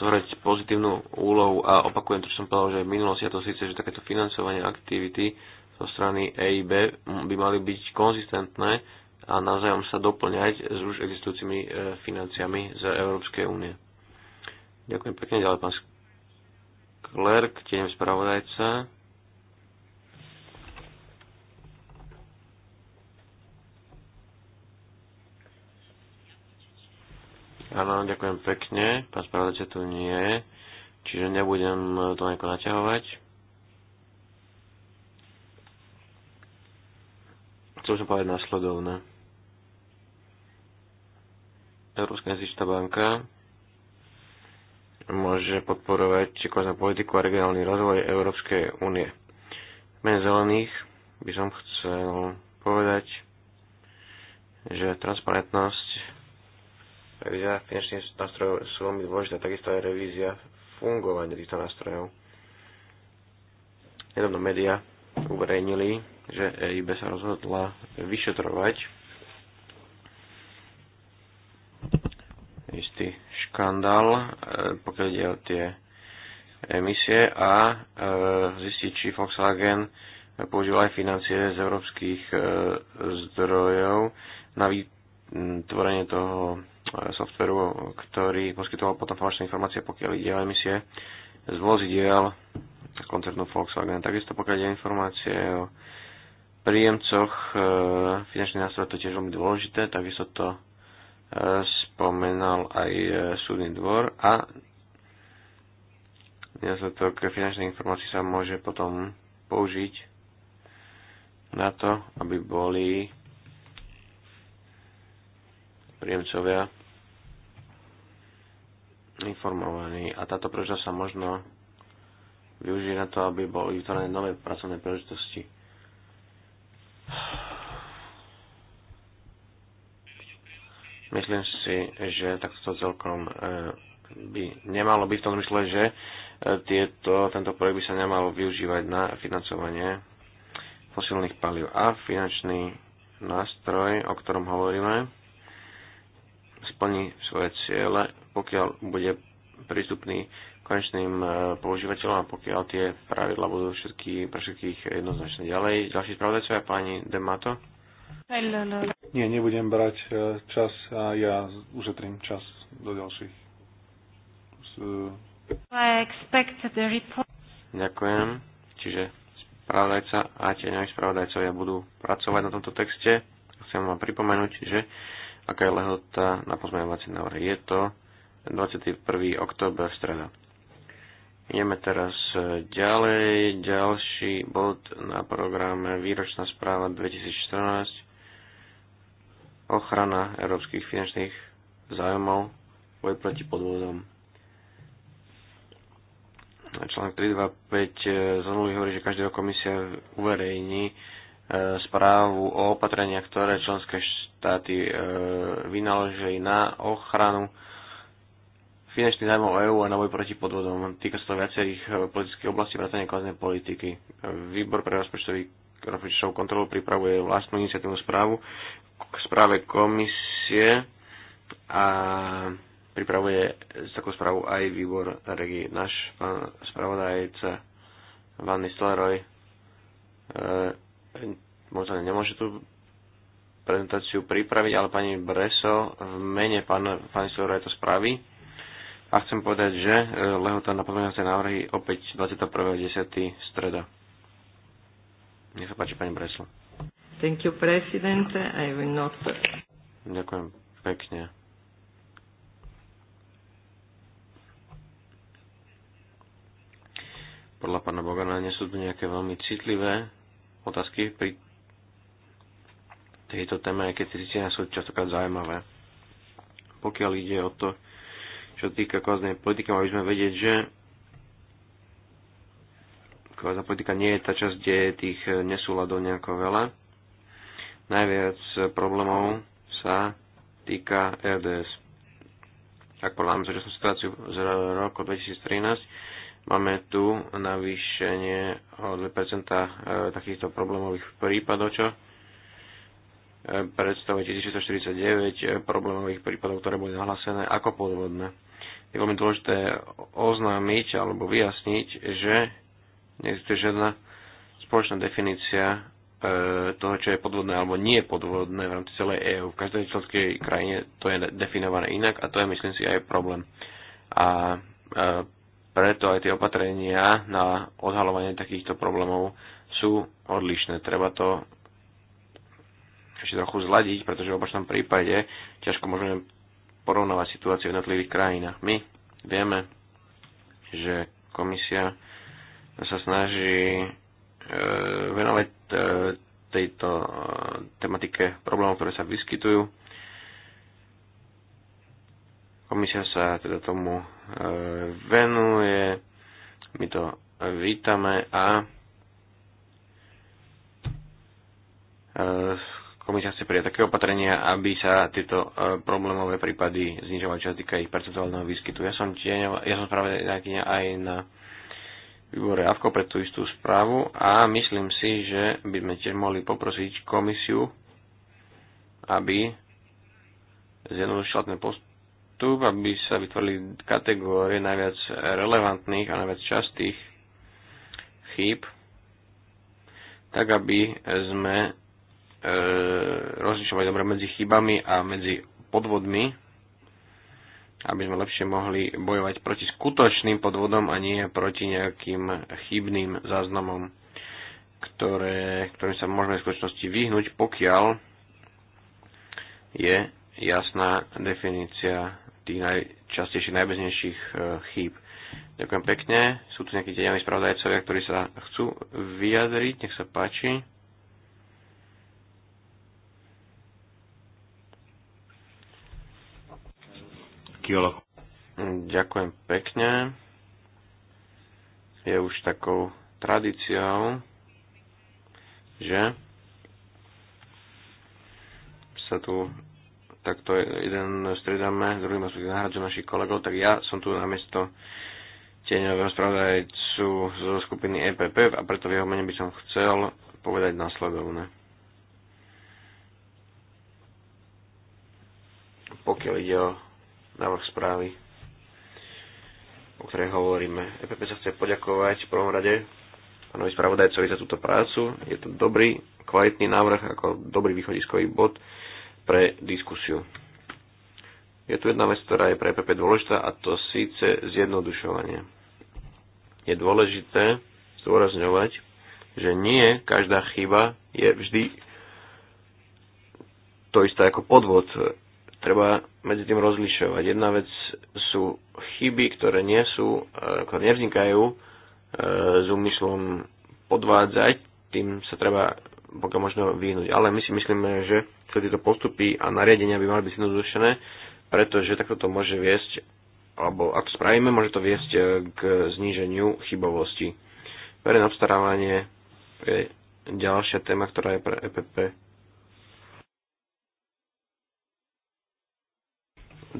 zohrať pozitívnu úlohu a opakujem to, čo som povedal, že v minulosti a to síce, že takéto financovanie aktivity zo strany EIB by mali byť konzistentné a navzájom sa doplňať s už existujúcimi e, financiami z Európskej únie. Ďakujem pekne, ďalej pán Klerk, tieňom spravodajca. Áno, ďakujem pekne. Pán spravodajca tu nie, čiže nebudem to nejako naťahovať. Chcel som povedať následovné. Európska investičná banka môže podporovať koznú politiku a regionálny rozvoj Európskej únie. Mene zelených by som chcel povedať, že transparentnosť Revízia finančných nástrojov sú veľmi dôležité, takisto aj revízia fungovania týchto nástrojov. Nedávno médiá uverejnili, že EIB sa rozhodla vyšetrovať istý škandál, e, pokiaľ ide o tie emisie a e, zistiť, či Volkswagen používal aj financie z európskych e, zdrojov na vytvorenie toho E, softveru, ktorý poskytoval potom falošné informácie, pokiaľ ide o emisie z vozidiel koncernu Volkswagen. Takisto pokiaľ ide o informácie o príjemcoch, e, finančný nástroj to tiež veľmi dôležité, takisto to e, spomenal aj súdny dvor a nedostatok finančnej informácií sa môže potom použiť na to, aby boli príjemcovia informovaní a táto príležitosť sa možno využije na to, aby boli vytvorené nové pracovné príležitosti. Myslím si, že takto celkom eh, by nemalo byť v tom zmysle, že eh, tieto, tento projekt by sa nemal využívať na financovanie fosilných palív a finančný nástroj, o ktorom hovoríme, splní svoje ciele pokiaľ bude prístupný konečným e, používateľom a pokiaľ tie pravidla budú všetky, pre všetkých jednoznačné. Ďalej, ďalší spravodajcovia, pani Demato. Nie, nebudem brať e, čas a ja ušetrím čas do ďalších. E, Ďakujem. Čiže spravodajca a tieňoví spravodajcovia budú pracovať na tomto texte. Chcem vám pripomenúť, že aká je lehota na pozmeňovací návrh. Je to 21. október streda. Ideme teraz e, ďalej. Ďalší bod na programe Výročná správa 2014. Ochrana európskych finančných zájmov, boj proti podvodom. Článok 325 e, zmluvy hovorí, že každá komisia uverejní e, správu o opatreniach, ktoré členské štáty vynaložili na ochranu finančný zájmov o EÚ a na boj proti podvodom. Týka sa to viacerých e, politických oblastí vrátane kohezné politiky. E, výbor pre rozpočtový rozpočtovú kontrolu pripravuje vlastnú iniciatívnu správu k správe komisie a pripravuje takú správu aj výbor regi. Náš pán e, spravodajca Van Nistelrooy možno nemôže tú prezentáciu pripraviť, ale pani Breso v mene pán, pán to spraví a chcem povedať, že e, lehota na pozmeňovacie návrhy opäť 21.10. streda. Nech sa páči, pani Bresla. Thank you, president. I will not... Ďakujem pekne. Podľa pána Bogana nie sú tu nejaké veľmi citlivé otázky pri tejto téme, aj keď tie sú častokrát zaujímavé. Pokiaľ ide o to, čo týka koheznej politiky, mali sme vedieť, že kohezná politika nie je tá časť, kde je tých eh, nesúladov nejako veľa. Najviac eh, problémov sa týka RDS. Ak že som situáciu z roku 2013, máme tu navýšenie o 2% eh, takýchto problémových prípadov, čo predstavuje 1649 problémových prípadov, ktoré boli nahlásené ako podvodné je veľmi dôležité oznámiť alebo vyjasniť, že neexistuje žiadna spoločná definícia e, toho, čo je podvodné alebo nie podvodné v rámci celej EÚ. V každej členskej krajine to je definované inak a to je, myslím si, aj problém. A e, preto aj tie opatrenia na odhalovanie takýchto problémov sú odlišné. Treba to ešte trochu zladiť, pretože v opačnom prípade ťažko môžeme porovnávať situáciu v jednotlivých krajinách. My vieme, že komisia sa snaží e, venovať e, tejto e, tematike problémov, ktoré sa vyskytujú. Komisia sa teda tomu e, venuje, my to vítame a e, komisia chce prijať také opatrenia, aby sa tieto e, problémové prípady znižovali, čo sa týka ich percentuálneho výskytu. Ja som, tieňova, ja som práve aj na výbore AVKO pre tú istú správu a myslím si, že by sme tiež mohli poprosiť komisiu, aby zjednodušila ten postup, aby sa vytvorili kategórie najviac relevantných a najviac častých chýb, tak aby sme E, rozlišovať dobre medzi chybami a medzi podvodmi, aby sme lepšie mohli bojovať proti skutočným podvodom a nie proti nejakým chybným záznamom, ktoré, ktorým sa môžeme v skutočnosti vyhnúť, pokiaľ je jasná definícia tých najčastejších, najbeznejších e, chýb. Ďakujem pekne. Sú tu nejakí deňoví spravodajcovia, ktorí sa chcú vyjadriť. Nech sa páči. archeologov. Ďakujem pekne. Je už takou tradíciou, že sa tu takto jeden striedame, druhý ma nahradzu našich kolegov, tak ja som tu miesto tieňového spravodajcu zo skupiny EPP a preto v jeho mene by som chcel povedať nasledovné. Pokiaľ ide o návrh správy, o ktorej hovoríme. EPP sa chce poďakovať v prvom rade pánovi spravodajcovi za túto prácu. Je to dobrý, kvalitný návrh ako dobrý východiskový bod pre diskusiu. Je tu jedna vec, ktorá je pre EPP dôležitá a to síce zjednodušovanie. Je dôležité zdôrazňovať, že nie každá chyba je vždy to isté ako podvod treba medzi tým rozlišovať. Jedna vec sú chyby, ktoré nie sú, e, ktoré nevznikajú e, s úmyslom podvádzať, tým sa treba pokiaľ možno vyhnúť. Ale my si myslíme, že tieto postupy a nariadenia by mali byť zjednodušené, pretože takto to môže viesť, alebo ak to spravíme, môže to viesť e, k zníženiu chybovosti. Verejné obstarávanie je ďalšia téma, ktorá je pre EPP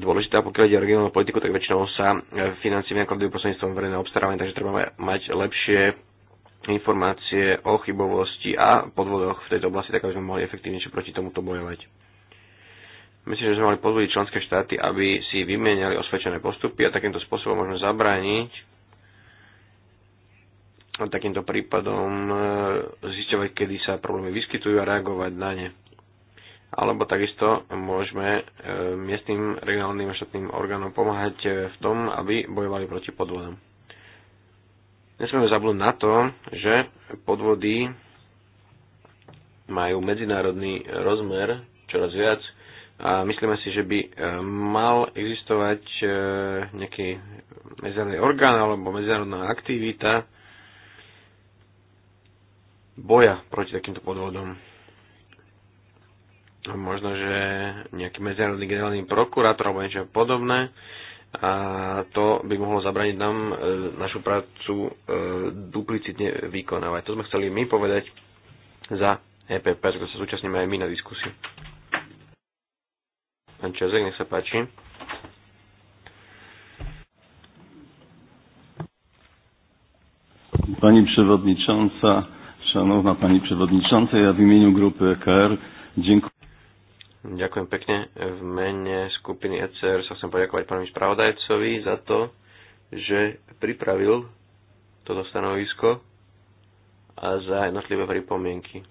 dôležité a pokiaľ ide o regionálnu politiku, tak väčšinou sa e, financie vynakladujú prostredníctvom verejného obstarávania, takže treba mať lepšie informácie o chybovosti a podvodoch v tejto oblasti, tak aby sme mohli efektívnejšie proti tomuto bojovať. Myslím, že sme mali pozvoliť členské štáty, aby si vymieniali osvedčené postupy a takýmto spôsobom môžeme zabrániť takýmto prípadom e, zisťovať, kedy sa problémy vyskytujú a reagovať na ne alebo takisto môžeme e, miestnym, regionálnym a štátnym orgánom pomáhať e, v tom, aby bojovali proti podvodom. Nesmieme zabudnúť na to, že podvody majú medzinárodný rozmer čoraz viac a myslíme si, že by e, mal existovať nejaký medzinárodný orgán alebo medzinárodná aktivita boja proti takýmto podvodom možno, že nejaký medzinárodný generálny prokurátor alebo niečo podobné a to by mohlo zabraniť nám e, našu prácu e, duplicitne vykonávať. To sme chceli my povedať za EPP, tak sa súčasníme aj my na diskusiu. Pán Čezek, nech sa páči. Pani Przewodnicząca, Szanowna Pani Przewodnicząca, ja w imieniu grupy EKR dziękuję. Ďakujem pekne. V mene skupiny ECR sa chcem poďakovať pánovi spravodajcovi za to, že pripravil toto stanovisko a za jednotlivé pripomienky.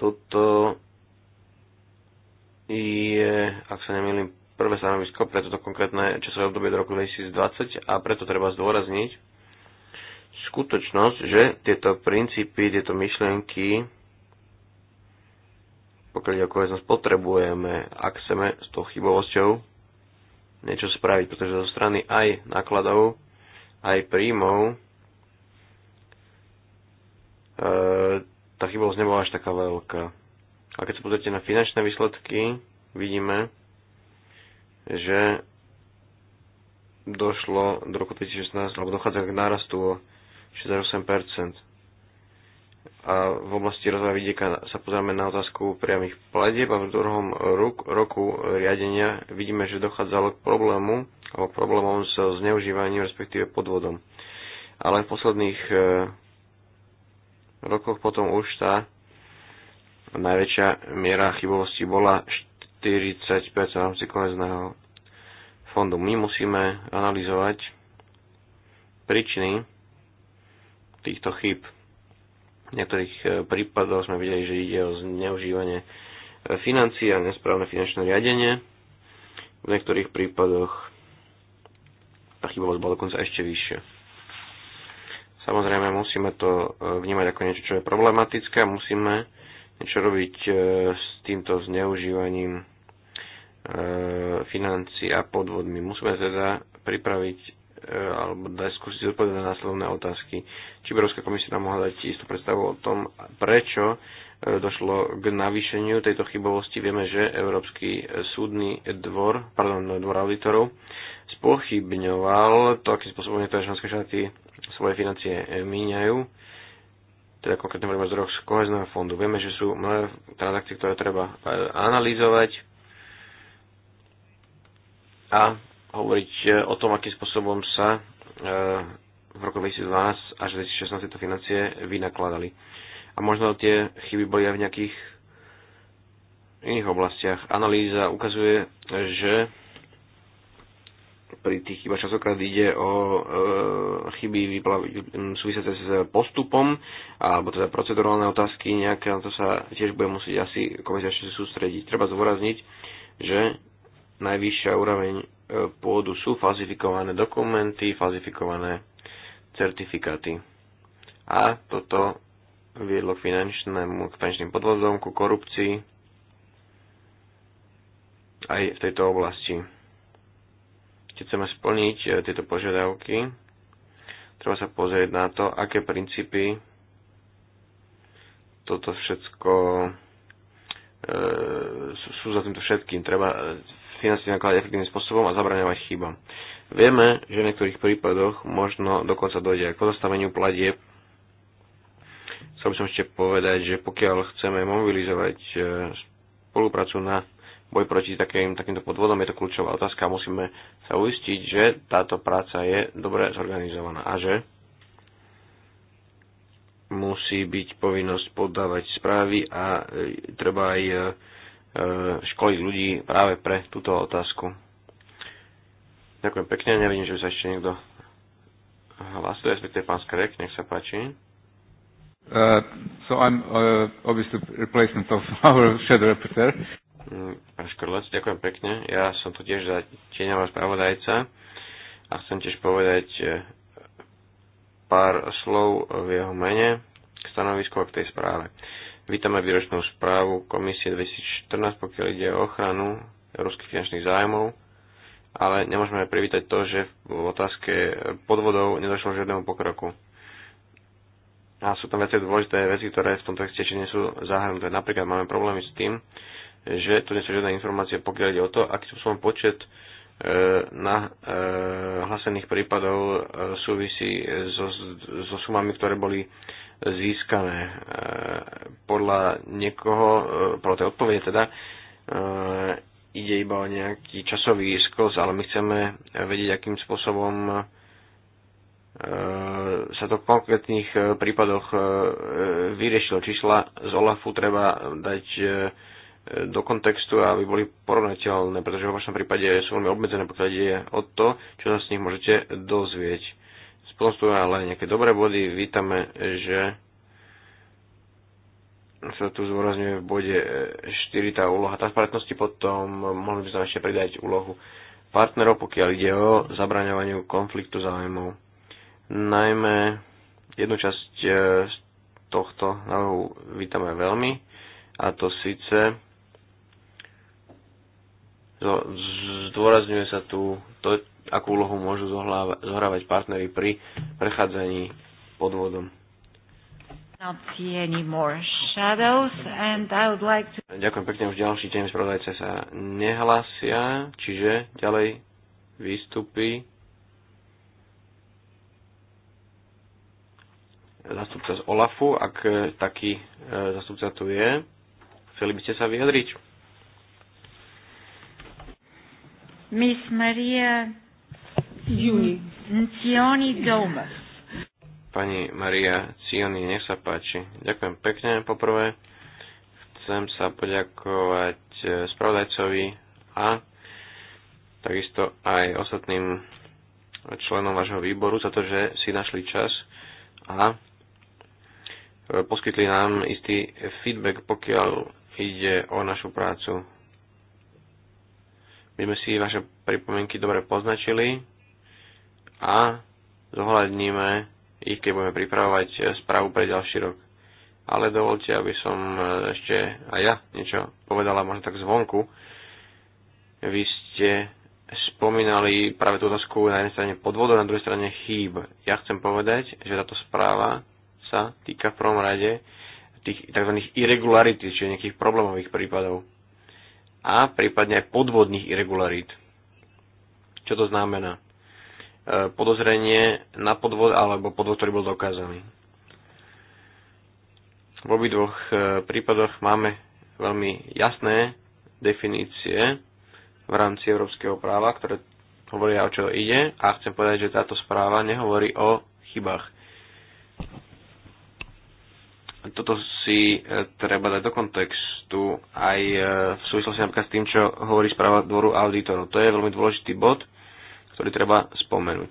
Toto je, ak sa nemýlim, prvé stanovisko pre toto konkrétne časové obdobie do roku 2020 a preto treba zdôrazniť skutočnosť, že tieto princípy, tieto myšlienky pokiaľ ide o koheznosť, potrebujeme, ak chceme s tou chybovosťou niečo spraviť, pretože zo strany aj nákladov, aj príjmov e, tá chybovosť nebola až taká veľká. A keď sa pozrite na finančné výsledky, vidíme, že došlo do roku 2016, alebo dochádza k nárastu o 68%. A v oblasti rozvoja vidieka sa pozrieme na otázku priamých pladeb a v druhom roku riadenia vidíme, že dochádzalo k problému alebo problémom s zneužívaním, respektíve podvodom. Ale v posledných e, rokoch potom už tá najväčšia miera chybovosti bola 40% v rámci konezného fondu. My musíme analyzovať príčiny týchto chyb. V niektorých e, prípadoch sme videli, že ide o zneužívanie e, financií a nesprávne finančné riadenie. V niektorých prípadoch tá chybovosť bola dokonca ešte vyššia. Samozrejme, musíme to e, vnímať ako niečo, čo je problematické, musíme niečo robiť s týmto zneužívaním financí a podvodmi. Musíme teda pripraviť Eh, alebo daj skúsiť odpovedať na následovné otázky. Či Európska komisia nám mohla dať istú predstavu o tom, prečo eh, došlo k navýšeniu tejto chybovosti. Vieme, že Európsky eh, súdny dvor, pardon, dvor auditorov spochybňoval to, akým spôsobom niektoré členské štáty svoje financie míňajú, teda konkrétne hovoríme o zdrojoch z kohezného fondu. Vieme, že sú mnohé transakcie, ktoré treba analyzovať a hovoriť e, o tom, akým spôsobom sa e, v roku 2012 až 2016 tieto financie vynakladali. A možno tie chyby boli aj v nejakých iných oblastiach. Analýza ukazuje, že pri tých chybách časokrát ide o e, chyby súvisiace s postupom, alebo teda procedurálne otázky nejaké, na to sa tiež bude musieť asi komisia ešte sústrediť. Treba zdôrazniť, že najvyššia úroveň pôdu sú falzifikované dokumenty, falzifikované certifikáty. A toto viedlo k finančnému, k finančným podvodom, ku korupcii aj v tejto oblasti. Keď chceme splniť eh, tieto požiadavky, treba sa pozrieť na to, aké princípy toto všetko e, sú za týmto všetkým. Treba financie nakladať efektívnym spôsobom a zabraňovať chybám. Vieme, že v niektorých prípadoch možno dokonca dojde aj k pozastaveniu platieb. Chcel by som ešte povedať, že pokiaľ chceme mobilizovať e, spoluprácu na boj proti takým, takýmto podvodom, je to kľúčová otázka a musíme sa uistiť, že táto práca je dobre zorganizovaná a že musí byť povinnosť podávať správy a e, treba aj e, E, školiť ľudí práve pre túto otázku. Ďakujem pekne, nevidím, že by sa ešte niekto hlasuje, je pán Skrek, nech sa páči. Uh, so I'm uh, obviously replacement of [laughs] our shadow reporter. Mm, pán Škrlec, ďakujem pekne. Ja som tu tiež za tieňová spravodajca a chcem tiež povedať e, pár slov v jeho mene k stanovisku a k tej správe. Vítame výročnú správu Komisie 2014, pokiaľ ide o ochranu európskych finančných zájmov, ale nemôžeme privítať to, že v otázke podvodov nedošlo žiadnemu pokroku. A sú tam viacej dôležité veci, ktoré v tomto texte nie sú zahrnuté. Napríklad máme problémy s tým, že tu nie sú žiadne informácie, pokiaľ ide o to, aký spôsobom počet E, na e, hlasených prípadov e, súvisí so, so sumami, ktoré boli získané. Podľa niekoho, podľa tej odpovede teda, ide iba o nejaký časový skos, ale my chceme vedieť, akým spôsobom sa to v konkrétnych prípadoch vyriešilo. Čísla z OLAFu treba dať do kontextu a aby boli porovnateľné, pretože v vašom prípade sú veľmi obmedzené, pokiaľ ide o to, čo sa s nich môžete dozvieť. Spolu sú ale nejaké dobré body. Vítame, že sa tu zúrazňuje v bode 4 tá úloha transparentnosti, potom mohli by sme ešte pridať úlohu partnerov, pokiaľ ide o zabraňovanie konfliktu záujmov. Najmä jednu časť eh, z tohto návrhu vítame veľmi, a to síce Zdôrazňuje sa tu to, akú úlohu môžu zohrávať partnery pri prechádzaní podvodom. Like to... Ďakujem pekne, už ďalší tým spravodajce sa nehlásia, čiže ďalej výstupy. Zastupca z OLAFu, ak eh, taký eh, zastupca tu je, chceli by ste sa vyjadriť? Miss Maria Cioni Domas. Pani Maria Cioni, nech sa páči. Ďakujem pekne. Poprvé chcem sa poďakovať eh, spravodajcovi a takisto aj ostatným členom vášho výboru za to, že si našli čas a eh, poskytli nám istý feedback, pokiaľ ide o našu prácu. My sme si vaše pripomienky dobre poznačili a zohľadníme ich, keď budeme pripravovať správu pre ďalší rok. Ale dovolte, aby som e, ešte aj ja niečo povedala, možno tak zvonku. Vy ste spomínali práve tú otázku na jednej strane podvodov, na druhej strane chýb. Ja chcem povedať, že táto správa sa týka v prvom rade tých tzv. irregularity, čiže nejakých problémových prípadov a prípadne aj podvodných irregularít. Čo to znamená? E, podozrenie na podvod alebo podvod, ktorý bol dokázaný. V obidvoch e, prípadoch máme veľmi jasné definície v rámci európskeho práva, ktoré hovoria, o čo ide a chcem povedať, že táto správa nehovorí o chybách toto si e, treba dať do kontextu aj e, v súvislosti napríklad s tým, čo hovorí správa dvoru auditorov. To je veľmi dôležitý bod, ktorý treba spomenúť.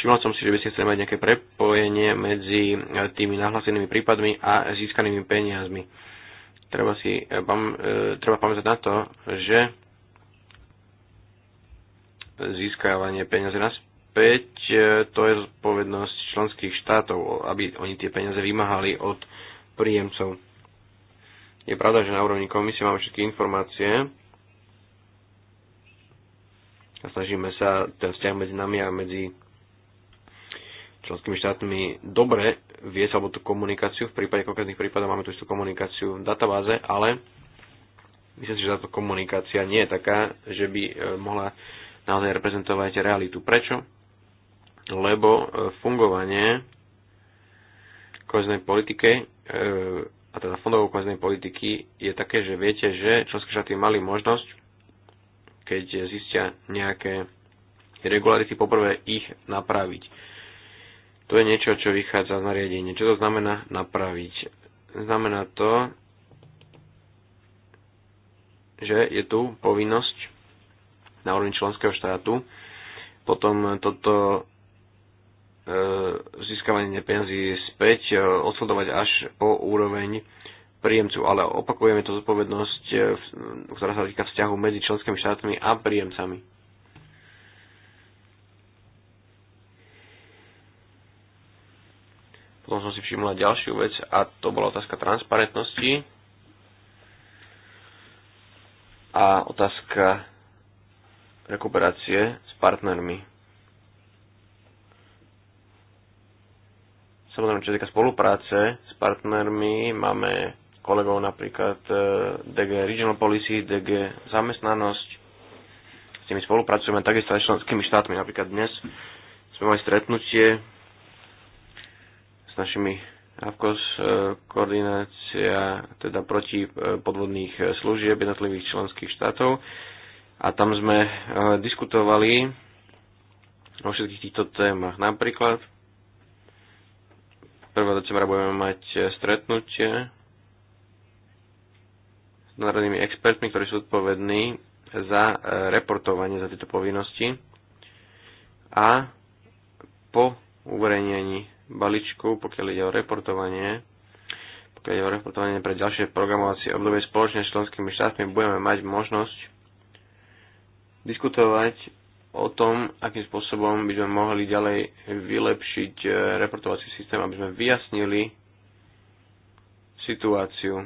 Všimol som si, že by ste chceli mať nejaké prepojenie medzi e, tými nahlasenými prípadmi a získanými peniazmi. Treba si treba pamätať na to, že získávanie peniaze naspäť, e, to je zodpovednosť členských štátov, aby oni tie peniaze vymáhali od príjemcov. Je pravda, že na úrovni komisie máme všetky informácie a snažíme sa ten vzťah medzi nami a medzi členskými štátmi dobre viesť alebo tú komunikáciu. V prípade konkrétnych prípadov máme tu istú komunikáciu v databáze, ale myslím si, že táto komunikácia nie je taká, že by e, mohla naozaj reprezentovať realitu. Prečo? Lebo e, fungovanie koheznej politike e, a teda fondovou koheznej politiky je také, že viete, že členské štáty mali možnosť, keď zistia nejaké regularity, poprvé ich napraviť. To je niečo, čo vychádza z nariadenia. Čo to znamená napraviť? Znamená to, že je tu povinnosť na úrovni členského štátu. Potom toto e, získavanie peniazy späť e, odsledovať až po úroveň príjemcu, ale opakujeme to zodpovednosť, e, ktorá sa týka vzťahu medzi členskými štátmi a príjemcami. Potom som si všimla ďalšiu vec a to bola otázka transparentnosti a otázka rekuperácie s partnermi. Samozrejme, čo týka spolupráce s partnermi, máme kolegov napríklad e, DG Regional Policy, DG Zamestnanosť. S nimi spolupracujeme takisto aj s členskými štátmi. Napríklad dnes sme mali stretnutie s našimi AVKOS e, koordinácia teda proti e, podvodných služieb jednotlivých členských štátov a tam sme eh, diskutovali o všetkých týchto témach. Napríklad 1. decembra budeme mať eh, stretnutie s národnými expertmi, ktorí sú odpovední za eh, reportovanie za tieto povinnosti a po uverejnení balíčku, pokiaľ ide o reportovanie, pokiaľ ide o reportovanie pre ďalšie programovacie obdobie spoločne s členskými štátmi, budeme mať možnosť diskutovať o tom, akým spôsobom by sme mohli ďalej vylepšiť e, reportovací systém, aby sme vyjasnili situáciu.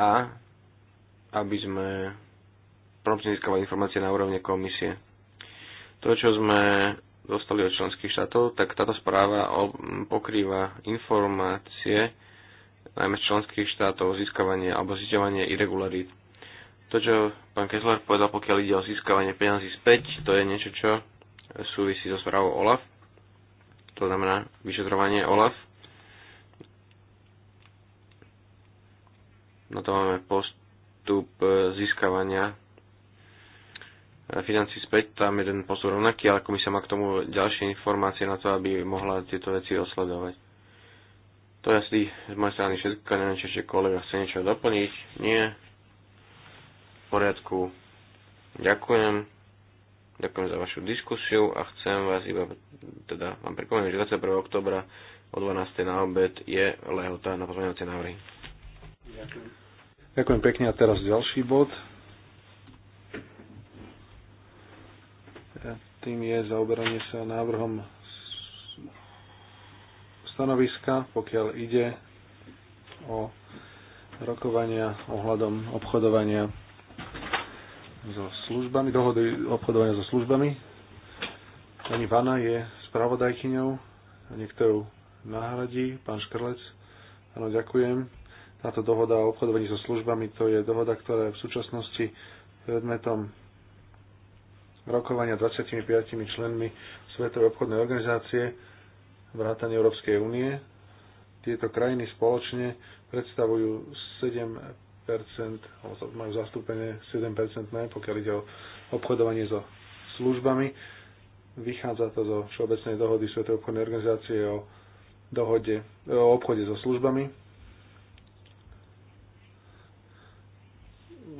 A aby sme promptne získavali informácie na úrovne komisie. To, čo sme dostali od členských štátov, tak táto správa pokrýva informácie najmä z členských štátov získavanie alebo zisťovanie irregularít to, čo pán Kessler povedal, pokiaľ ide o získavanie peniazy späť, to je niečo, čo súvisí so správou OLAF. To znamená vyšetrovanie OLAF. Na to máme postup e, získavania e, financí späť, tam jeden postup rovnaký, ale komisia má k tomu ďalšie informácie na to, aby mohla tieto veci osledovať. To je asi z mojej strany všetko, neviem, či ešte kolega chce niečo doplniť. Nie, poriadku. Ďakujem. Ďakujem za vašu diskusiu a chcem vás iba, teda vám pripomenúť, že 21. oktobra o 12. na obed je lehota na pozmeňovacie návrhy. Ďakujem. Ďakujem pekne a teraz ďalší bod. Tým je zaoberanie sa návrhom stanoviska, pokiaľ ide o rokovania ohľadom obchodovania so službami, dohody obchodovania so službami. Pani Vana je spravodajkyňou, niektorú nahradí, pán Škrlec. Áno, ďakujem. Táto dohoda o obchodovaní so službami to je dohoda, ktorá je v súčasnosti predmetom rokovania 25 členmi Svetovej obchodnej organizácie vrátane Európskej únie. Tieto krajiny spoločne predstavujú 7 majú zastúpenie 7-percentné, pokiaľ ide o obchodovanie so službami. Vychádza to zo Všeobecnej dohody Svetovej obchodnej organizácie o, dohode, o obchode so službami.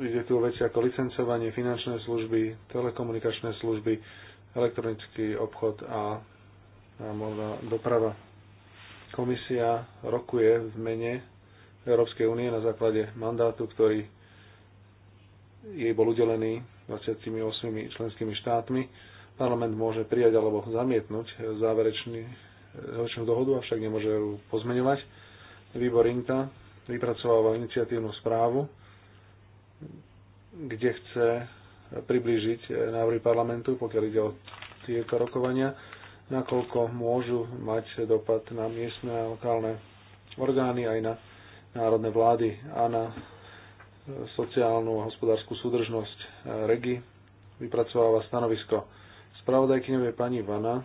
Ide tu o veci ako licencovanie, finančné služby, telekomunikačné služby, elektronický obchod a možno doprava. Komisia rokuje v mene Európskej únie na základe mandátu, ktorý jej bol udelený 28 členskými štátmi. Parlament môže prijať alebo zamietnúť záverečný, záverečnú dohodu, avšak nemôže ju pozmeňovať. Výbor INTA vypracováva iniciatívnu správu, kde chce priblížiť návrhy parlamentu, pokiaľ ide o tieto rokovania, nakoľko môžu mať dopad na miestne a lokálne orgány aj na národné vlády a na e, sociálnu a hospodárskú súdržnosť e, REGI vypracováva stanovisko. Spravodajkyňov je pani Vana.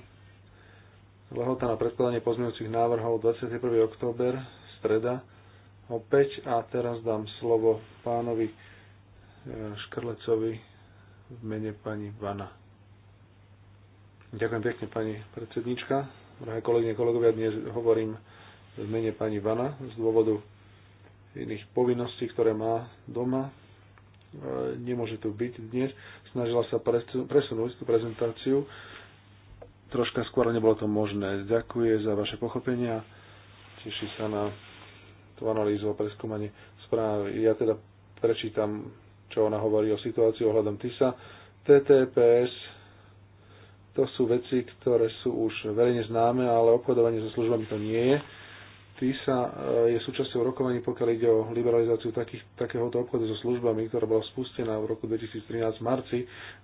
Lehota na predkladanie pozmeňujúcich návrhov 21. október, streda, opäť. A teraz dám slovo pánovi e, Škrlecovi v mene pani Vana. Ďakujem pekne, pani predsednička. Drahé kolegyne, kolegovia, dnes hovorím v mene pani Vana z dôvodu iných povinností, ktoré má doma. E, nemôže tu byť dnes. Snažila sa presunúť tú prezentáciu. Troška skôr nebolo to možné. Ďakuje za vaše pochopenia. Teší sa na tú analýzu a preskúmanie správy. Ja teda prečítam, čo ona hovorí o situácii ohľadom TISA. TTPS to sú veci, ktoré sú už verejne známe, ale obchodovanie so službami to nie je. TISA eh, je súčasťou rokovaní, pokiaľ ide o liberalizáciu takých, takéhoto obchodu so službami, ktorá bola spustená v roku 2013 v marci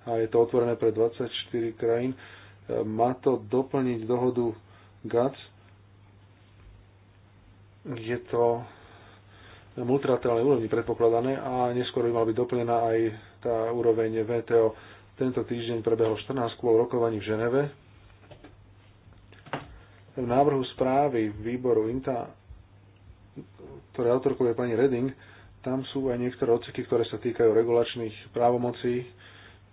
a je to otvorené pre 24 krajín. Eh, má to doplniť dohodu GATS. Je to na multilaterálnej úrovni predpokladané a neskôr by mala byť doplnená aj tá úroveň VTO. Tento týždeň prebehlo 14 kôl rokovaní v Ženeve v návrhu správy výboru INTA, ktoré autorkou je pani Reding, tam sú aj niektoré odseky, ktoré sa týkajú regulačných právomocí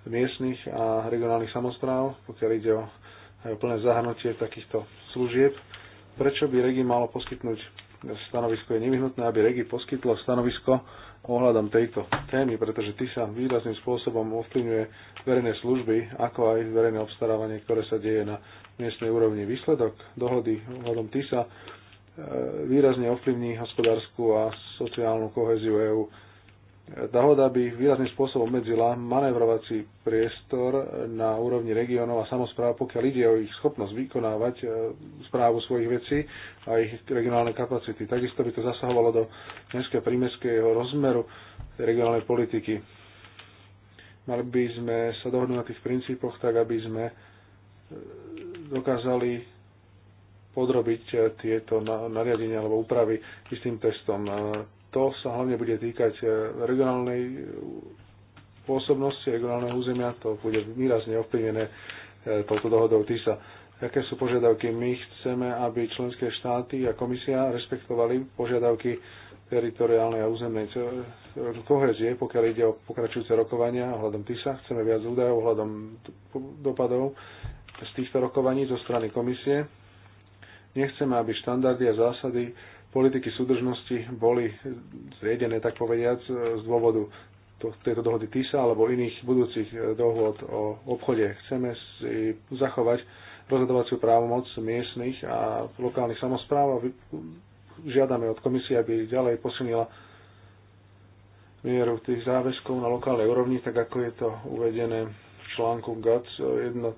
miestnych a regionálnych samozpráv, pokiaľ ide o aj o plné zahrnutie takýchto služieb. Prečo by Regi malo poskytnúť stanovisko? Je nevyhnutné, aby Regi poskytlo stanovisko ohľadom tejto témy, pretože ty sa výrazným spôsobom ovplyvňuje verejné služby, ako aj verejné obstarávanie, ktoré sa deje na miestnej úrovni. Výsledok dohody hľadom TISA e, výrazne ovplyvní hospodárskú a sociálnu koheziu EÚ. Dohoda by výrazným spôsobom obmedzila manévrovací priestor na úrovni regiónov a samozpráv, pokiaľ ide o ich schopnosť vykonávať e, správu svojich vecí a ich regionálne kapacity. Takisto by to zasahovalo do mestského prímeského rozmeru regionálnej politiky. Mali by sme sa dohodnúť na tých princípoch tak, aby sme e, dokázali podrobiť eh, tieto nariadenia alebo úpravy istým testom. Eh, to sa hlavne bude týkať eh, regionálnej pôsobnosti, regionálneho územia, to bude výrazne ovplyvnené touto dohodou TISA. Aké sú požiadavky? My chceme, aby členské štáty a komisia respektovali požiadavky teritoriálnej a územnej kohezie, pokiaľ ide o pokračujúce rokovania ohľadom TISA. Chceme viac údajov ohľadom dopadov z týchto rokovaní zo strany komisie. Nechceme, aby štandardy a zásady politiky súdržnosti boli zriedené, tak povediať, z dôvodu tejto dohody TISA alebo iných budúcich eh, dohod o obchode. Chceme si zachovať rozhodovaciu právomoc miestnych a lokálnych samozpráv a žiadame od komisie, aby ďalej posilnila mieru tých záväzkov na lokálnej úrovni, tak ako je to uvedené v článku GATS eh,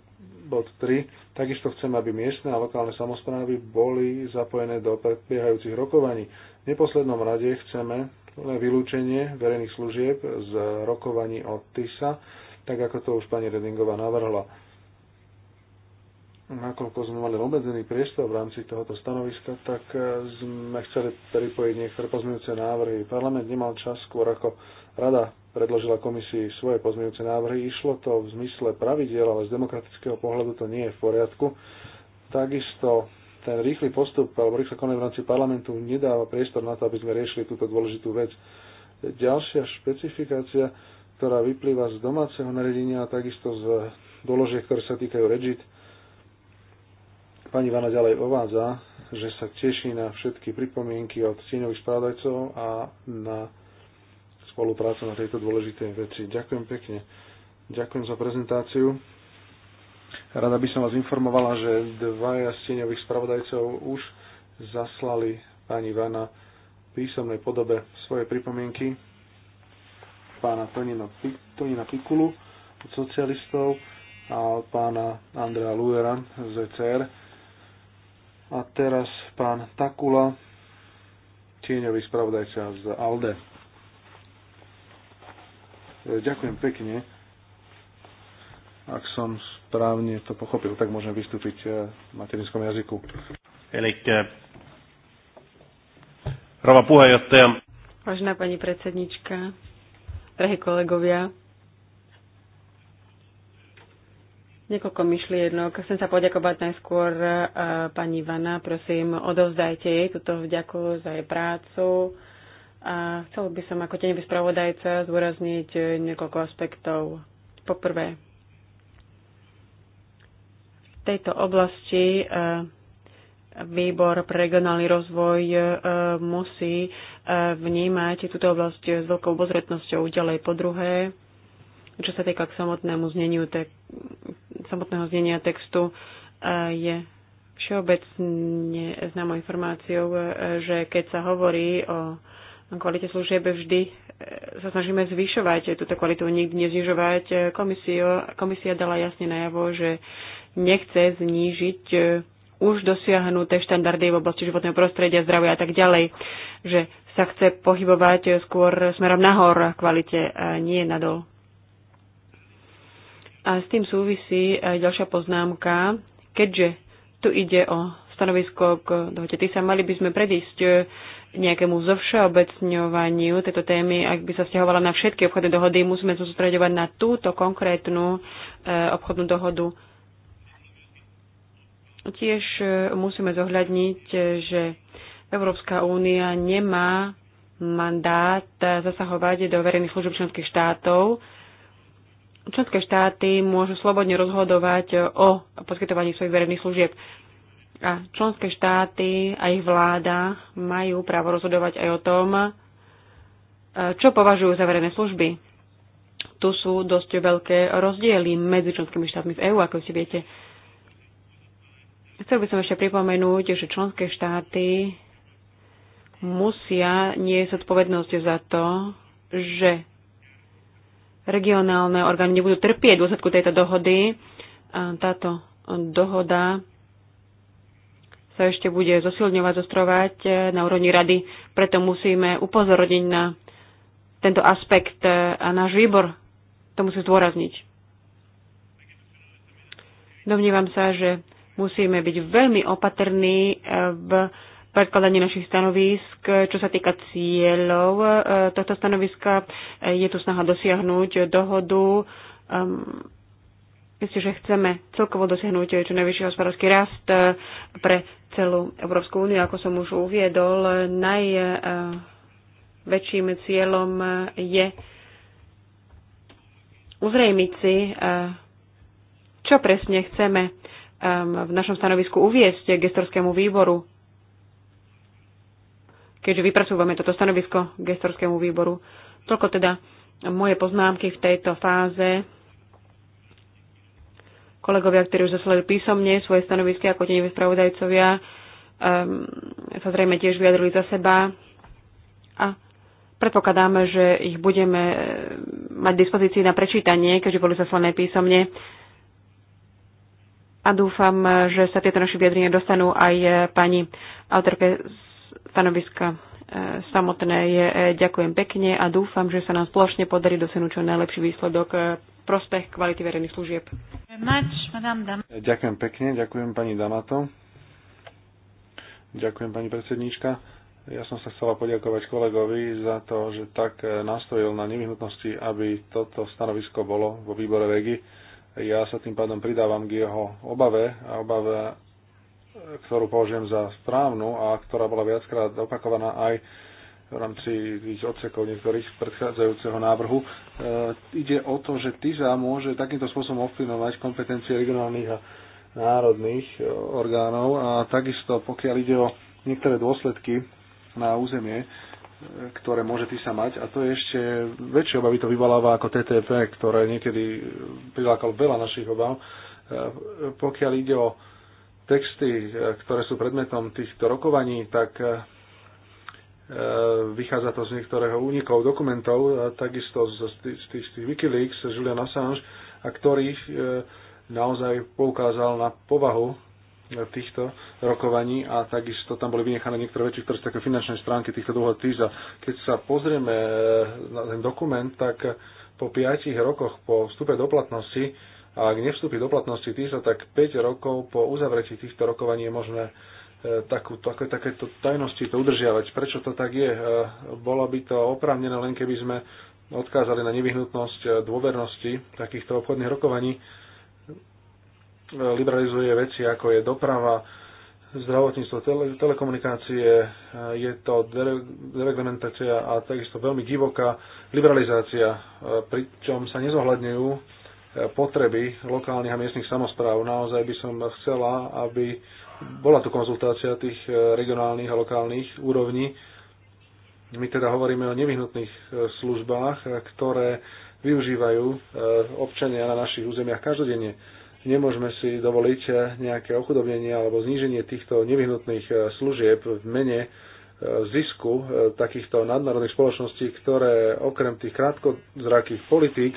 bod 3. Takisto chcem, aby miestne a lokálne samozprávy boli zapojené do prebiehajúcich rokovaní. V neposlednom rade chceme vylúčenie verejných služieb z rokovaní od TISA, tak ako to už pani Redingová navrhla. Nakoľko sme mali obmedzený priestor v rámci tohoto stanoviska, tak eh, sme chceli pripojiť niektoré pozmeňujúce návrhy. Parlament nemal čas skôr ako rada predložila komisii svoje pozmeňujúce návrhy. Išlo to v zmysle pravidiel, ale z demokratického pohľadu to nie je v poriadku. Takisto ten rýchly postup alebo rýchle konanie v rámci parlamentu nedáva priestor na to, aby sme riešili túto dôležitú vec. Ďalšia špecifikácia, ktorá vyplýva z domáceho nariadenia a takisto z doložiek, ktoré sa týkajú REGIT. Pani Vana ďalej ovádza, že sa teší na všetky pripomienky od tieňových spravodajcov a na spoluprácu na tejto dôležitej veci. Ďakujem pekne. Ďakujem za prezentáciu. Rada by som vás informovala, že dvaja stieňových spravodajcov už zaslali pani Vana v písomnej podobe svoje pripomienky pána Tonina, Tonina Pikulu od socialistov a pána Andrea Luera z ECR. A teraz pán Takula, tieňový spravodajca z ALDE. Ďakujem pekne. Ak som správne to pochopil, tak môžem vystúpiť eh, v materinskom jazyku. Elikkä, eh, rova puheenjohtaja. Vážená pani predsednička, drahí kolegovia, Niekoľko myšlienok. Chcem sa poďakovať najskôr eh, pani Vana, Prosím, odovzdajte jej túto vďaku za jej prácu, a chcel by som ako tenevý spravodajca zdôrazniť eh, niekoľko aspektov. Poprvé, v tejto oblasti eh, výbor pre regionálny rozvoj eh, musí vnímať túto oblasť s veľkou obozretnosťou. Ďalej po druhé, čo sa týka k samotnému zneniu te- samotného znenia textu, je všeobecne známou informáciou, že keď sa hovorí o kvalite služieb vždy e, sa snažíme zvyšovať túto kvalitu, nikdy neznižovať. E, komisiu, komisia dala jasne najavo, že nechce znížiť e, už dosiahnuté štandardy v oblasti životného prostredia, zdravia a tak ďalej, že sa chce pohybovať skôr smerom nahor kvalite, a nie nadol. A s tým súvisí aj ďalšia poznámka, keďže tu ide o stanovisko k dohote TISA, mali by sme predísť nejakému zovšeobecňovaniu tejto témy, ak by sa stiahovala na všetky obchodné dohody, musíme sa sústredovať na túto konkrétnu e, obchodnú dohodu. Tiež e, musíme zohľadniť, e, že Európska únia nemá mandát zasahovať do verejných služieb členských štátov. Členské štáty môžu slobodne rozhodovať o poskytovaní svojich verejných služieb. A členské štáty a ich vláda majú právo rozhodovať aj o tom, e, čo považujú za verejné služby. Tu sú dosť veľké rozdiely medzi členskými štátmi v EÚ, ako si viete. Chcel by som ešte pripomenúť, že členské štáty musia niesť odpovednosť za to, že regionálne orgány nebudú trpieť v dôsledku tejto dohody. Táto dohoda sa ešte bude zosilňovať, zostrovať e, na úrovni rady. Preto musíme upozorniť na tento aspekt e, a náš výbor to musí zdôrazniť. Domnívam sa, že musíme byť veľmi opatrní e, v predkladaní našich stanovisk, čo sa týka cieľov tohto stanoviska. Je tu snaha dosiahnuť dohodu Myslím, že chceme celkovo dosiahnuť čo najvyšší hospodársky rast e, pre celú Európsku úniu. Ako som už uviedol, najväčším cieľom je uzrejmiť si, e, čo presne chceme e, v našom stanovisku uviesť gestorskému výboru, keďže vypracúvame toto stanovisko gestorskému výboru. Toľko teda moje poznámky v tejto fáze Kolegovia, ktorí už zaslali písomne svoje stanovisky ako tenevi spravodajcovia, um, sa zrejme tiež vyjadrili za seba a predpokladáme, že ich budeme eh, mať dispozícii na prečítanie, keďže boli zaslané písomne. A dúfam, že sa tieto naše vyjadrenia dostanú aj eh, pani autorke stanoviska samotné je. E, ďakujem pekne a dúfam, že sa nám spoločne podarí dosiahnuť čo najlepší výsledok e, prospech kvality verejných služieb. Ďakujem pekne, ďakujem pani Damato. Ďakujem pani predsedníčka. Ja som sa chcela poďakovať kolegovi za to, že tak e, nastojil na nevyhnutnosti, aby toto stanovisko bolo vo výbore REGI. Ja sa tým pádom pridávam k jeho obave a obave ktorú považujem za správnu a ktorá bola viackrát opakovaná aj v rámci tých odsekov niektorých predchádzajúceho návrhu. E, ide o to, že TISA môže takýmto spôsobom ovplyvňovať kompetencie regionálnych a národných e, orgánov a takisto pokiaľ ide o niektoré dôsledky na územie, e, ktoré môže TISA mať a to je ešte väčšie obavy to vyvoláva ako TTP, ktoré niekedy prilákalo veľa našich obav. E, pokiaľ ide o texty, e, ktoré sú predmetom týchto rokovaní, tak e, e, vychádza to z niektorého únikov dokumentov, takisto z tých, z tých, z tých Wikileaks, Julian Assange, a ktorý naozaj poukázal na povahu týchto rokovaní a takisto tam boli vynechané niektoré veci, ktoré sú také finančnej stránky týchto dlho týza. Keď sa pozrieme na ten dokument, tak po piatich rokoch po vstupe do platnosti a ak nevstúpi do platnosti TISA, tak 5 rokov po uzavretí týchto rokovaní je možné e, takú, také, takéto tajnosti to udržiavať. Prečo to tak je? E, bolo by to oprávnené len keby sme odkázali na nevyhnutnosť e, dôvernosti takýchto obchodných rokovaní. Liberalizuje veci ako je doprava, zdravotníctvo, tele, telekomunikácie, je to dereglementácia a takisto veľmi divoká liberalizácia, pričom sa nezohľadňujú potreby lokálnych a miestnych samozpráv. Naozaj by som chcela, aby bola tu konzultácia tých e, regionálnych a lokálnych úrovní. My teda hovoríme o nevyhnutných e, službách, e, ktoré využívajú občania na našich územiach každodenne. Nemôžeme si dovoliť nejaké ochudobnenie alebo zníženie týchto nevyhnutných služieb v mene zisku takýchto nadnárodných spoločností, ktoré okrem tých krátkozrakých politík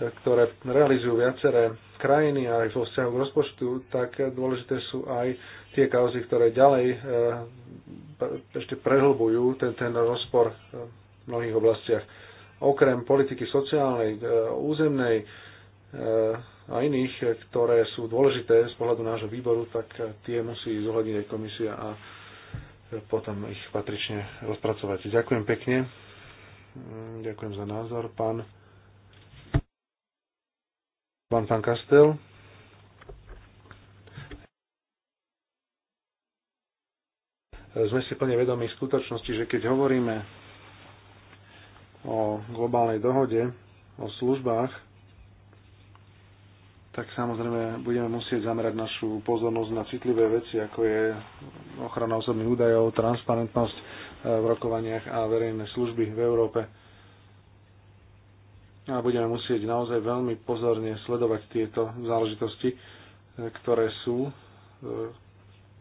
ktoré realizujú viaceré krajiny a aj vo vzťahu k rozpočtu, tak dôležité sú aj tie kauzy, ktoré ďalej e, ešte prehlbujú ten, ten rozpor e, v mnohých oblastiach. Okrem politiky sociálnej, e, územnej a iných, ktoré sú dôležité z pohľadu nášho výboru, tak tie musí zohľadniť aj komisia a potom ich patrične rozpracovať. Ďakujem pekne. Mm, ďakujem za názor, pán Pán pán Kastel. Sme si plne vedomi skutočnosti, že keď hovoríme o globálnej dohode, o službách, tak samozrejme budeme musieť zamerať našu pozornosť na citlivé veci, ako je ochrana osobných údajov, transparentnosť eh, v rokovaniach a verejné služby v Európe a budeme musieť naozaj veľmi pozorne sledovať tieto záležitosti, e, ktoré sú e,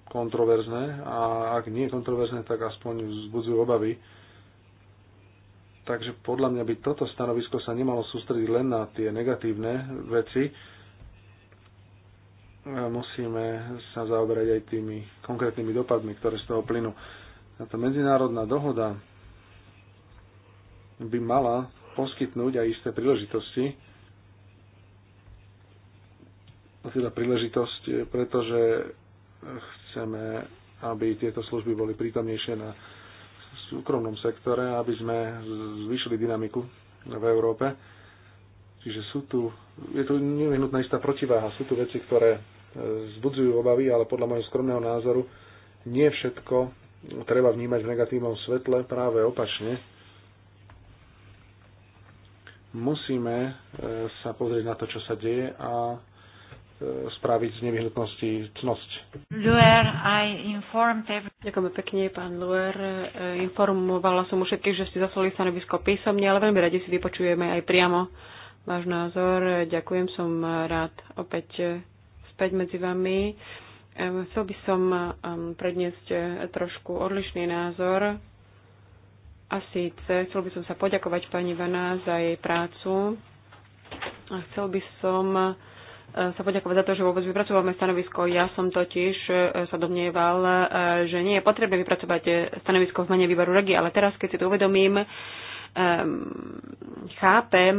kontroverzné a ak nie kontroverzné, tak aspoň vzbudzujú obavy. Takže podľa mňa by toto stanovisko sa nemalo sústrediť len na tie negatívne veci. E, musíme sa zaoberať aj tými konkrétnymi dopadmi, ktoré z toho plynú. A tá medzinárodná dohoda by mala poskytnúť aj isté príležitosti, teda príležitosť, pretože chceme, aby tieto služby boli prítomnejšie na súkromnom sektore, aby sme zvýšili dynamiku v Európe. Čiže sú tu, je tu nevyhnutná istá protiváha, sú tu veci, ktoré e, zbudzujú obavy, ale podľa môjho skromného názoru nie všetko treba vnímať v negatívnom svetle, práve opačne Musíme e, sa pozrieť na to, čo sa deje a e, spraviť z nevyhnutnosti cnosť. Luer, every... Ďakujeme pekne, pán Luer. E, informovala som už všetkých, že ste zaslali stanovisko písomne, ale veľmi radi si vypočujeme aj priamo váš názor. Ďakujem, som rád opäť späť medzi vami. Chcel by som predniesť trošku odlišný názor a síce chcel by som sa poďakovať pani Vana za jej prácu a chcel by som e, sa poďakovať za to, že vôbec vypracovávame stanovisko. Ja som totiž e, sa domnieval, e, že nie je potrebné vypracovať stanovisko v mene výboru regi, ale teraz, keď si to uvedomím, ehm, chápem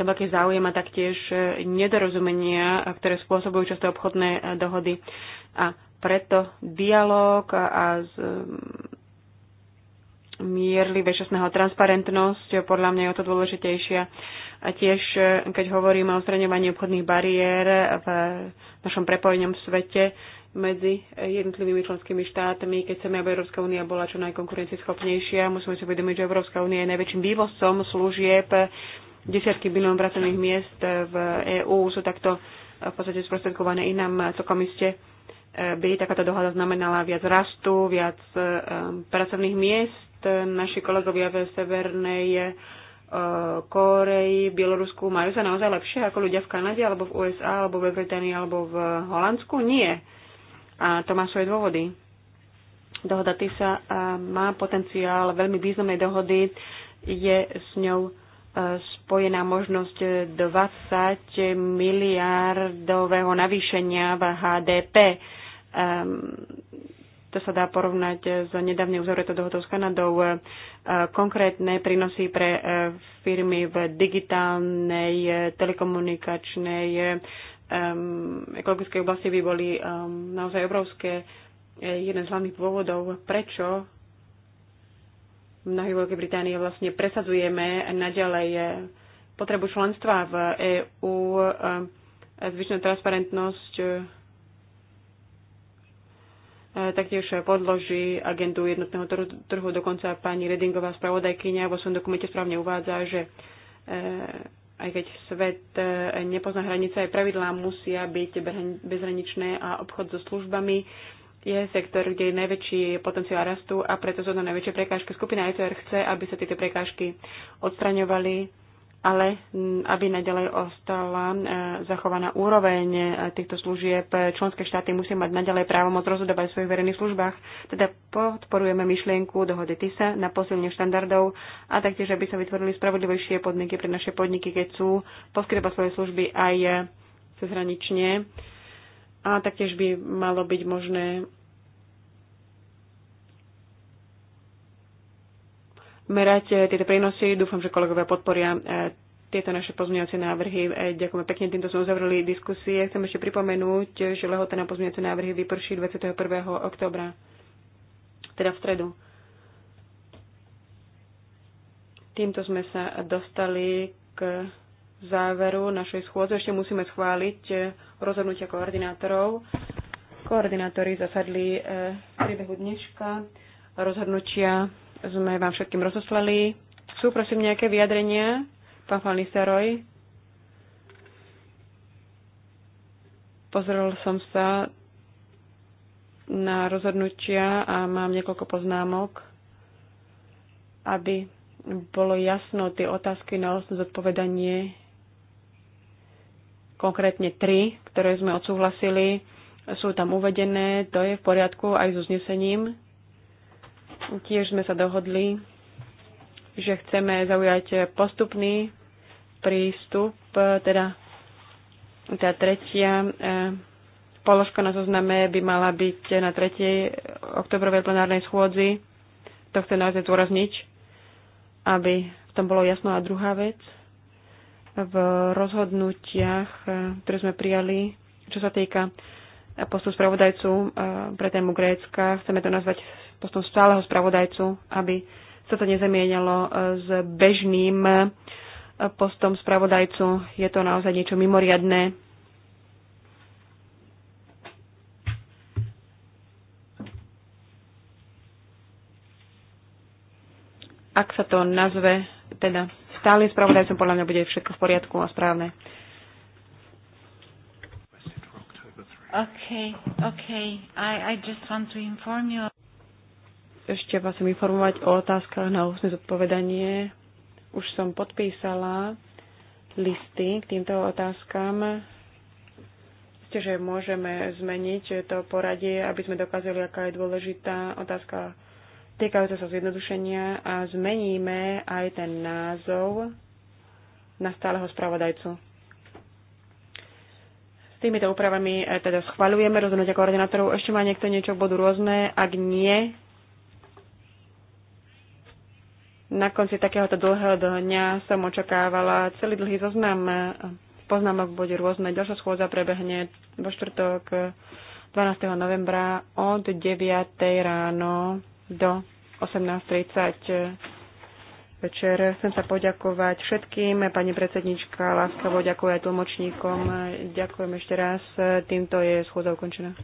ten veľký záujem a taktiež nedorozumenia, ktoré spôsobujú často obchodné dohody. A preto dialog a mierlivejšia snaha transparentnosť, podľa mňa je o to dôležitejšia. A tiež, keď hovoríme o straňovaní obchodných bariér v našom prepojenom svete medzi jednotlivými členskými štátmi, keď chceme, aby Európska únia bola čo najkonkurencieschopnejšia, musíme si uvedomiť, že Európska únia je najväčším vývozcom služieb, desiatky bilión pracovných miest v EÚ sú takto v podstate sprostredkované inám celkom komiste eh, by takáto dohoda znamenala viac rastu, viac eh, pracovných miest naši kolegovia v Severnej eh, Koreji, Bielorusku, majú sa naozaj lepšie ako ľudia v Kanade, alebo v USA, alebo v Británii, alebo v Holandsku? Nie. A to má svoje dôvody. Dohoda TISA eh, má potenciál veľmi významnej dohody. Je s ňou eh, spojená možnosť 20 miliardového navýšenia v HDP. Ehm, to sa dá porovnať s nedávne uzavretou dohodou s Kanadou. E, konkrétne prínosy pre e, firmy v digitálnej, e, telekomunikačnej, ekologickej oblasti by boli naozaj obrovské. Jeden z hlavných dôvodov, prečo mnohí Veľkej Británii vlastne presadzujeme naďalej potrebu členstva v EÚ, zvyšná transparentnosť E, taktiež podloží agendu jednotného trhu. Dokonca pani Redingová spravodajkynia vo svojom dokumente správne uvádza, že e, aj keď svet e, nepozná hranice, aj pravidlá musia byť bezhraničné a obchod so službami je sektor, kde je najväčší potenciál rastu a preto sú to najväčšie prekážky. Skupina ECR chce, aby sa tieto prekážky odstraňovali ale aby naďalej ostala e, zachovaná úroveň e, týchto služieb, členské štáty musia mať naďalej právomoc rozhodovať v svojich verejných službách. Teda podporujeme myšlienku dohody TISA na posilnenie štandardov a taktiež, aby sa vytvorili spravodlivejšie podmienky pre naše podniky, keď sú poskytovať svoje služby aj e, cezhranične. A taktiež by malo byť možné merať eh, tieto prínosy. Dúfam, že kolegovia podporia eh, tieto naše pozmeňovacie návrhy. Eh, Ďakujeme pekne, týmto sme uzavreli diskusie. Chcem ešte pripomenúť, že lehota na pozmeňovacie návrhy vyprší 21. oktobra, teda v stredu. Týmto sme sa dostali k záveru našej schôdze. Ešte musíme schváliť rozhodnutia koordinátorov. Koordinátori zasadli v priebehu dneška rozhodnutia sme vám všetkým rozoslali. Sú prosím nejaké vyjadrenia? Pán Fan Listeroj. Pozrel som sa na rozhodnutia a mám niekoľko poznámok, aby bolo jasno tie otázky na osnú zodpovedanie, konkrétne tri, ktoré sme odsúhlasili, sú tam uvedené, to je v poriadku aj s uznesením. Tiež sme sa dohodli, že chceme zaujať postupný prístup, teda tá tretia e, položka na zozname by mala byť na tretej oktobrovej plenárnej schôdzi. To chcem naozaj zdôrazniť, aby v tom bolo jasno. A druhá vec, v rozhodnutiach, e, ktoré sme prijali, čo sa týka postu spravodajcu e, pre tému Grécka, chceme to nazvať postom stáleho spravodajcu, aby sa to nezamienalo e, s bežným e, postom spravodajcu. Je to naozaj niečo mimoriadné. Ak sa to nazve, teda stálym spravodajcom podľa mňa bude všetko v poriadku a správne. Okay, okay. I, I just want to inform you ešte vás chcem informovať o otázkach na ústne zodpovedanie. Už som podpísala listy k týmto otázkam. Ste, že môžeme zmeniť to poradie, aby sme dokázali, aká je dôležitá otázka týkajúca sa zjednodušenia a zmeníme aj ten názov na stáleho spravodajcu. S týmito úpravami eh, teda schvaľujeme rozhodnutia koordinátorov. Ešte má niekto niečo k bodu rôzne? Ak nie, na konci takéhoto dlhého dňa som očakávala celý dlhý zoznam poznámok bude rôzne. Ďalšia schôdza prebehne vo štvrtok 12. novembra od 9. ráno do 18.30 večer. Chcem sa poďakovať všetkým. Pani predsednička láskavo ďakujem aj tlmočníkom. Ďakujem ešte raz. Týmto je schôdza ukončená.